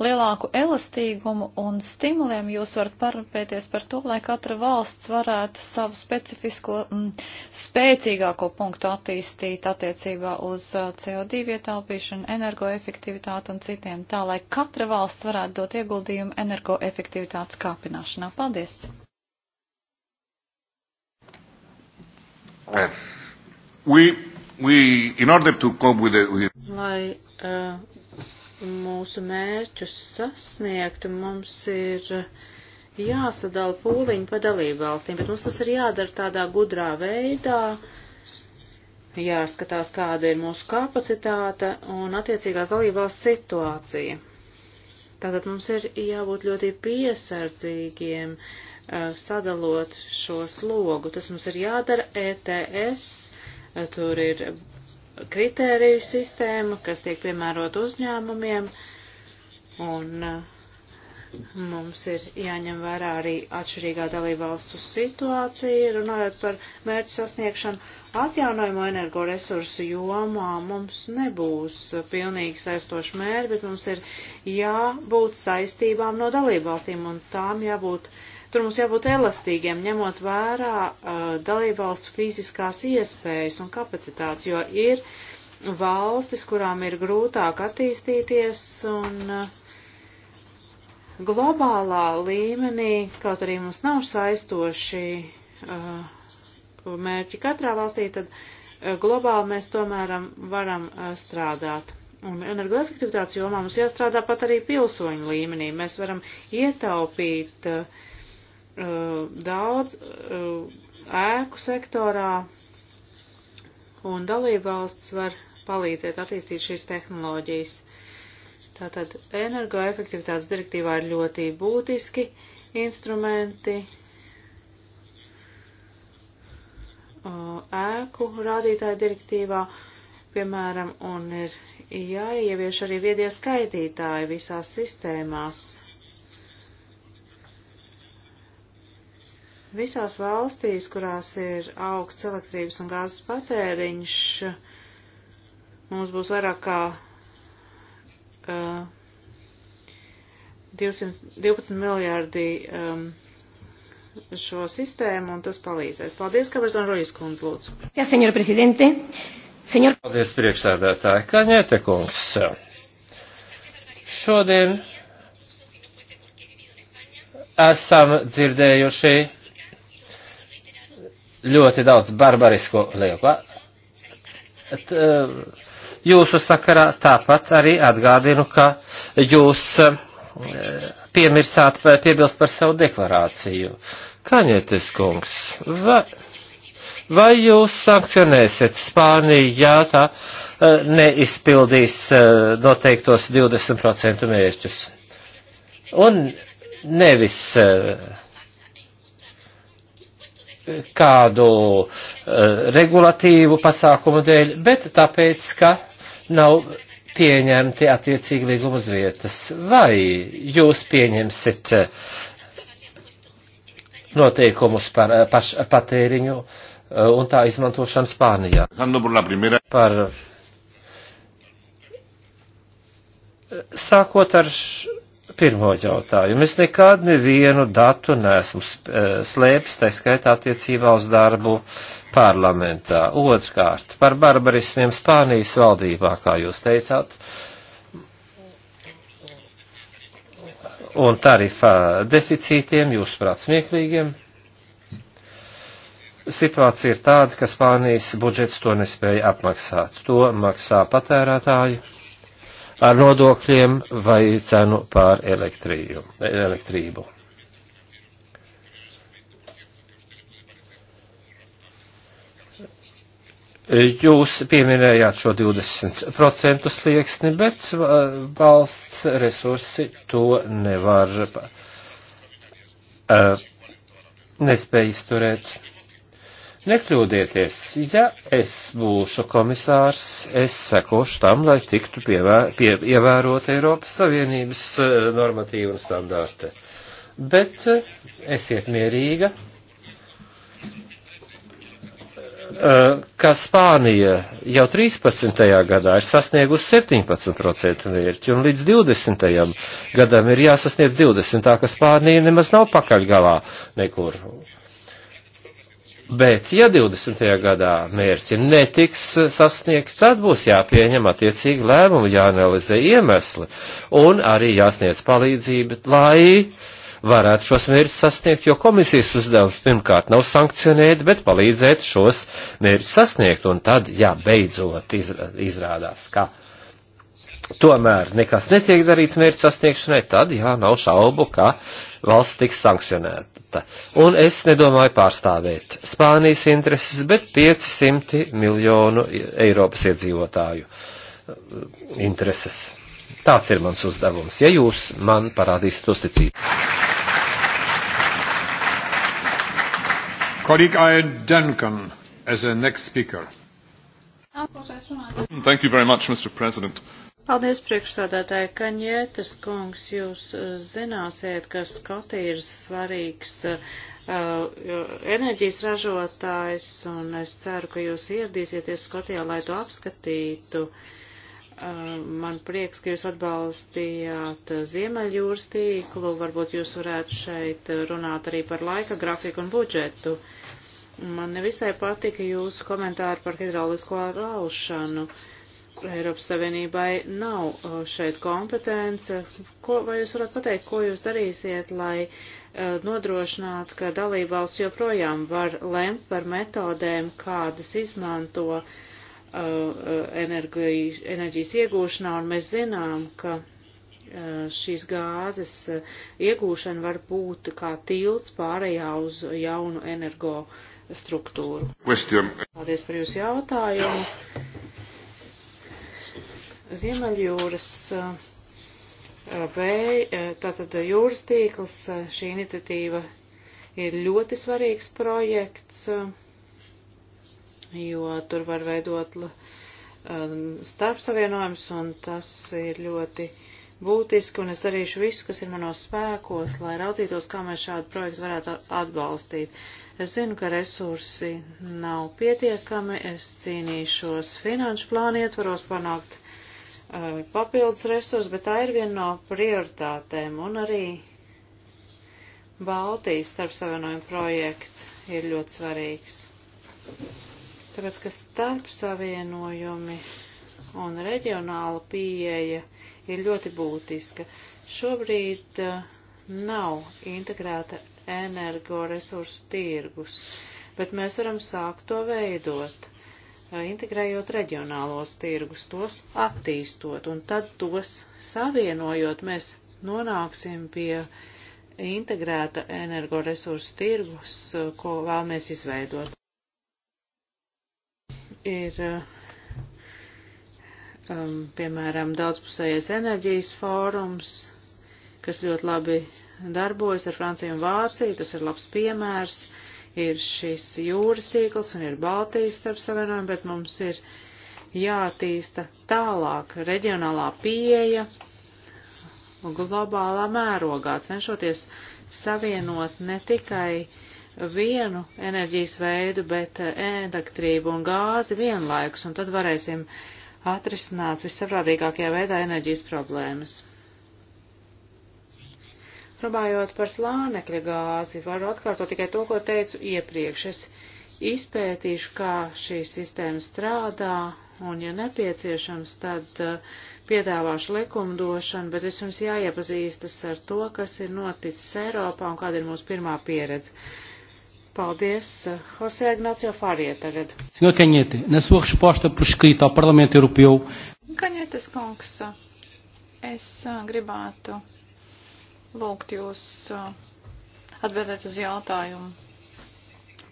lielāku elastīgumu un stimuliem jūs varat parūpēties par to, lai katra valsts varētu savu specifisko, m, mm, spēcīgāko punktu attīstīt attiecībā uz uh, CO2 ietaupīšanu, energoefektivitāti un citiem, tā lai katra valsts varētu dot ieguldījumu energoefektivitātes kāpināšanā. Paldies! Eh, we, we, in order to cope with the, with... Lai uh, mūsu mērķus sasniegtu, mums ir eh, jāsadala pūliņi pa dalību valstīm, bet mums tas ir jādara tādā gudrā veidā, jāskatās, kāda ir mūsu kapacitāte un attiecīgās dalību valsts situācija. Tātad mums ir jābūt ļoti piesardzīgiem, eh, sadalot šo slogu. Tas mums ir jādara ETS, eh, tur ir kritēriju sistēma, kas tiek piemērot uzņēmumiem, un uh, Mums ir jāņem vērā arī atšķirīgā dalībvalstu situācija, runājot par mērķu sasniegšanu. Atjaunojumu energoresursu jomā mums nebūs pilnīgi saistoši mērķi, bet mums ir jābūt saistībām no dalībvalstīm un tām jābūt. Tur mums jābūt elastīgiem, ņemot vērā uh, dalībvalstu fiziskās iespējas un kapacitātes, jo ir valstis, kurām ir grūtāk attīstīties un uh, globālā līmenī, kaut arī mums nav saistoši uh, mērķi katrā valstī, tad uh, globāli mēs tomēr varam uh, strādāt. Un energoefektivitātes jomā mums jāstrādā pat arī pilsoņu līmenī. Mēs varam ietaupīt uh, uh daudz uh, ēku sektorā, un dalībvalsts var palīdzēt attīstīt šīs tehnoloģijas. Tātad energoefektivitātes direktīvā ir ļoti būtiski instrumenti ēku rādītāju direktīvā, piemēram, un ir jāievieš arī viedie skaitītāji visās sistēmās. Visās valstīs, kurās ir augsts elektrības un gāzes patēriņš, mums būs vairāk kā uh, 200, 12 miljārdi um, šo sistēmu, un tas palīdzēs. Paldies, Kabezon Rojas kundz, lūdzu. Jā, senjor prezidente. Senjor... Paldies, priekšsēdētāji. Kaņete kungs. Šodien esam dzirdējuši ļoti daudz barbarisko lieku. T, jūsu sakarā. Tāpat arī atgādinu, ka jūs e, piemirsāt, piebilst par savu deklarāciju. Kaņetes kungs, vai, vai jūs sankcionēsiet Spāniju, ja tā e, neizpildīs e, noteiktos 20% mērķus? Un nevis kādu regulatīvu pasākumu dēļ, bet tāpēc, ka nav pieņemti attiecīgi līguma uz vietas. Vai jūs pieņemsiet eh, noteikumus par eh, paš, patēriņu eh, un tā izmantošanu Spānijā? Par sākot ar pirmo jautājumu. Es nekad nevienu datu neesmu slēpis, tā skaitā attiecībā uz darbu uh, parlamentā. Otrkārt, par barbarismiem Spānijas valdībā, kā jūs teicāt, un tarifa deficītiem, jūs prāt smieklīgiem. Situācija ir tāda, ka Spānijas budžets to nespēja apmaksāt. To maksā patērētāji ar nodokļiem vai cenu pār elektrību. elektrību. Jūs pieminējāt šo 20% slieksni, bet valsts resursi to nevar, uh, nespēj izturēt. Nekļūdieties, ja es būšu komisārs, es sekošu tam, lai tiktu pievēr, pie, ievērot Eiropas Savienības eh, normatīvu un standārte. Bet eh, esiet mierīga, Eh, ka Spānija jau 13. gadā ir sasniegusi 17% mērķi, un līdz 20. gadam ir jāsasniedz 20, tā ka Spānija nemaz nav pakaļgalā nekur. Bet, ja 20. gadā mērķi netiks sasniegt, tad būs jāpieņem attiecīgi lēmumi, jāanalizē iemesli, un arī jāsniedz palīdzība, lai uh, varētu šos mērķus sasniegt, jo komisijas uzdevums pirmkārt nav sankcionēt, bet palīdzēt šos mērķus sasniegt. Un tad, ja beidzot izrādās, ka tomēr nekas netiek darīts mērķu sasniegšanai, tad, jā, nav šaubu, ka valsts tiks sankcionēta. Un es nedomāju pārstāvēt Spānijas intereses, bet 500 miljonu Eiropas iedzīvotāju intereses. Tāds ir mans uzdevums, ja jūs man parādīsiet uzticību. Colleague Ian Duncan as the next speaker. Thank you very much, Mr. President. Paldies, priekšsādātāji Kaņietes kungs. Jūs uh, zināsiet, ka Skotija ir svarīgs uh, uh, enerģijas ražotājs, un es ceru, ka jūs ieradīsieties Skotijā, lai to apskatītu. Uh, man prieks, ka jūs atbalstījāt Ziemeļjūras tīklu. Varbūt jūs varētu šeit runāt arī par laika grafiku un budžetu. Man nevisai patika jūsu komentāri par hidraulisko raušanu. Eiropas Savienībai nav šeit kompetence. Ko, vai jūs varat pateikt, ko jūs darīsiet, lai nodrošinātu, ka dalībvalsts joprojām var lemt par metodēm, kādas izmanto uh, Uh, energi, enerģijas iegūšanā, un mēs zinām, ka uh, šīs gāzes uh, iegūšana var būt kā tilts pārējā uz jaunu energo struktūru. Question. Paldies par jūsu jautājumu. Ziemeļjūras vēja, tātad jūras tīkls, šī iniciatīva ir ļoti svarīgs projekts. Uh, jo tur var veidot um, starpsavienojums, un tas ir ļoti būtiski, un es darīšu visu, kas ir manos spēkos, lai raudzītos, kā mēs šādu projektu varētu atbalstīt. Es zinu, ka resursi nav pietiekami, es cīnīšos finanšu plānu ietvaros panākt uh, papildus resursus, bet tā ir viena no prioritātēm, un arī Baltijas starpsavienojuma projekts ir ļoti svarīgs tāpēc ka starp savienojumi un reģionāla pieeja ir ļoti būtiska. Šobrīd uh, nav integrēta energoresursu tirgus, bet mēs varam sākt to veidot, uh, integrējot reģionālos tirgus, tos attīstot, un tad tos savienojot mēs nonāksim pie integrēta energoresursu tirgus, uh, ko vēlamies izveidot ir, eh, um, piemēram, daudzpusējais enerģijas fórums, kas ļoti labi darbojas ar Franciju un Vāciju, tas ir labs piemērs, ir šis jūras tīkls un ir Baltijas starp savienojumi, bet mums ir jātīsta tālāk reģionālā pieeja globālā mērogā, cenšoties savienot ne tikai uh, vienu enerģijas veidu, bet eh, elektrību un gāzi vienlaikus, un tad varēsim atrisināt vissaprātīgākajā veidā enerģijas problēmas. Runājot par slānekļa gāzi, varu atkārtot tikai to, ko teicu iepriekš. Es izpētīšu, kā šī sistēma strādā, un, ja nepieciešams, tad uh, piedāvāšu likumdošanu, bet vispirms jāiepazīstas ar to, kas ir noticis Eiropā un kāda ir mūsu pirmā pieredze. Uh, Paldies. Eh, José Ignacio Faria tagad. Senhor Canhete, na sua resposta por escrito ao Parlamento Europeu. Canhetes kungs, es eh, gribētu lūgt jūs eh, atbildēt uz jautājumu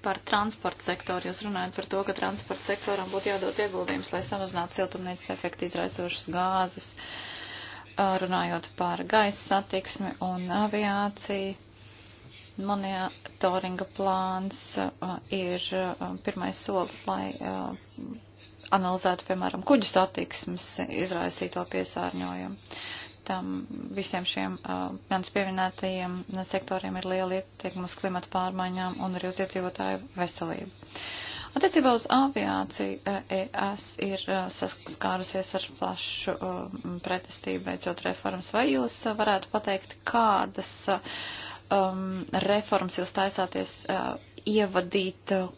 par transporta sektoru. Jūs runājat par to, ka transporta sektoram būtu jādod ieguldījums, lai samazinātu siltumnīcas efektu izraisošas gāzes, runājot par gaisa satiksmi un aviāciju Monitoringa plāns uh, ir uh, pirmais solis, lai uh, analizētu, piemēram, kuģu satiksmes izraisīto piesārņojumu. Tam visiem šiem mans pieminētajiem sektoriem ir liela ietekme uz klimata pārmaiņām un arī uz iedzīvotāju veselību. Attiecībā uz aviāciju ES ir saskārusies ar plašu pretestību beidzot reformas. Vai jūs varētu pateikt, kādas uh, um, reformas jūs taisāties uh, ievadīt uh,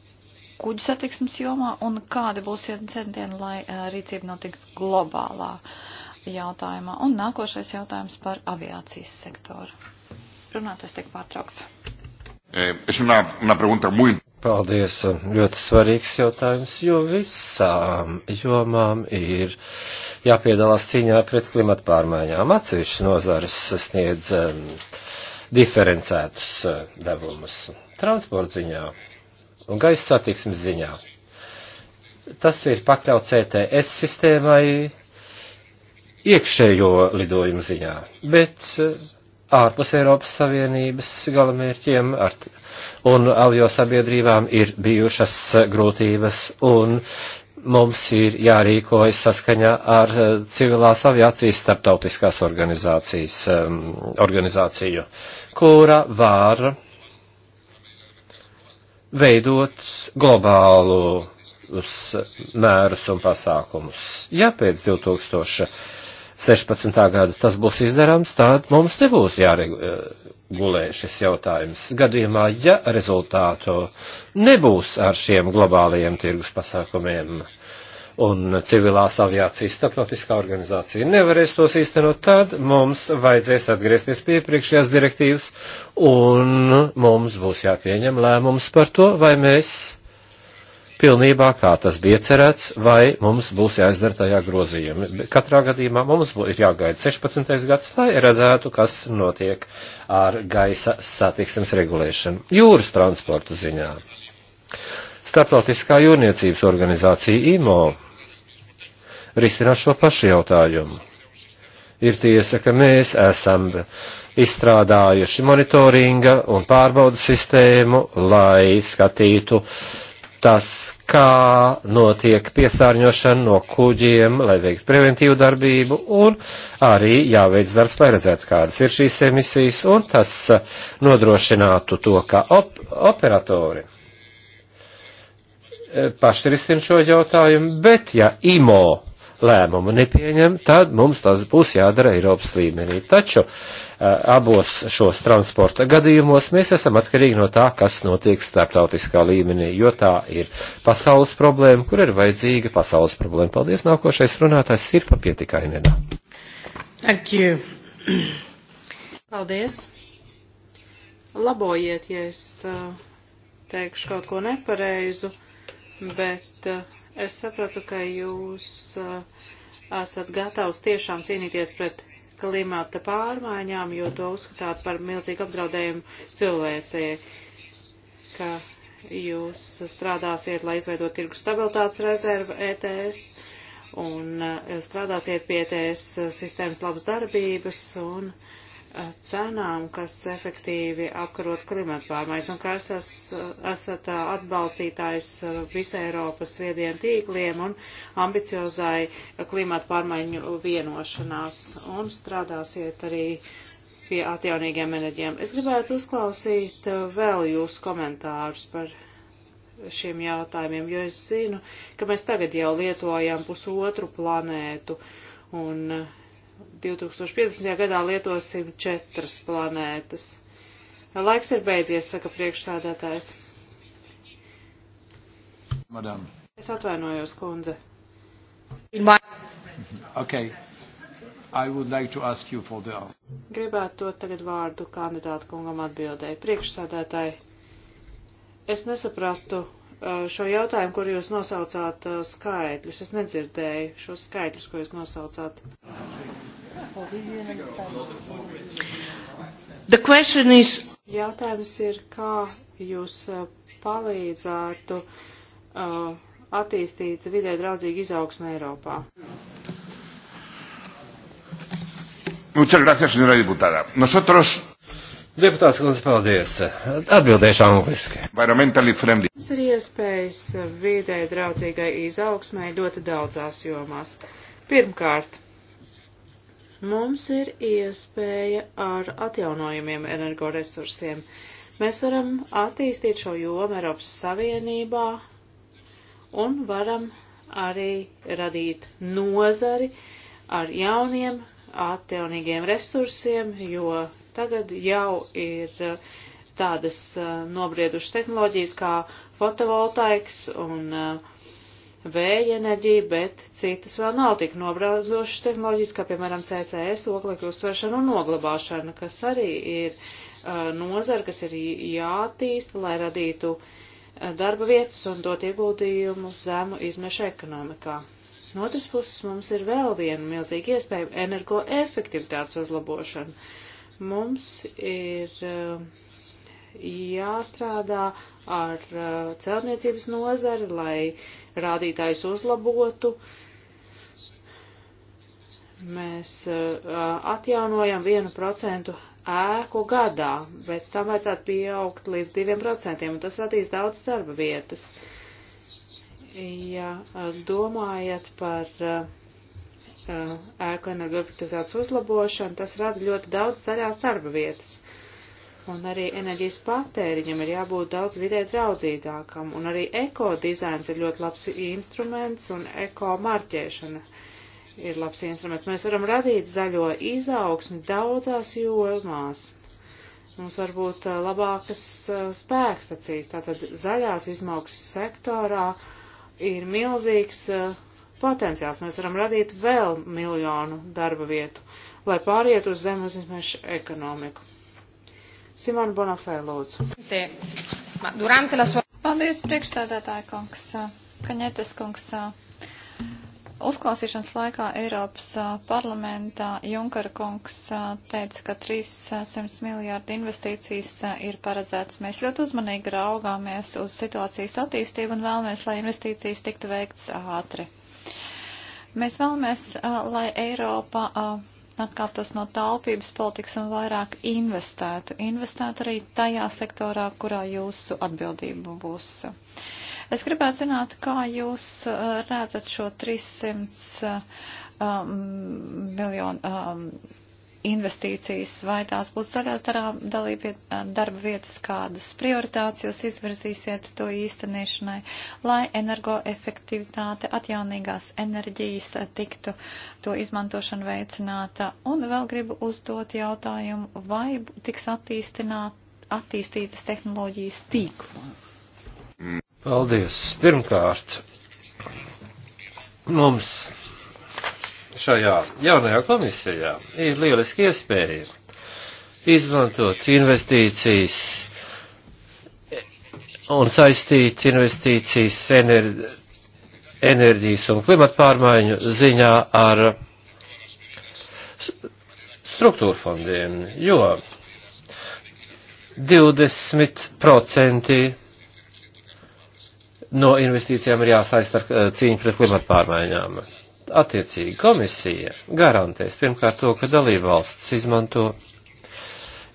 kuģu satiksmes jomā un kādi būs centieni, lai uh, rīcība notiktu globālā jautājumā? Un nākošais jautājums par aviācijas sektoru. Runātais tiek pārtraukts. Eh, es una, una pregunta muy... Paldies, ļoti svarīgs jautājums, jo visām jomām ir jāpiedalās cīņā pret klimatu pārmaiņām. Atsevišķi nozares sniedz um, uh, diferencētus eh, devumus transporta ziņā un gaisa satiksmes ziņā. Tas ir pakļauts CTS e sistēmai iekšējo lidojumu ziņā, bet eh, ārpus Eiropas Savienības galamērķiem ar, un avio sabiedrībām ir bijušas eh, grūtības, un mums ir jārīkojas saskaņā ar eh, civilās aviācijas starptautiskās organizācijas, um, organizāciju, kura var veidot globālu mērus un pasākumus. Ja pēc 2016. gada tas būs izdarāms, tad mums nebūs jāregu, eh, jāregulē šis jautājums. Gadījumā, ja rezultātu nebūs ar šiem globālajiem tirgus pasākumiem un civilās aviācijas starptautiskā organizācija nevarēs tos īstenot, tad mums vajadzēs atgriezties pie priekšējās direktīvas un mums būs jāpieņem lēmums par to, vai mēs pilnībā, kā tas bija cerēts, vai mums būs jāizdara tajā grozījumi. Katrā gadījumā mums ir jāgaida 16. gads, lai redzētu, kas notiek ar gaisa satiksmes regulēšanu jūras transportu ziņā. Startautiskā jūrniecības organizācija IMO risinās šo pašu jautājumu. Ir tiesa, ka mēs esam izstrādājuši monitoringa un pārbaudas sistēmu, lai skatītu uh, tas, kā notiek piesārņošana no kuģiem, lai veiktu preventīvu darbību, un arī jāveic darbs, lai redzētu, kādas ir šīs emisijas, un tas nodrošinātu to, ka op operatori e, paši risina šo jautājumu, bet ja IMO lēmumu nepieņem, tad mums tas būs jādara Eiropas līmenī. Taču Eh, abos šos transporta gadījumos mēs esam atkarīgi no tā, kas notiek starptautiskā līmenī, jo tā ir pasaules problēma, kur ir vajadzīga pasaules problēma. Paldies, nākošais runātājs ir papietikainenā. Thank you. Paldies. Labojiet, ja es eh, teikšu kaut ko nepareizu, bet eh, es sapratu, ka jūs esat gatavs tiešām cīnīties pret klimata pārmaiņām, jo to uzskatāt par milzīgu apdraudējumu cilvēcei, ka jūs strādāsiet, lai izveidot tirgu stabilitātes rezervu ETS un eh, strādāsiet pie ETS eh, sistēmas labas darbības un uh, cenām, kas efektīvi apkarot klimatu pārmaiņas, un ka es esat atbalstītājs visai Eiropas viediem tīkliem un ambiciozai klimatu pārmaiņu vienošanās, un strādāsiet arī pie atjaunīgiem enerģiem. Es gribētu uzklausīt vēl jūsu komentārus par šiem jautājumiem, jo es zinu, ka mēs tagad jau lietojam pusotru planētu, un uh, 2050. gadā lietosim četras planētas. Laiks ir beidzies, saka priekšsādātājs. Madam. Es atvainojos, kundze. Okay. I would like to ask you for the Gribētu dot tagad vārdu kandidātu kungam atbildēji. Priekšsādātāji, es nesapratu eh, šo jautājumu, kur jūs nosaucāt eh, skaitļus. Es nedzirdēju šos skaitļus, ko jūs nosaucāt. Is... Jautājums ir, kā jūs uh, palīdzētu uh, attīstīt vidē draudzīgu izaugsmu Eiropā? Muchas gracias, señora diputada. Nosotros Deputāts Kundze, paldies. Atbildēšu angliski. Mums ir iespējas uh, vidē draudzīgai izaugsmai ļoti daudzās jomās. Pirmkārt, Mums ir iespēja ar atjaunojumiem energoresursiem. Mēs varam attīstīt šo jomu Eiropas Savienībā un varam arī radīt nozari ar jauniem atjaunīgiem resursiem, jo tagad jau ir eh, tādas eh, nobriedušas tehnoloģijas kā fotovoltaiks un uh, vēja enerģija, bet citas vēl nav tik nobrauzošas tehnoloģijas, kā piemēram CCS, oglekļu uztveršana un noglabāšana, kas arī ir uh, nozara, kas ir jātīsta, lai radītu uh, darba vietas un dot ieguldījumu zemu izmešu ekonomikā. No otras puses mums ir vēl viena milzīga iespēja - energoefektivitātes uzlabošana. Mums ir uh, jāstrādā ar uh, celtniecības nozari, lai rādītājs uzlabotu. Mēs uh, atjaunojam 1% ēku gadā, bet tam vajadzētu pieaugt līdz 2%, un tas radīs daudz darba vietas. Ja uh, domājat par ēku energoefektivitātes uzlabošanu, tas rada ļoti daudz zaļās darba vietas un arī enerģijas patēriņam ir jābūt daudz vidē draudzīgākam, un arī ekodizains ir ļoti labs instruments, un ekomarķēšana ir labs instruments. Mēs varam radīt zaļo izaugsmi daudzās jomās. Mums var būt labākas spēkstacijas, tātad zaļās izmaksas sektorā ir milzīgs potenciāls. Mēs varam radīt vēl miljonu darba vietu, lai pāriet uz zemes izmešu ekonomiku. Simona Bonafē, lūdzu. Paldies, priekšsēdētāja kungs, Kaņetes kungs. Uzklausīšanas laikā Eiropas parlamentā Junkara kungs teica, ka 300 miljārdu investīcijas ir paredzētas. Mēs ļoti uzmanīgi raugāmies uz situācijas attīstību un vēlamies, lai investīcijas tiktu veikts ātri. Mēs vēlamies, lai Eiropa atkāptos no taupības politikas un vairāk investētu. Investētu arī tajā sektorā, kurā jūsu atbildība būs. Es gribētu zināt, kā jūs eh, redzat šo 300 um, eh, miljonu um, investīcijas, vai tās būs zaļās darba vietas, kādas prioritātes jūs izvirzīsiet to īstenīšanai, lai energoefektivitāte, atjaunīgās enerģijas tiktu to izmantošana veicināta. Un vēl gribu uzdot jautājumu, vai tiks attīstītas tehnoloģijas tīklā? Paldies! Pirmkārt, mums šajā jaunajā komisijā ir lieliski iespēja izmantot investīcijas un saistīt investīcijas enerģijas enerģijas un klimata pārmaiņu ziņā ar struktūra fondiem, jo 20% no investīcijām ir jāsaist ar eh, cīņu pret klimata pārmaiņām attiecīgi komisija garantēs pirmkārt to, ka dalībvalsts izmanto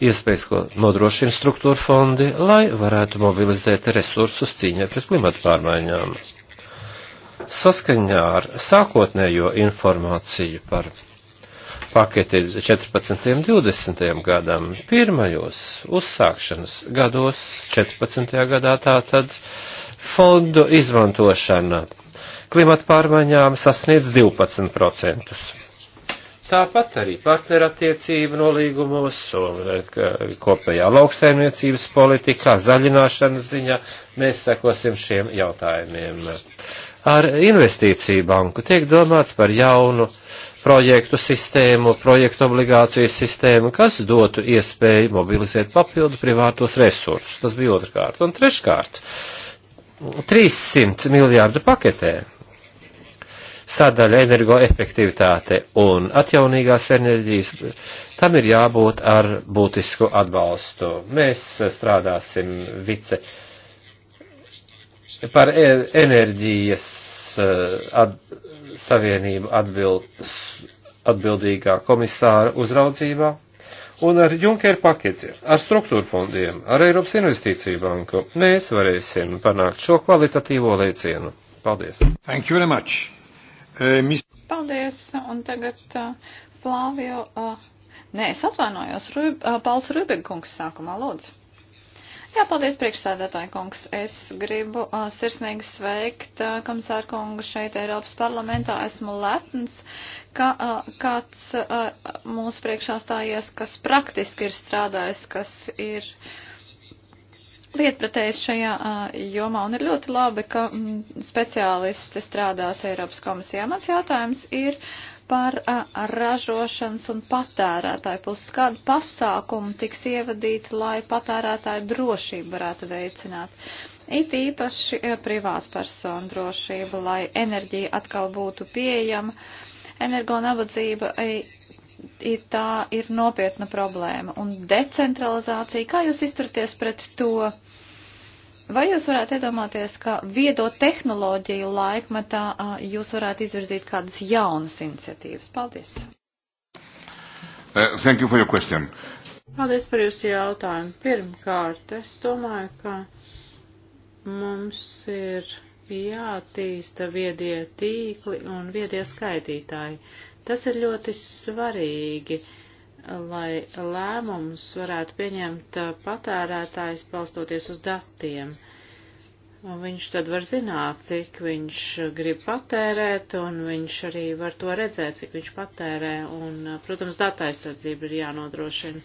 iespējas, ko nodrošina struktūra fondi, lai varētu mobilizēt resursus cīņā pret klimatu pārmaiņām. Saskaņā ar sākotnējo informāciju par paketi 14. un 20. gadam, pirmajos uzsākšanas gados, 14. gadā tātad fondu izmantošana klimata pārmaiņām sasniedz 12%. Tāpat arī partnerattiecību nolīgumos un eh, kopējā lauksaimniecības politikā, zaļināšanas ziņā mēs sekosim šiem jautājumiem. Ar investīciju banku tiek domāts par jaunu projektu sistēmu, projektu obligāciju sistēmu, kas dotu iespēju mobilizēt papildu privātos resursus. Tas bija otrkārt. Un treškārt, 300 miljārdu paketē sadaļa energoefektivitāte un atjaunīgās enerģijas, tam ir jābūt ar būtisku atbalstu. Mēs strādāsim vice par e- enerģijas eh, at, savienību atbild, atbildīgā komisāra uzraudzībā un ar Junker paketi, ar struktūru fondiem, ar Eiropas investīciju banku mēs varēsim panākt šo kvalitatīvo lēcienu. Paldies! Thank you very much! Eh, paldies, un tagad uh, Flāvio. Uh, nē, es atvainojos, Rub, uh, Pauls Rubikungs sākumā lūdzu. Jā, paldies priekšsēdētāji kungs. Es gribu uh, sirsnīgi sveikt uh, komisāru kungu šeit Eiropas parlamentā. Esmu lepns, ka uh, kāds uh, mūsu priekšā stājies, kas praktiski ir strādājis, kas ir. Uh, lietpratējs šajā jomā un ir ļoti labi, ka mm, speciālisti strādās Eiropas komisijā. Mans jautājums ir par ražošanas un patērētāju puses. Kādu pasākumu tiks ievadīti, lai patērētāju drošību varētu veicināt? It īpaši privātpersonu drošību, lai enerģija atkal būtu pieejama. Energo nabadzība ir, tā ir nopietna problēma. Un decentralizācija, kā jūs izturties pret to? Vai jūs varētu iedomāties, ka viedo tehnoloģiju laikmetā jūs varētu izvirzīt kādas jaunas iniciatīvas? Paldies! Uh, thank you for your question. Paldies par jūsu jautājumu. Pirmkārt, es domāju, ka mums ir jātīsta viedie tīkli un viedie skaitītāji. Tas ir ļoti svarīgi, lai lēmumus varētu pieņemt patērētājs palstoties uz datiem. Un viņš tad var zināt, cik viņš grib patērēt, un viņš arī var to redzēt, cik viņš patērē. Un, protams, datu aizsardzība ir jānodrošina.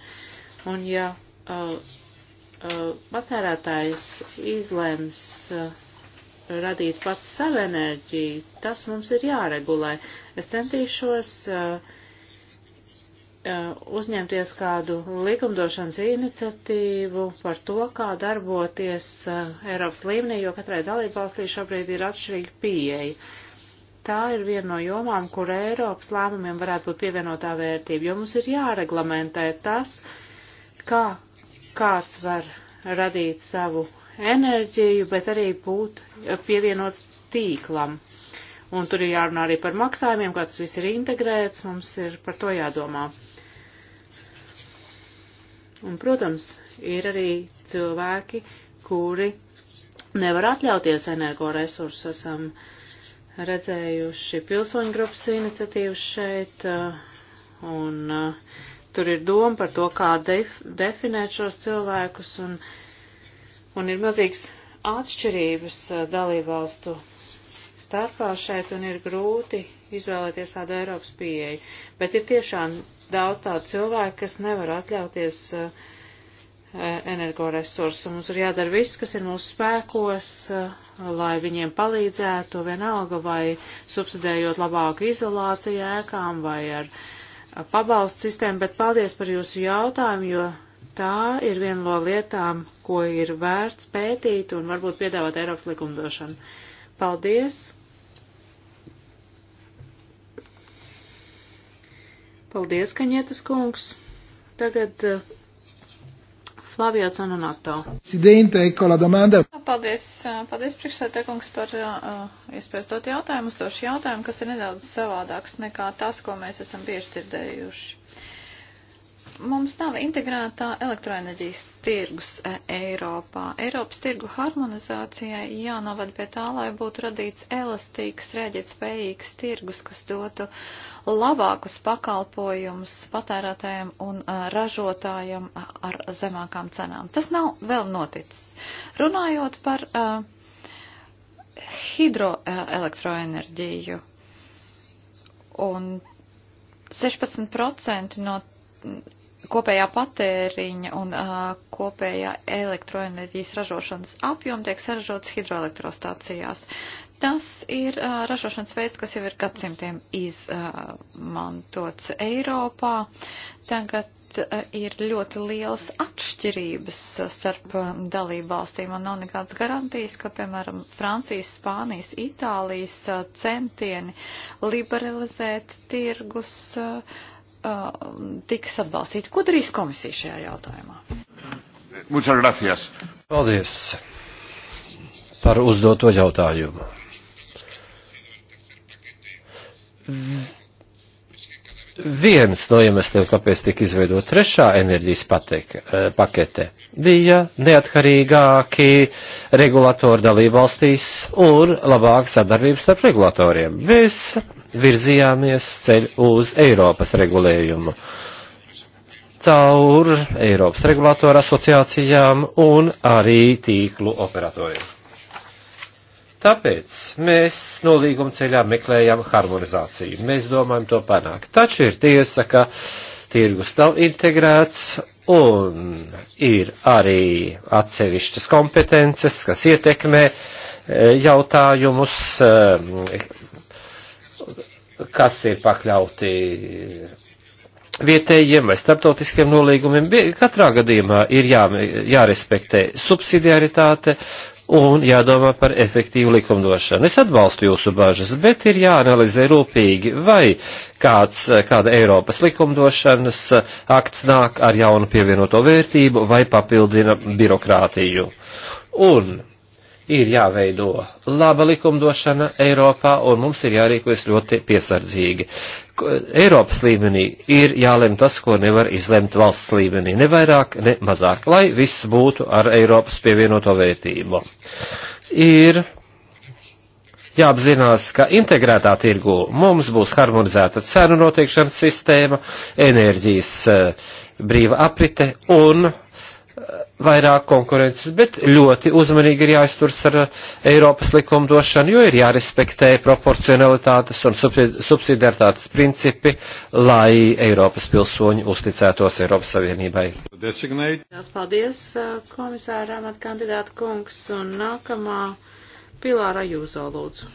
Un ja uh, uh, patērētājs izlems uh, radīt pats savu enerģiju, tas mums ir jāregulē. Es centīšos uh, uzņemties kādu likumdošanas iniciatīvu par to, kā darboties eh, Eiropas līmenī, jo katrai dalībvalstī šobrīd ir atšķirīga pieeja. Tā ir viena no jomām, kur Eiropas lēmumiem varētu būt pievienotā vērtība, jo mums ir jāreglamentē tas, kā kāds var radīt savu enerģiju, bet arī būt pievienots tīklam. Un tur ir jārunā arī par maksājumiem, kā tas viss ir integrēts, mums ir par to jādomā. Un, protams, ir arī cilvēki, kuri nevar atļauties energoresursus. Esam redzējuši pilsoņu grupas iniciatīvas šeit, un uh, tur ir doma par to, kā def definēt šos cilvēkus, un uh, un ir mazīgs atšķirības dalībvalstu starpā šeit un ir grūti izvēlēties tādu Eiropas pieeju. Bet ir tiešām daudz tādu cilvēku, kas nevar atļauties uh, energoresursu. Mums ir jādara viss, kas ir mūsu spēkos, lai viņiem palīdzētu, vienalga vai subsidējot labāku izolāciju ēkām vai ar pabalstu sistēmu, bet paldies par jūsu jautājumu, jo tā ir viena no lietām, ko ir vērts pētīt un varbūt piedāvāt Eiropas likumdošanu. Paldies! Paldies, Kaņietas kungs! Tagad uh, Flavio Canonato. Sidente, ecco la domanda. Paldies, uh, paldies priekšsētē kungs par uh, iespējas dot jautājumu, uzdošu jautājumu, kas ir nedaudz savādāks nekā tas, ko mēs esam bieži dzirdējuši. Mums nav integrētā elektroenerģijas tirgus e, Eiropā. Eiropas tirgu harmonizācijai jānovad pie tā, lai būtu radīts elastīgs, rēģēt spējīgs tirgus, kas dotu labākus pakalpojumus patērētājiem un e, ražotājiem ar zemākām cenām. Tas nav vēl noticis. Runājot par uh, hidroelektroenerģiju un 16% no kopējā patēriņa un uh, kopējā elektroenerģijas ražošanas apjoma tiek saražots hidroelektrostācijās. Tas ir uh, ražošanas veids, kas jau ir gadsimtiem izmantots uh, Eiropā. Tagad uh, ir ļoti lielas atšķirības starp uh, dalību valstīm un nav nekādas garantijas, ka, piemēram, Francijas, Spānijas, Itālijas uh, centieni liberalizēt tirgus uh, Uh, tiks atbalstīti. Ko darīs komisija šajā jautājumā? Muchas gracias. Paldies par uzdoto jautājumu viens no iemesliem, kāpēc tika izveidot trešā enerģijas patek, eh, pakete, bija neatkarīgāki regulatori dalībvalstīs un labāka sadarbības starp regulatoriem. Mēs virzījāmies ceļu uz Eiropas regulējumu caur Eiropas regulātoru asociācijām un arī tīklu operatoriem. Tāpēc mēs no līguma ceļā meklējam harmonizāciju. Mēs domājam to panākt. Taču ir tiesa, ka tirgus nav integrēts un ir arī atsevišķas kompetences, kas ietekmē e, jautājumus, e, kas ir pakļauti vietējiem vai starptautiskiem nolīgumiem. Katrā gadījumā ir jā, jārespektē subsidiaritāte un jādomā par efektīvu likumdošanu. Es atbalstu jūsu bažas, bet ir jāanalizē rūpīgi, vai kāds, kāda Eiropas likumdošanas akts nāk ar jaunu pievienoto vērtību vai papildina birokrātiju. Un ir jāveido laba likumdošana Eiropā, un mums ir jārīkojas ļoti piesardzīgi. Eiropas līmenī ir jālem tas, ko nevar izlemt valsts līmenī, ne vairāk, ne mazāk, lai viss būtu ar Eiropas pievienoto vērtību. Ir jāapzinās, ka integrētā tirgu mums būs harmonizēta cenu noteikšanas sistēma, enerģijas eh, brīva aprite un vairāk konkurences, bet ļoti uzmanīgi ir jāizturas ar uh, Eiropas likumdošanu, jo ir jārespektē proporcionalitātes un subsidiaritātes principi, lai Eiropas pilsoņi uzticētos Eiropas Savienībai. Designate. Paldies, uh, komisāra amata kandidāta kungs, un nākamā Pilāra Jūzo lūdzu.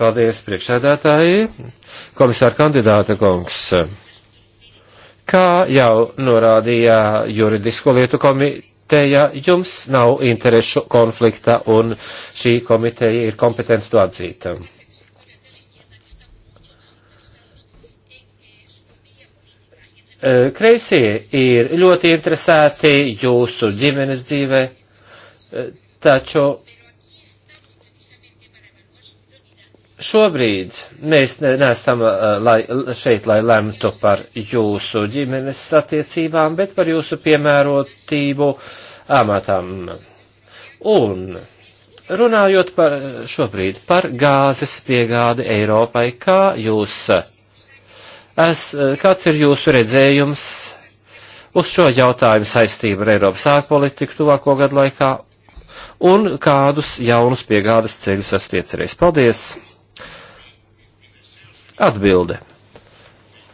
Paldies, priekšsēdētāji, komisāra kandidāta kungs. Kā jau norādīja juridisko lietu komiteja, jums nav interešu konflikta un šī komiteja ir kompetenta to atzīt. E, Kreisie ir ļoti interesēti jūsu ģimenes dzīvē, e, taču Šobrīd mēs neesam uh, lai, šeit, lai lemtu par jūsu ģimenes attiecībām, bet par jūsu piemērotību amatam. Un runājot par šobrīd par gāzes piegādi Eiropai, kā jūs, es, kāds ir jūsu redzējums uz šo jautājumu saistību ar Eiropas ārpolitiku tuvāko gadu laikā un kādus jaunus piegādes ceļus esat iecerējis? Paldies! Atbilde.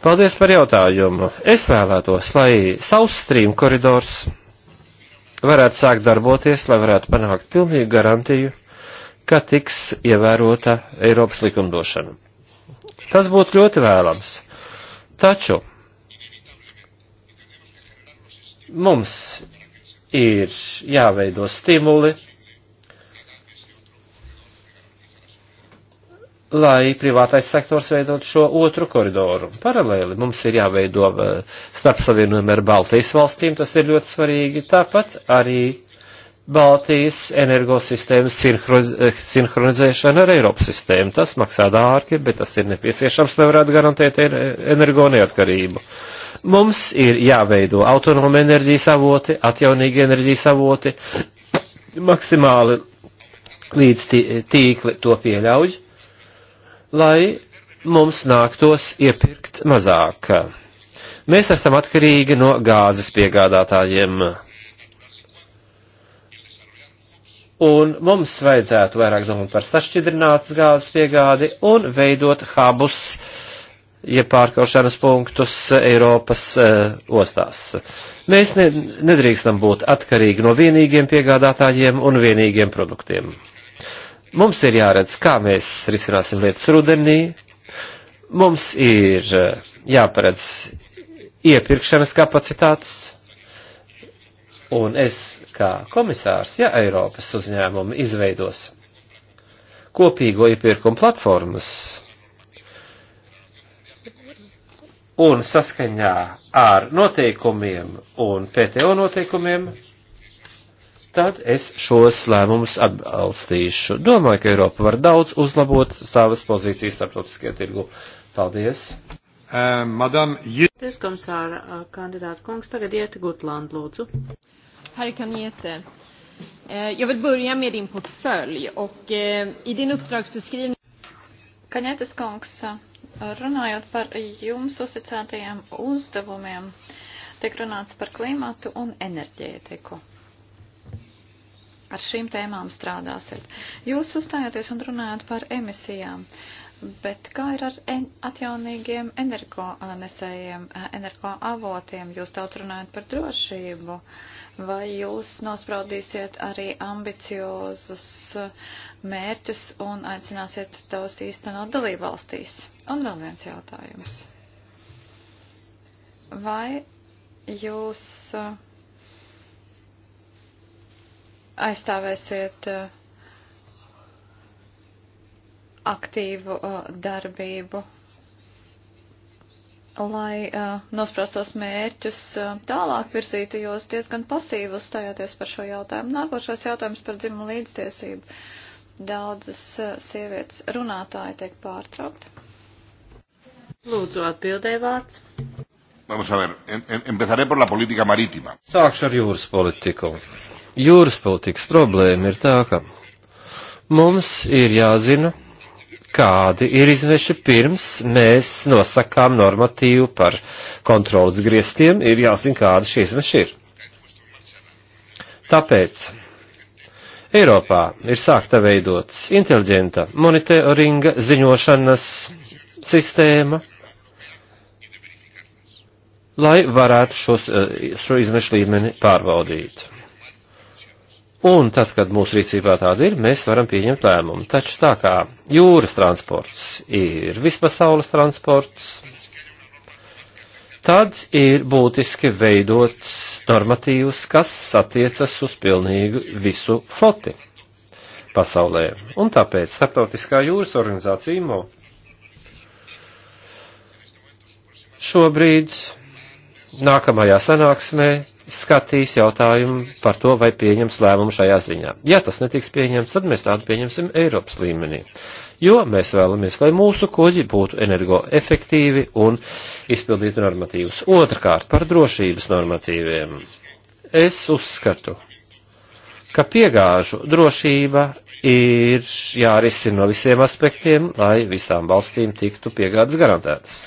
Paldies par jautājumu. Es vēlētos, lai South Stream koridors varētu sākt darboties, lai varētu panākt pilnīgu garantiju, ka tiks ievērota Eiropas likumdošana. Tas būtu ļoti vēlams. Taču mums ir jāveido stimuli, lai privātais sektors veidot šo otru koridoru. Paralēli mums ir jāveido eh, starp savienojumu ar Baltijas valstīm, tas ir ļoti svarīgi. Tāpat arī Baltijas energosistēmas eh, sinhronizēšana ar Eiropas sistēmu. Tas maksā dārgi, bet tas ir nepieciešams, lai varētu garantēt energo neatkarību. Mums ir jāveido autonoma enerģijas avoti, atjaunīgi enerģijas avoti, maksimāli līdz tīkli to pieļauj lai mums nāktos iepirkt mazāk. Mēs esam atkarīgi no gāzes piegādātājiem. Un mums vajadzētu vairāk domāt par sašķidrinātas gāzes piegādi un veidot hubus, ja pārkaušanas punktus Eiropas uh, ostās. Mēs ne, nedrīkstam būt atkarīgi no vienīgiem piegādātājiem un vienīgiem produktiem. Mums ir jāredz, kā mēs risināsim lietas rudenī. Mums ir eh, jāparedz iepirkšanas kapacitātes. Un es, kā komisārs, ja Eiropas uzņēmumi izveidos kopīgo iepirkumu platformas un saskaņā ar noteikumiem un PTO noteikumiem, tad es šos lēmumus atbalstīšu. Domāju, ka Eiropa var daudz uzlabot savas pozīcijas starptautiskajā tirgu. Paldies! Uh, Madam, jūs. Paldies, komisāra uh, kandidāta kungs. Tagad iet Gutland, lūdzu. Harrikan Jete. Eh, jag vill börja med din portfölj och eh, i din uppdragsbeskrivning. Kaņetes kungs, eh, runājot par jums uzticētajiem uzdevumiem, tiek runāts par klimatu un enerģētiku ar šīm tēmām strādāsiet. Jūs uzstājāties un runājat par emisijām. Bet kā ir ar en atjaunīgiem energonesējiem, eh, energoavotiem? Jūs daudz runājat par drošību. Vai jūs nospraudīsiet arī ambiciozus eh, mērķus un aicināsiet tos īstenot dalībvalstīs? Un vēl viens jautājums. Vai jūs. Uh, aizstāvēsiet eh, aktīvu eh, darbību, lai eh, nosprostos mērķus tālāk virzītu, jo es diezgan pasīvi uzstājāties par šo jautājumu. Nākošais jautājums par dzimumu līdztiesību. Daudzas sievietes runātāji tiek pārtraukti. Lūdzu, atbildēja vārds. Vamos a ver, em, em, empezaré por la política marítima. Sākšu ar jūras politiku jūras politikas problēma ir tā, ka mums ir jāzina, kādi ir izmeši pirms mēs nosakām normatīvu par kontrolas griestiem, ir jāzina, kādi šie izmeši ir. Tāpēc Eiropā ir sākta veidot inteliģenta monitoringa ziņošanas sistēma, lai varētu šos, eh, šo izmešu līmeni pārbaudīt. Un tad, kad mūsu rīcībā tāda ir, mēs varam pieņemt lēmumu. Taču tā kā jūras transports ir vispasaules transports, tad ir būtiski veidot normatīvus, kas attiecas uz pilnīgu visu floti pasaulē. Un tāpēc Startautiskā jūras organizācija IMO šobrīd nākamajā sanāksmē skatīs jautājumu par to, vai pieņems lēmumu šajā ziņā. Ja tas netiks pieņemts, tad mēs tādu pieņemsim Eiropas līmenī. Jo mēs vēlamies, lai mūsu kuģi būtu energoefektīvi un izpildītu normatīvus. Otrakārt, par drošības normatīviem. Es uzskatu, ka piegāžu drošība ir jārisina no visiem aspektiem, lai visām valstīm tiktu piegādes garantētas.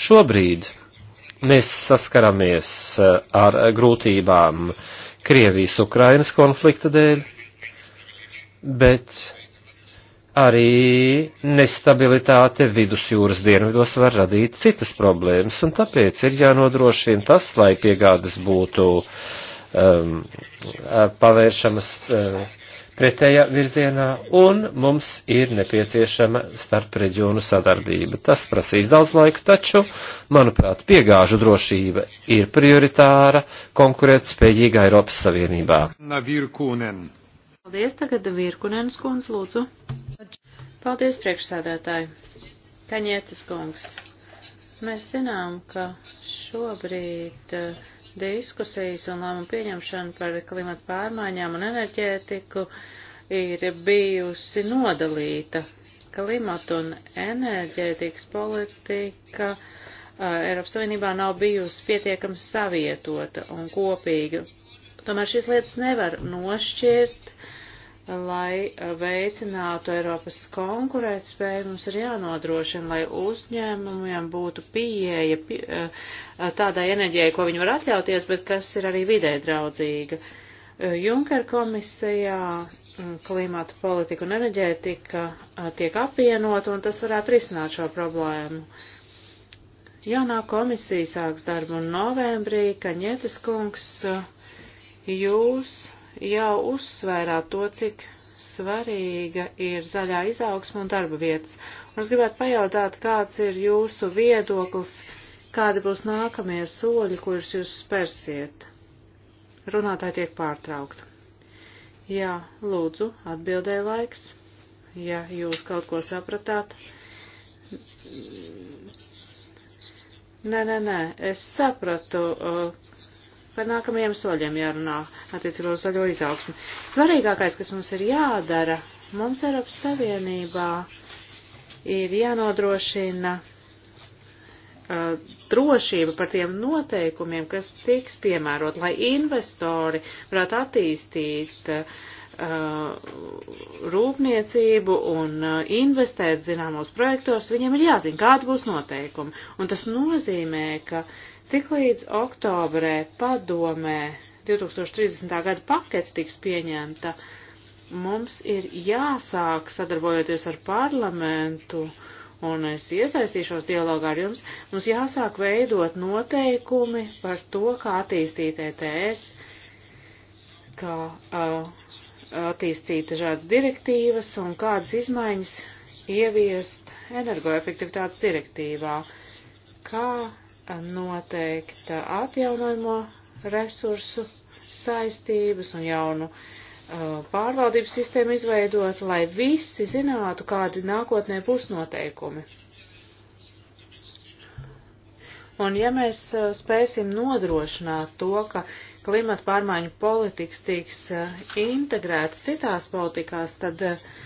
Šobrīd mēs saskaramies eh, ar grūtībām Krievijas-Ukrainas konflikta dēļ, bet arī nestabilitāte vidusjūras dienvidos var radīt citas problēmas, un tāpēc ir jānodrošina tas, lai piegādes būtu um, ehm, eh, pavēršamas uh, eh, pretējā virzienā, un mums ir nepieciešama starp reģionu sadarbība. Tas prasīs daudz laika, taču, manuprāt, piegāžu drošība ir prioritāra konkurēt spējīgā Eiropas Savienībā. Paldies, tagad Virkunenes kundz, lūdzu. Paldies, priekšsēdētāji. Kaņietis kungs. Mēs zinām, ka šobrīd uh, diskusijas un lēmumu pieņemšana par klimatu pārmaiņām un enerģētiku ir bijusi nodalīta. Klimata un enerģētikas politika Eiropas Savienībā nav bijusi pietiekami savietota un kopīga. Tomēr šīs lietas nevar nošķirt lai eh, veicinātu Eiropas konkurētspēju, mums ir jānodrošina, lai uzņēmumiem būtu pieeja pie, eh, tādai enerģijai, ko viņi var atļauties, bet kas ir arī vidē draudzīga. Eh, Junker komisijā mm, klimata politika un enerģētika tiek apvienot, un tas varētu risināt šo problēmu. Jaunā komisija sāks darbu novembrī, Kaņetes kungs, jūs jau uzsvērāt to, cik svarīga ir zaļā izaugsma un darba vietas. Un es gribētu pajautāt, kāds ir jūsu viedoklis, kādi būs nākamie soļi, kurus jūs spērsiet. Runātāji tiek pārtraukti. Jā, lūdzu, atbildēja laiks, ja jūs kaut ko sapratāt. Nē, nē, nē, es sapratu. Uh, par nākamajiem soļiem jārunā attiecībā uz zaļo izaugsmu. Svarīgākais, kas mums ir jādara, mums Eiropas Savienībā ir jānodrošina uh, drošība par tiem noteikumiem, kas tiks piemērot, lai investori varētu attīstīt uh, Uh, rūpniecību un uh, investēt zināmos projektos, viņiem ir jāzina, kāda būs noteikuma. Un tas nozīmē, ka tik līdz oktobrē padomē 2030. gada paketi tiks pieņemta, mums ir jāsāk sadarbojoties ar parlamentu, un es iesaistīšos dialogā ar jums, mums jāsāk veidot noteikumi par to, kā attīstīt ETS, kā uh, attīstīt dažādas direktīvas un kādas izmaiņas ieviest energoefektivitātes direktīvā, kā noteikt atjaunojamo resursu saistības un jaunu uh, pārvaldības sistēmu izveidot, lai visi zinātu, kādi nākotnē būs noteikumi. Un ja mēs uh, spēsim nodrošināt to, ka klimata pārmaiņu politikas tiks eh, integrētas citās politikās, tad eh,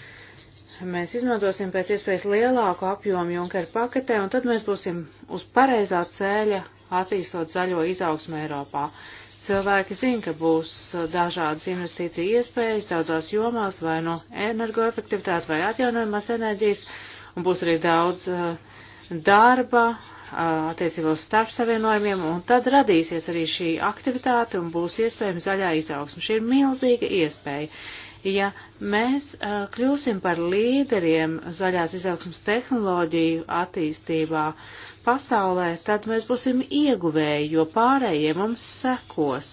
mēs izmantosim pēc iespējas lielāku apjomu Junkeru paketē, un tad mēs būsim uz pareizā ceļa attīstot zaļo izaugsmu Eiropā. Cilvēki zina, ka būs eh, dažādas investīcija iespējas daudzās jomās, vai no energoefektivitāte vai atjaunojumās enerģijas, un būs arī daudz darba, attiecībā uz starpsavienojumiem, un tad radīsies arī šī aktivitāte un būs iespējama zaļā izaugsme. Šī ir milzīga iespēja. Ja mēs uh, kļūsim par līderiem zaļās izaugsmas tehnoloģiju attīstībā pasaulē, tad mēs būsim ieguvēji, jo pārējie mums sekos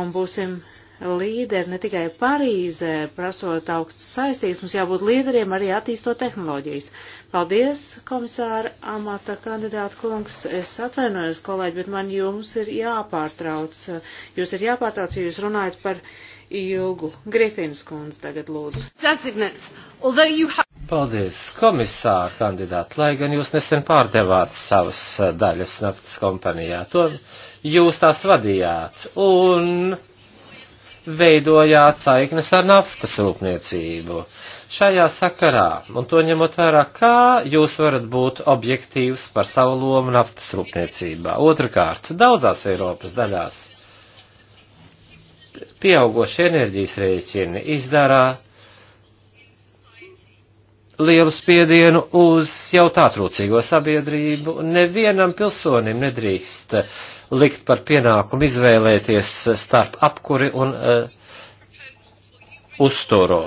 un būsim līderi ne tikai Parīzē, prasot augstas saistības, mums jābūt līderiem arī attīstot tehnoloģijas. Paldies, komisāra amata kandidāta kungs. Es atvainojos, kolēģi, bet man jums ir jāpārtrauc. Jūs ir jāpārtrauc, jo jūs runājat par ilgu. Grifins kundz tagad lūdzu. Paldies, komisāra kandidāti, lai gan jūs nesen pārdevāt savas daļas naftas kompanijā. To jūs tās vadījāt. Un veidojāt saiknes ar naftas rūpniecību. Šajā sakarā, un to ņemot vērā, kā jūs varat būt objektīvs par savu lomu naftas rūpniecībā. Otrakārt, daudzās Eiropas daļās pieaugoši enerģijas rēķini izdara lielu spiedienu uz jau tā trūcīgo sabiedrību. Nevienam pilsonim nedrīkst uh, likt par pienākumu izvēlēties starp apkuri un uh, uzturu.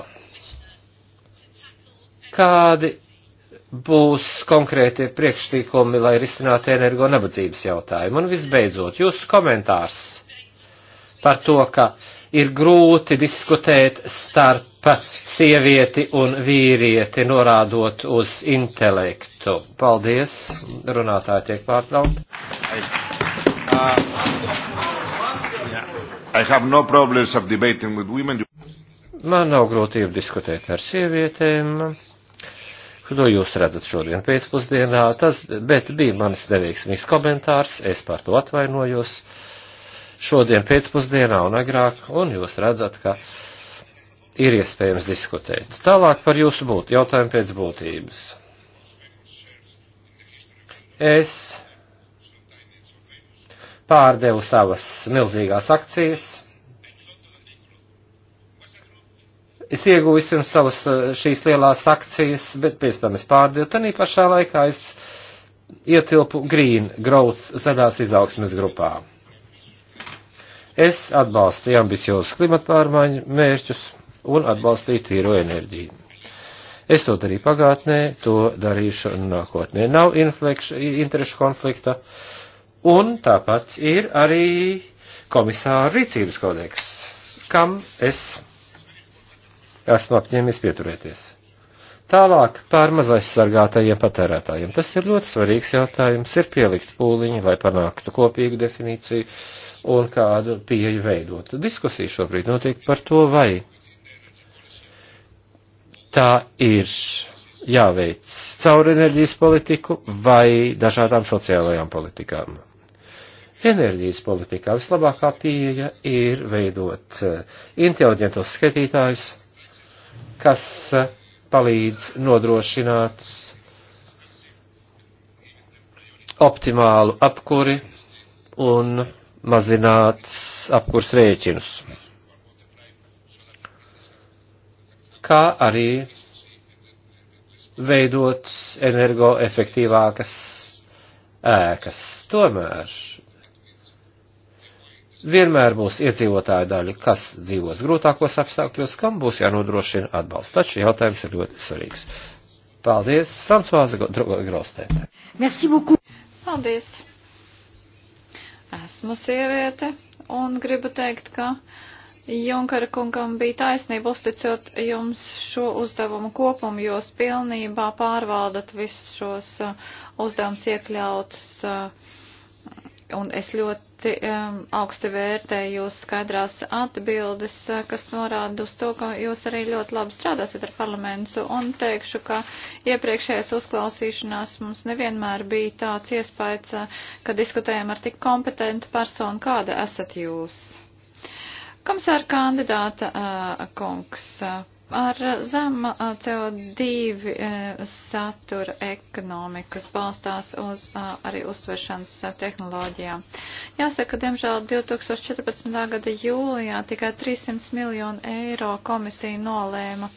Kādi būs konkrētie priekštīkumi, lai risinātu energo nabadzības jautājumu? Un visbeidzot, jūsu komentārs par to, ka ir grūti diskutēt starp sievieti un vīrieti, norādot uz intelektu. Paldies, runātāji tiek pārtraukti. Um, I have no problems of debating with women. Man nav grūtību diskutēt ar sievietēm. Nu, jūs redzat šodien pēcpusdienā, tas, bet bija mans neveiksmīgs komentārs, es par to atvainojos šodien pēcpusdienā un agrāk, un jūs redzat, ka ir iespējams diskutēt. Tālāk par jūsu būtību, jautājumu pēc būtības. Es pārdevu savas milzīgās akcijas. Es ieguvu vispirms savas eh, šīs lielās akcijas, bet pēc tam es pārdevu. Tanī pašā laikā es ietilpu Green Growth zaļās izaugsmes grupā. Es atbalstīju ambiciozus klimatpārmaiņu mērķus un atbalstīju tīro enerģiju. Es to darīju pagātnē, to darīšu nākotnē. Nav interešu konflikta. Uh, Un tāpat ir arī komisāra rīcības kodeks, kam es esmu apņēmies pieturēties. Tālāk par mazaizsargātajiem patērētājiem. Tas ir ļoti svarīgs jautājums, ir pielikt pūliņi, lai panāktu kopīgu definīciju un kādu pieeju veidot. Diskusija šobrīd notiek par to, vai tā ir jāveic caur enerģijas politiku vai dažādām sociālajām politikām. Enerģijas politikā vislabākā pieeja ir veidot eh, inteliģentos skatītājus, kas eh, palīdz nodrošināt optimālu apkuri un mazināt apkurs rēķinus. Kā arī veidot energoefektīvākas ēkas. Tomēr vienmēr būs iedzīvotāja daļa, kas dzīvos grūtākos apstākļos, kam būs jānodrošina atbalsts. Taču jautājums ir ļoti svarīgs. Paldies, Francoāza Grostēte. Merci beaucoup. Paldies. Esmu sieviete un gribu teikt, ka Junkara kungam bija taisnība uzticot jums šo uzdevumu kopumu, jūs pilnībā pārvaldat visus šos uh, uzdevumus iekļautus. Uh, Un es ļoti um, augsti vērtēju jūs skaidrās atbildes, eh, kas norāda uz to, ka jūs arī ļoti labi strādāsiet ar parlamentu. Un teikšu, ka iepriekšējās uzklausīšanās mums nevienmēr bija tāds iespējas, eh, ka diskutējam ar tik kompetentu personu, kāda esat jūs. Komisāra kandidāta uh, kungs, uh, ar zemu CO2 e, satura ekonomiku, kas balstās uz arī uztveršanas tehnoloģijām. Jāsaka, diemžēl 2014. gada jūlijā tikai 300 miljonu eiro komisija nolēma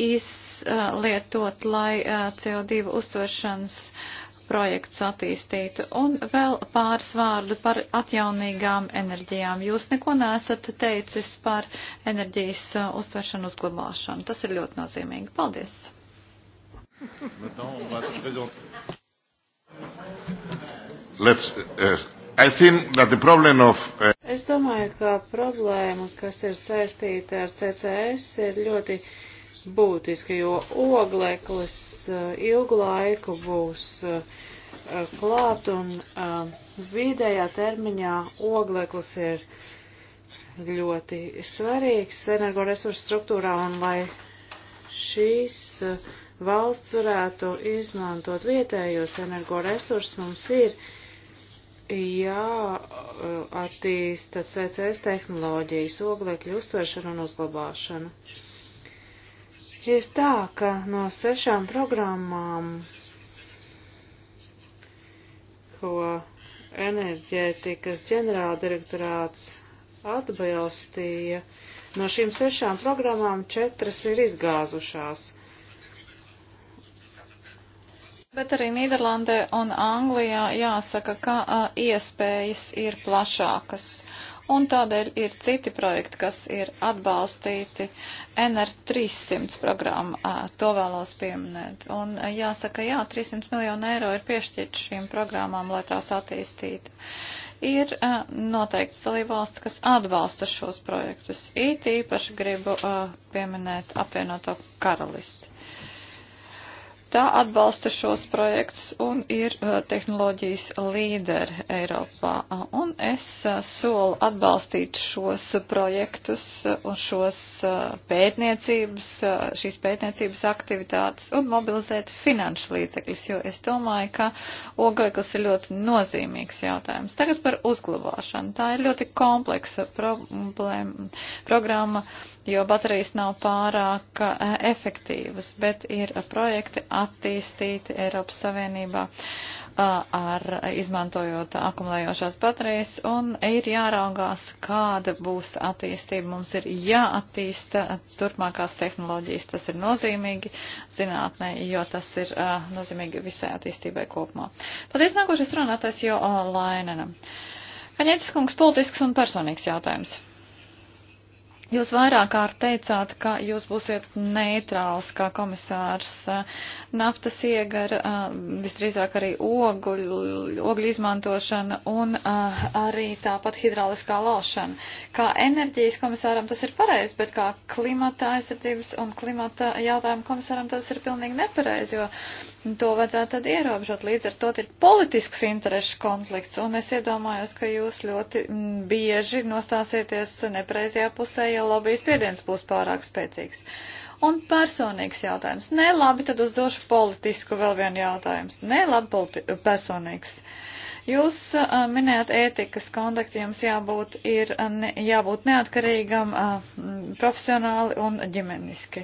izlietot, lai CO2 uztveršanas uh, projekts attīstītu. Un vēl pāris vārdu par atjaunīgām enerģijām. Jūs neko nesat teicis par enerģijas uh, uztveršanu uzglabāšanu. Tas ir ļoti nozīmīgi. Paldies! Let's, uh, I think that the problem of uh... Es domāju, ka problēma, kas ir saistīta ar CCS, ir ļoti uh, būtiska, jo ogleklis eh, ilgu laiku būs eh, klāt un eh, vidējā termiņā ogleklis ir ļoti svarīgs energoresursu struktūrā un lai šīs valsts varētu izmantot vietējos energoresursus, mums ir jāattīsta CCS tehnoloģijas, oglekļu uztveršana un uzglabāšana. Ir tā, ka no sešām programmām, ko enerģētikas ģenerāldirektorāts atbalstīja, no šīm sešām programmām četras ir izgāzušās. Bet arī Nīderlandē un Anglijā jāsaka, ka a, iespējas ir plašākas un tādēļ ir citi projekti, kas ir atbalstīti NR300 programma, to vēlos pieminēt. Un jāsaka, jā, 300 miljonu eiro ir piešķirti šīm programmām, lai tās attīstītu. Ir noteikti dalībvalsts, kas atbalsta šos projektus. It īpaši gribu pieminēt apvienoto karalisti. Tā atbalsta šos projektus un ir uh, tehnoloģijas līderi Eiropā. Un es solu atbalstīt šos projektus un šos pētniecības, šīs pētniecības aktivitātes un mobilizēt finanšu līdzekļus, jo es domāju, ka ogleklis ir ļoti nozīmīgs jautājums. Tagad par uzglabāšanu. Tā ir ļoti kompleksa problēma, programma, jo baterijas nav pārāk efektīvas, bet ir projekti ar attīstīti Eiropas Savienībā ar izmantojot akumulējošās baterijas un ir jāraugās, kāda būs attīstība. Mums ir jāattīsta turpmākās tehnoloģijas. Tas ir nozīmīgi zinātnē, jo tas ir uh, nozīmīgi visai attīstībai kopumā. Paldies, nākošais runātais jau Lainenam. Kaņētis kungs, politisks un personīgs jautājums. Jūs vairāk kārt teicāt, ka jūs būsiet neitrāls kā komisārs naftas iegara, visdrīzāk arī ogļu, ogļu izmantošana un arī tāpat hidrauliskā laušana. Kā enerģijas komisāram tas ir pareizi, bet kā klimata aizsardzības un klimata jautājumu komisāram tas ir pilnīgi nepareizi, jo to vajadzētu tad ierobežot. Līdz ar to ir politisks interešu konflikts un es iedomājos, ka jūs ļoti bieži nostāsieties nepareizajā pusē, ja lobijas spiediens būs pārāk spēcīgs. Un personīgs jautājums. Nē, labi, tad uzdošu politisku vēl vienu jautājumu. Nē, labi, personīgs. Jūs uh, minējat ētikas kontaktu, jums jābūt, ir, uh, ne, jābūt neatkarīgam, uh, profesionāli un ģimeniski.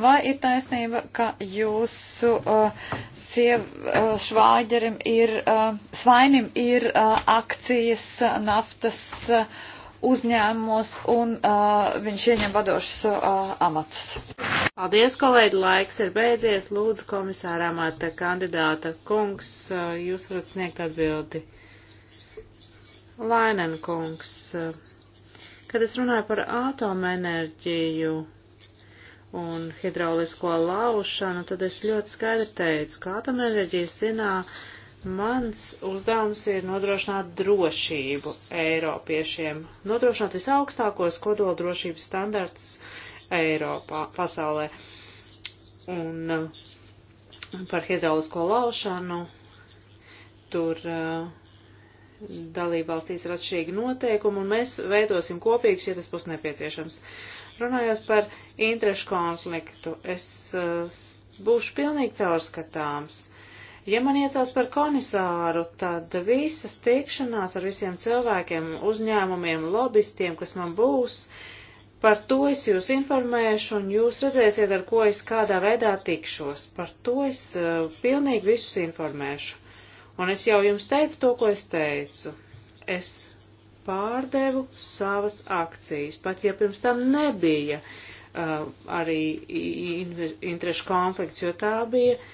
Vai ir taisnība, ka jūsu uh, siev, uh, švāģerim ir, uh, svainim ir uh, akcijas uh, naftas. Uh, uzņēmumos un uh, viņš ieņem vadošas uh, amatus. Paldies, kolēģi, laiks ir beidzies. Lūdzu, komisārā māte kandidāta kungs, uh, jūs varat sniegt atbildi. Lainen kungs, uh, kad es runāju par atomenerģiju un hidraulisko laušanu, tad es ļoti skaidri teicu, ka atomenerģijas zināšana Mans uzdevums ir nodrošināt drošību Eiropiešiem, nodrošināt visaugstākos kodoldrošības standarts Eiropā, pasaulē. Un uh, par hidraulisko laušanu tur uh, dalībvalstīs ir atšķirīgi noteikumi, un mēs veidosim kopīgus, ja tas būs nepieciešams. Runājot par interešu konfliktu, es uh, būšu pilnīgi caurskatāms Ja man iecels par komisāru, tad visas tikšanās ar visiem cilvēkiem, uzņēmumiem, lobbystiem, kas man būs, par to es jūs informēšu un jūs redzēsiet, ar ko es kādā veidā tikšos. Par to es uh, pilnīgi visus informēšu. Un es jau jums teicu to, ko es teicu. Es pārdevu savas akcijas, pat ja pirms tam nebija uh, arī interešu konflikts, jo tā bija uh,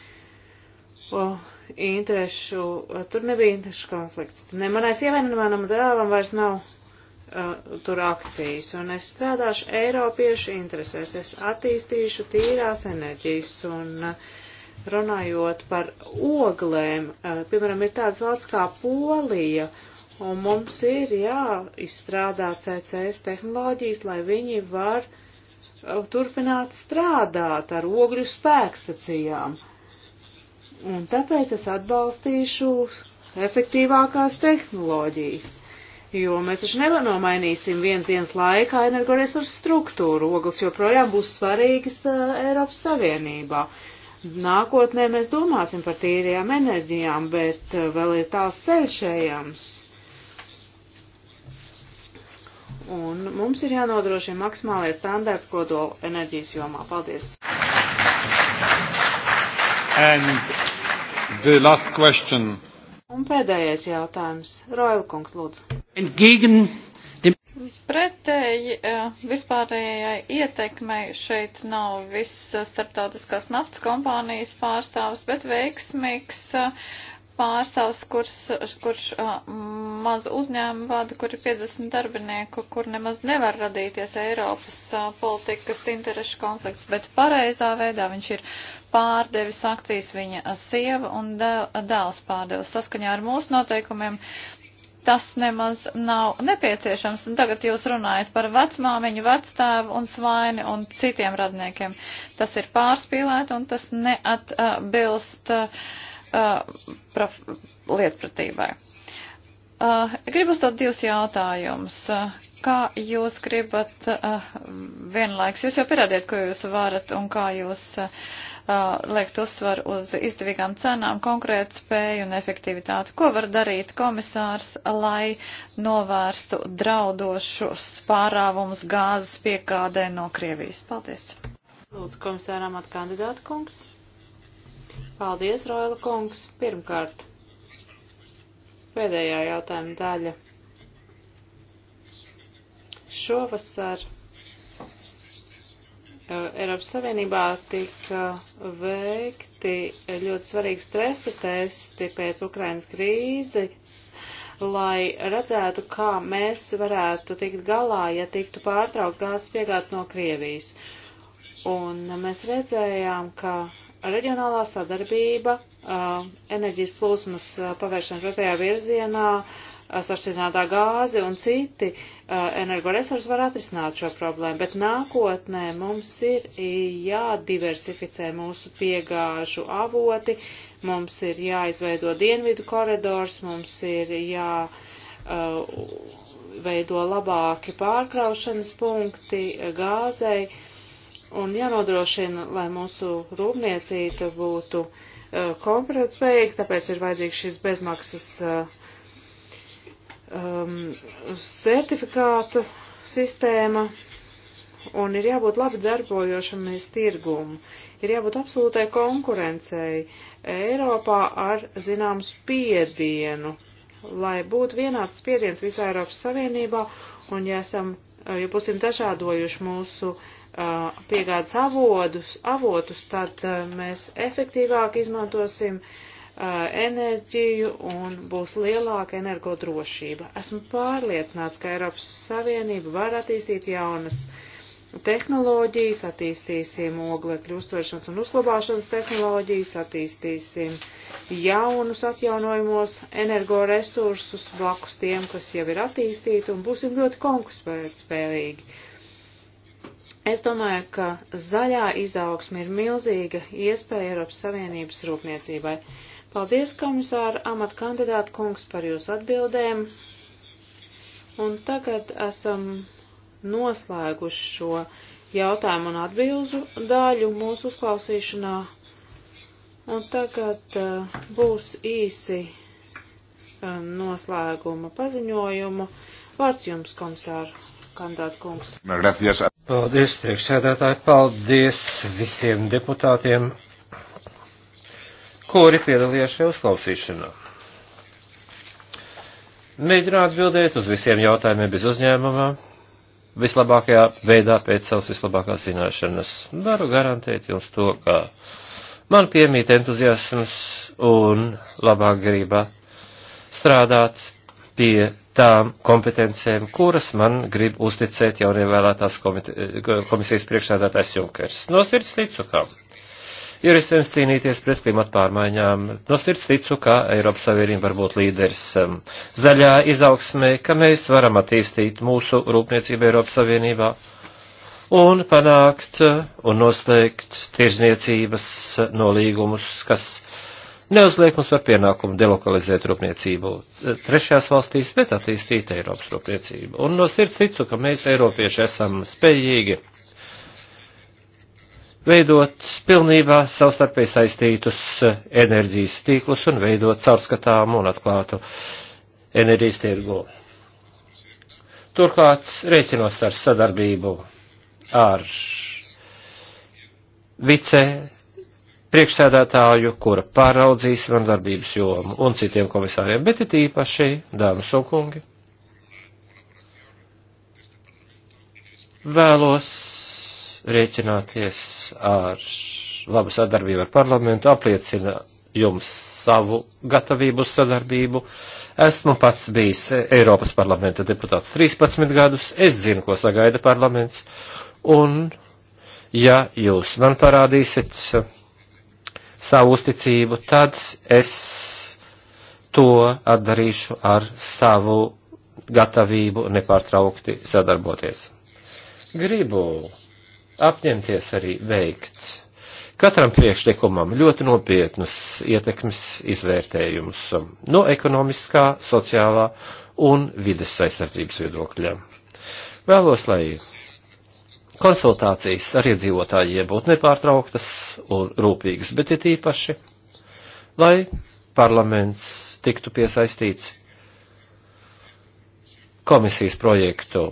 interešu, tur nebija interešu konflikts. Ne manai sievai, ne manam dēlam vairs nav uh, tur akcijas, un es strādāšu Eiropiešu interesēs, es attīstīšu tīrās enerģijas, un uh, runājot par oglēm, uh, piemēram, ir tāds valsts kā Polija, un mums ir jāizstrādā CCS tehnoloģijas, lai viņi var turpināt strādāt ar ogļu spēkstacijām. Uh, Un tāpēc es atbalstīšu efektīvākās tehnoloģijas. Jo mēs taču nevanomainīsim viens dienas laikā energoresursu struktūru. Ogles joprojām būs svarīgas uh, Eiropas Savienībā. Nākotnē mēs domāsim par tīrajām enerģijām, bet uh, vēl ir tās ceļš ejams. Un mums ir jānodrošina maksimālais standarts kodola enerģijas jomā. Paldies! And The last question. Un pēdējais jautājums. Roilkungs, lūdzu. Entgegen Pretēji e, vispārējai ietekmei šeit nav viss starptautiskās naftas kompānijas pārstāvs, bet veiksmīgs e, pārstāvs, kurs, kurš uh, mazu uzņēmumu vada, kur ir 50 darbinieku, kur nemaz nevar radīties Eiropas uh, politikas interešu konflikts, bet pareizā veidā viņš ir pārdevis akcijas viņa sieva un dēls pārdevis. Saskaņā ar mūsu noteikumiem tas nemaz nav nepieciešams. Un tagad jūs runājat par vecmāmiņu, vectēvu un svaini un citiem radniekiem. Tas ir pārspīlēti un tas neatbilst. Uh, uh, lietpratībai. Uh, gribu uzdot divus jautājumus. Uh, kā jūs gribat uh, vienlaiks, jūs jau pierādiet, ko jūs varat un kā jūs uh, liekt uzsvaru uz izdevīgām cenām, konkrētu spēju un efektivitāti. Ko var darīt komisārs, lai novērstu draudošus pārāvumus gāzes piekādē no Krievijas? Paldies. Lūdzu, komisāram atkandidāta kungs. Paldies, Roila kungs. Pirmkārt, pēdējā jautājuma daļa. Šovasar uh, Eiropas Savienībā tika veikti ļoti svarīgi stresa testi pēc Ukrainas krīzes, lai redzētu, kā mēs varētu tikt galā, ja tiktu pārtraukt gāzes piegādes no Krievijas. Un mēs redzējām, ka reģionālā sadarbība, enerģijas plūsmas pavēršana pretējā virzienā, sašķirinātā gāze un citi energoresursi var atrisināt šo problēmu, bet nākotnē mums ir jādiversificē mūsu piegāžu avoti, mums ir jāizveido dienvidu koridors, mums ir jāveido labāki pārkraušanas punkti gāzei un jānodrošina, lai mūsu rūpniecība būtu uh, konkurētspējīga, tāpēc ir vajadzīgs šis bezmaksas uh, um, certifikātu sistēma, un ir jābūt labi darbojošamies tirgumu. Ir jābūt absolūtai konkurencei Eiropā ar zināmu spiedienu, lai būtu vienāds spiediens visā Eiropas Savienībā, un ja esam, uh, ja būsim dažādojuši mūsu uh, piegādes avodus, avotus, tad mēs efektīvāk izmantosim enerģiju un būs lielāka energodrošība. Esmu pārliecināts, ka Eiropas Savienība var attīstīt jaunas tehnoloģijas, attīstīsim oglekļu uztveršanas un uzglabāšanas tehnoloģijas, attīstīsim jaunus atjaunojumos energoresursus blakus tiem, kas jau ir attīstīti, un būsim ļoti konkurētspējīgi. Es domāju, ka zaļā izaugsme ir milzīga iespēja Eiropas Savienības rūpniecībai. Paldies, komisāra amat kandidāta kungs, par jūsu atbildēm. Un tagad esam noslēguši šo jautājumu un atbilžu daļu mūsu uzklausīšanā. Un tagad uh, būs īsi uh, noslēguma paziņojumu. Vārds jums, komisāra kandidāta kungs. Gracias. Paldies, priekšsēdētāji, paldies visiem deputātiem, kuri piedalījās šajā uzklausīšanā. Mēģināt atbildēt uz visiem jautājumiem bez uzņēmumā, vislabākajā veidā pēc savas vislabākās zināšanas. Varu garantēt jums to, ka man piemīt entuziasms un labāk grība strādāt pie tām kompetencēm, kuras man grib uzticēt jaunievēlētās komisijas priekšsēdētājs Junkers. No sirds ticu, ka ir iespējams cīnīties pret klimatu pārmaiņām. No sirds ticu, ka Eiropas Savienība var būt līderis um, zaļā izaugsmē, ka mēs varam attīstīt mūsu rūpniecību Eiropas Savienībā un panākt uh, un noslēgt tirzniecības uh, nolīgumus, kas neuzliek mums par pienākumu delokalizēt rūpniecību trešajās valstīs, bet attīstīt Eiropas rūpniecību. Un no sirds ticu, ka mēs, Eiropieši, esam spējīgi veidot pilnībā savstarpēji saistītus enerģijas tīklus un veidot caurskatāmu un atklātu enerģijas tirgu. Turklāt rēķinos ar sadarbību ar vice priekšsēdētāju, kura pāraudzīs man darbības jomu un citiem komisāriem, bet it īpaši, dāmas un kungi, vēlos rēķināties ar labu sadarbību ar parlamentu, apliecina jums savu gatavību sadarbību. Esmu pats bijis Eiropas parlamenta deputāts 13 gadus, es zinu, ko sagaida parlaments, un ja jūs man parādīsiet savu uzticību, tad es to atdarīšu ar savu gatavību nepārtraukti sadarboties. Gribu apņemties arī veikt katram priekšlikumam ļoti nopietnus ietekmes izvērtējumus no ekonomiskā, sociālā un vides aizsardzības viedokļa. Vēlos, lai Konsultācijas ar iedzīvotājiem būtu nepārtrauktas un rūpīgas, bet ir īpaši, lai parlaments tiktu piesaistīts komisijas projektu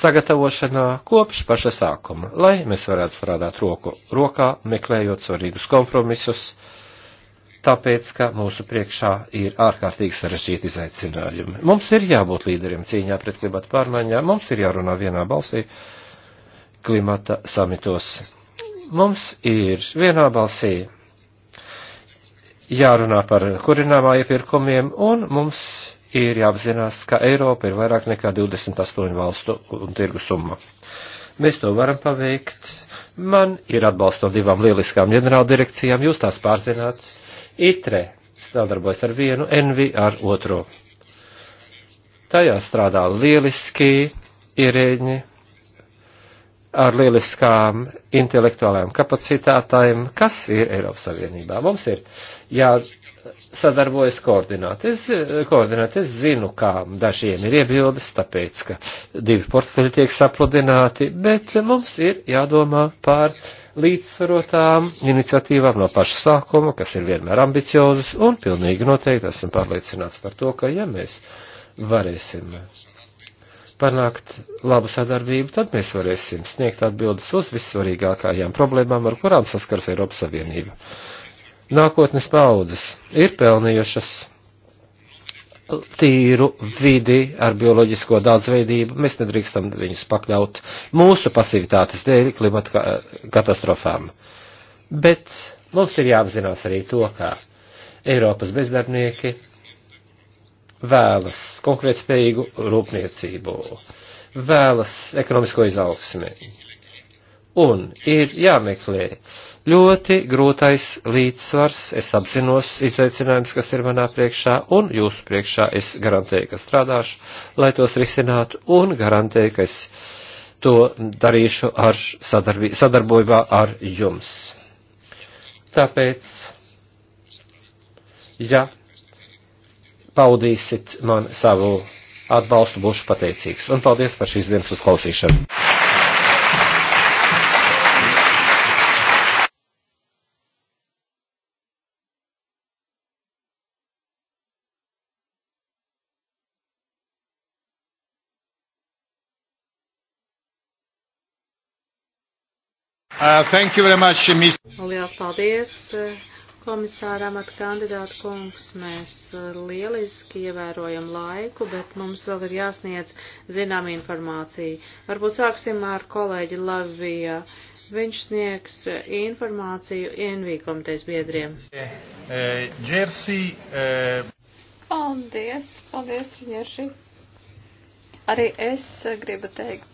sagatavošanā kopš paša sākuma, lai mēs varētu strādāt roku rokā, meklējot svarīgus kompromisus tāpēc, ka mūsu priekšā ir ārkārtīgi sarežģīti izaicinājumi. Mums ir jābūt līderiem cīņā pret klimata pārmaiņām, mums ir jārunā vienā balsī klimata samitos. Mums ir vienā balsī jārunā par kurināmā iepirkumiem, un mums ir jāapzinās, ka Eiropa ir vairāk nekā 28 valstu un tirgu summa. Mēs to varam paveikt. Man ir atbalsts no divām lieliskām ģenerāldirekcijām, jūs tās pārzināt ITRE strādarbojas ar vienu, ENVI ar otro. Tajā strādā lieliski ierēģi ar lieliskām intelektuālajām kapacitātēm, kas ir Eiropas Savienībā. Mums ir jāsadarbojas koordinēt. Es, koordinēt. es zinu, kā dažiem ir iebildes, tāpēc, ka divi portfeļi tiek sapludināti, bet mums ir jādomā par līdzsvarotām iniciatīvām no paša sākuma, kas ir vienmēr ambiciozas, un pilnīgi noteikti esmu pārliecināts par to, ka ja mēs varēsim panākt labu sadarbību, tad mēs varēsim sniegt atbildes uz vissvarīgākajām problēmām, ar kurām saskars Eiropas Savienība. Nākotnes paudzes ir pelnījušas tīru vidi ar bioloģisko daudzveidību. Mēs nedrīkstam viņus pakļaut mūsu pasivitātes dēļ klimata katastrofām. Bet mums ir jāapzinās arī to, ka Eiropas bezdarbnieki vēlas konkrētspējīgu rūpniecību, vēlas ekonomisko izaugsmi. Un ir jāmeklē uh, ļoti grūtais līdzsvars, es apzinos izaicinājums, kas ir manā priekšā, un jūsu priekšā es garantēju, ka strādāšu, lai tos risinātu, un garantēju, ka es to darīšu ar sadarbī, sadarbībā ar jums. Tāpēc, ja paudīsit man savu atbalstu, būšu pateicīgs, un paldies par šīs dienas uzklausīšanu. Uh, thank you very much, Ms. Lielas paldies, uh, komisāra amata kandidāta kungs. Mēs uh, lieliski ievērojam laiku, bet mums vēl ir jāsniedz zinām informācija. Varbūt sāksim ar kolēģi Lavija. Viņš sniegs uh, informāciju NV komitejas biedriem. Džersī. Eh, eh, eh, paldies, paldies, Jerži. Arī es gribu teikt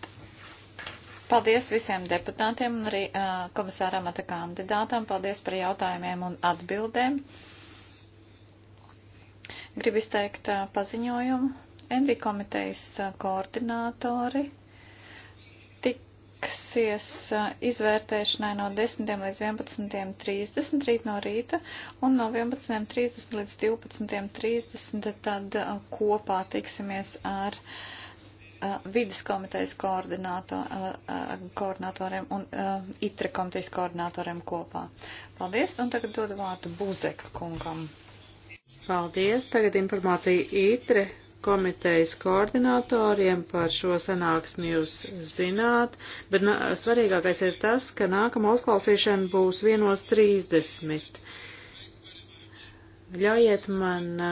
Paldies visiem deputātiem un arī uh, komisāram ata kandidātam. Paldies par jautājumiem un atbildēm. Gribu izteikt uh, paziņojumu. Envi komitejas uh, koordinātori tiksies uh, izvērtēšanai no 10. līdz 11.30 rīt no rīta un no 11.30 līdz 12.30 tad uh, kopā tiksimies ar. Uh, vidas komitejas koordinatoriem un itre komitejas koordinatoriem kopā. Paldies, un tagad dodu vārdu Buzeka kungam. Paldies, tagad informācija itre komitejas koordinatoriem par šo sanāksmi jūs zināt, bet svarīgākais ir tas, ka nākamā uzklausīšana būs 1.30. Ļaujiet man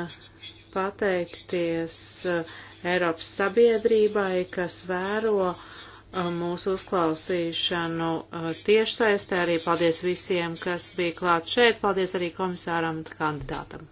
pateikties uh, Eiropas sabiedrībai, kas vēro uh, mūsu uzklausīšanu uh, tiešsaistē. Arī paldies visiem, kas bija klāt šeit. Paldies arī komisāram un kandidātam.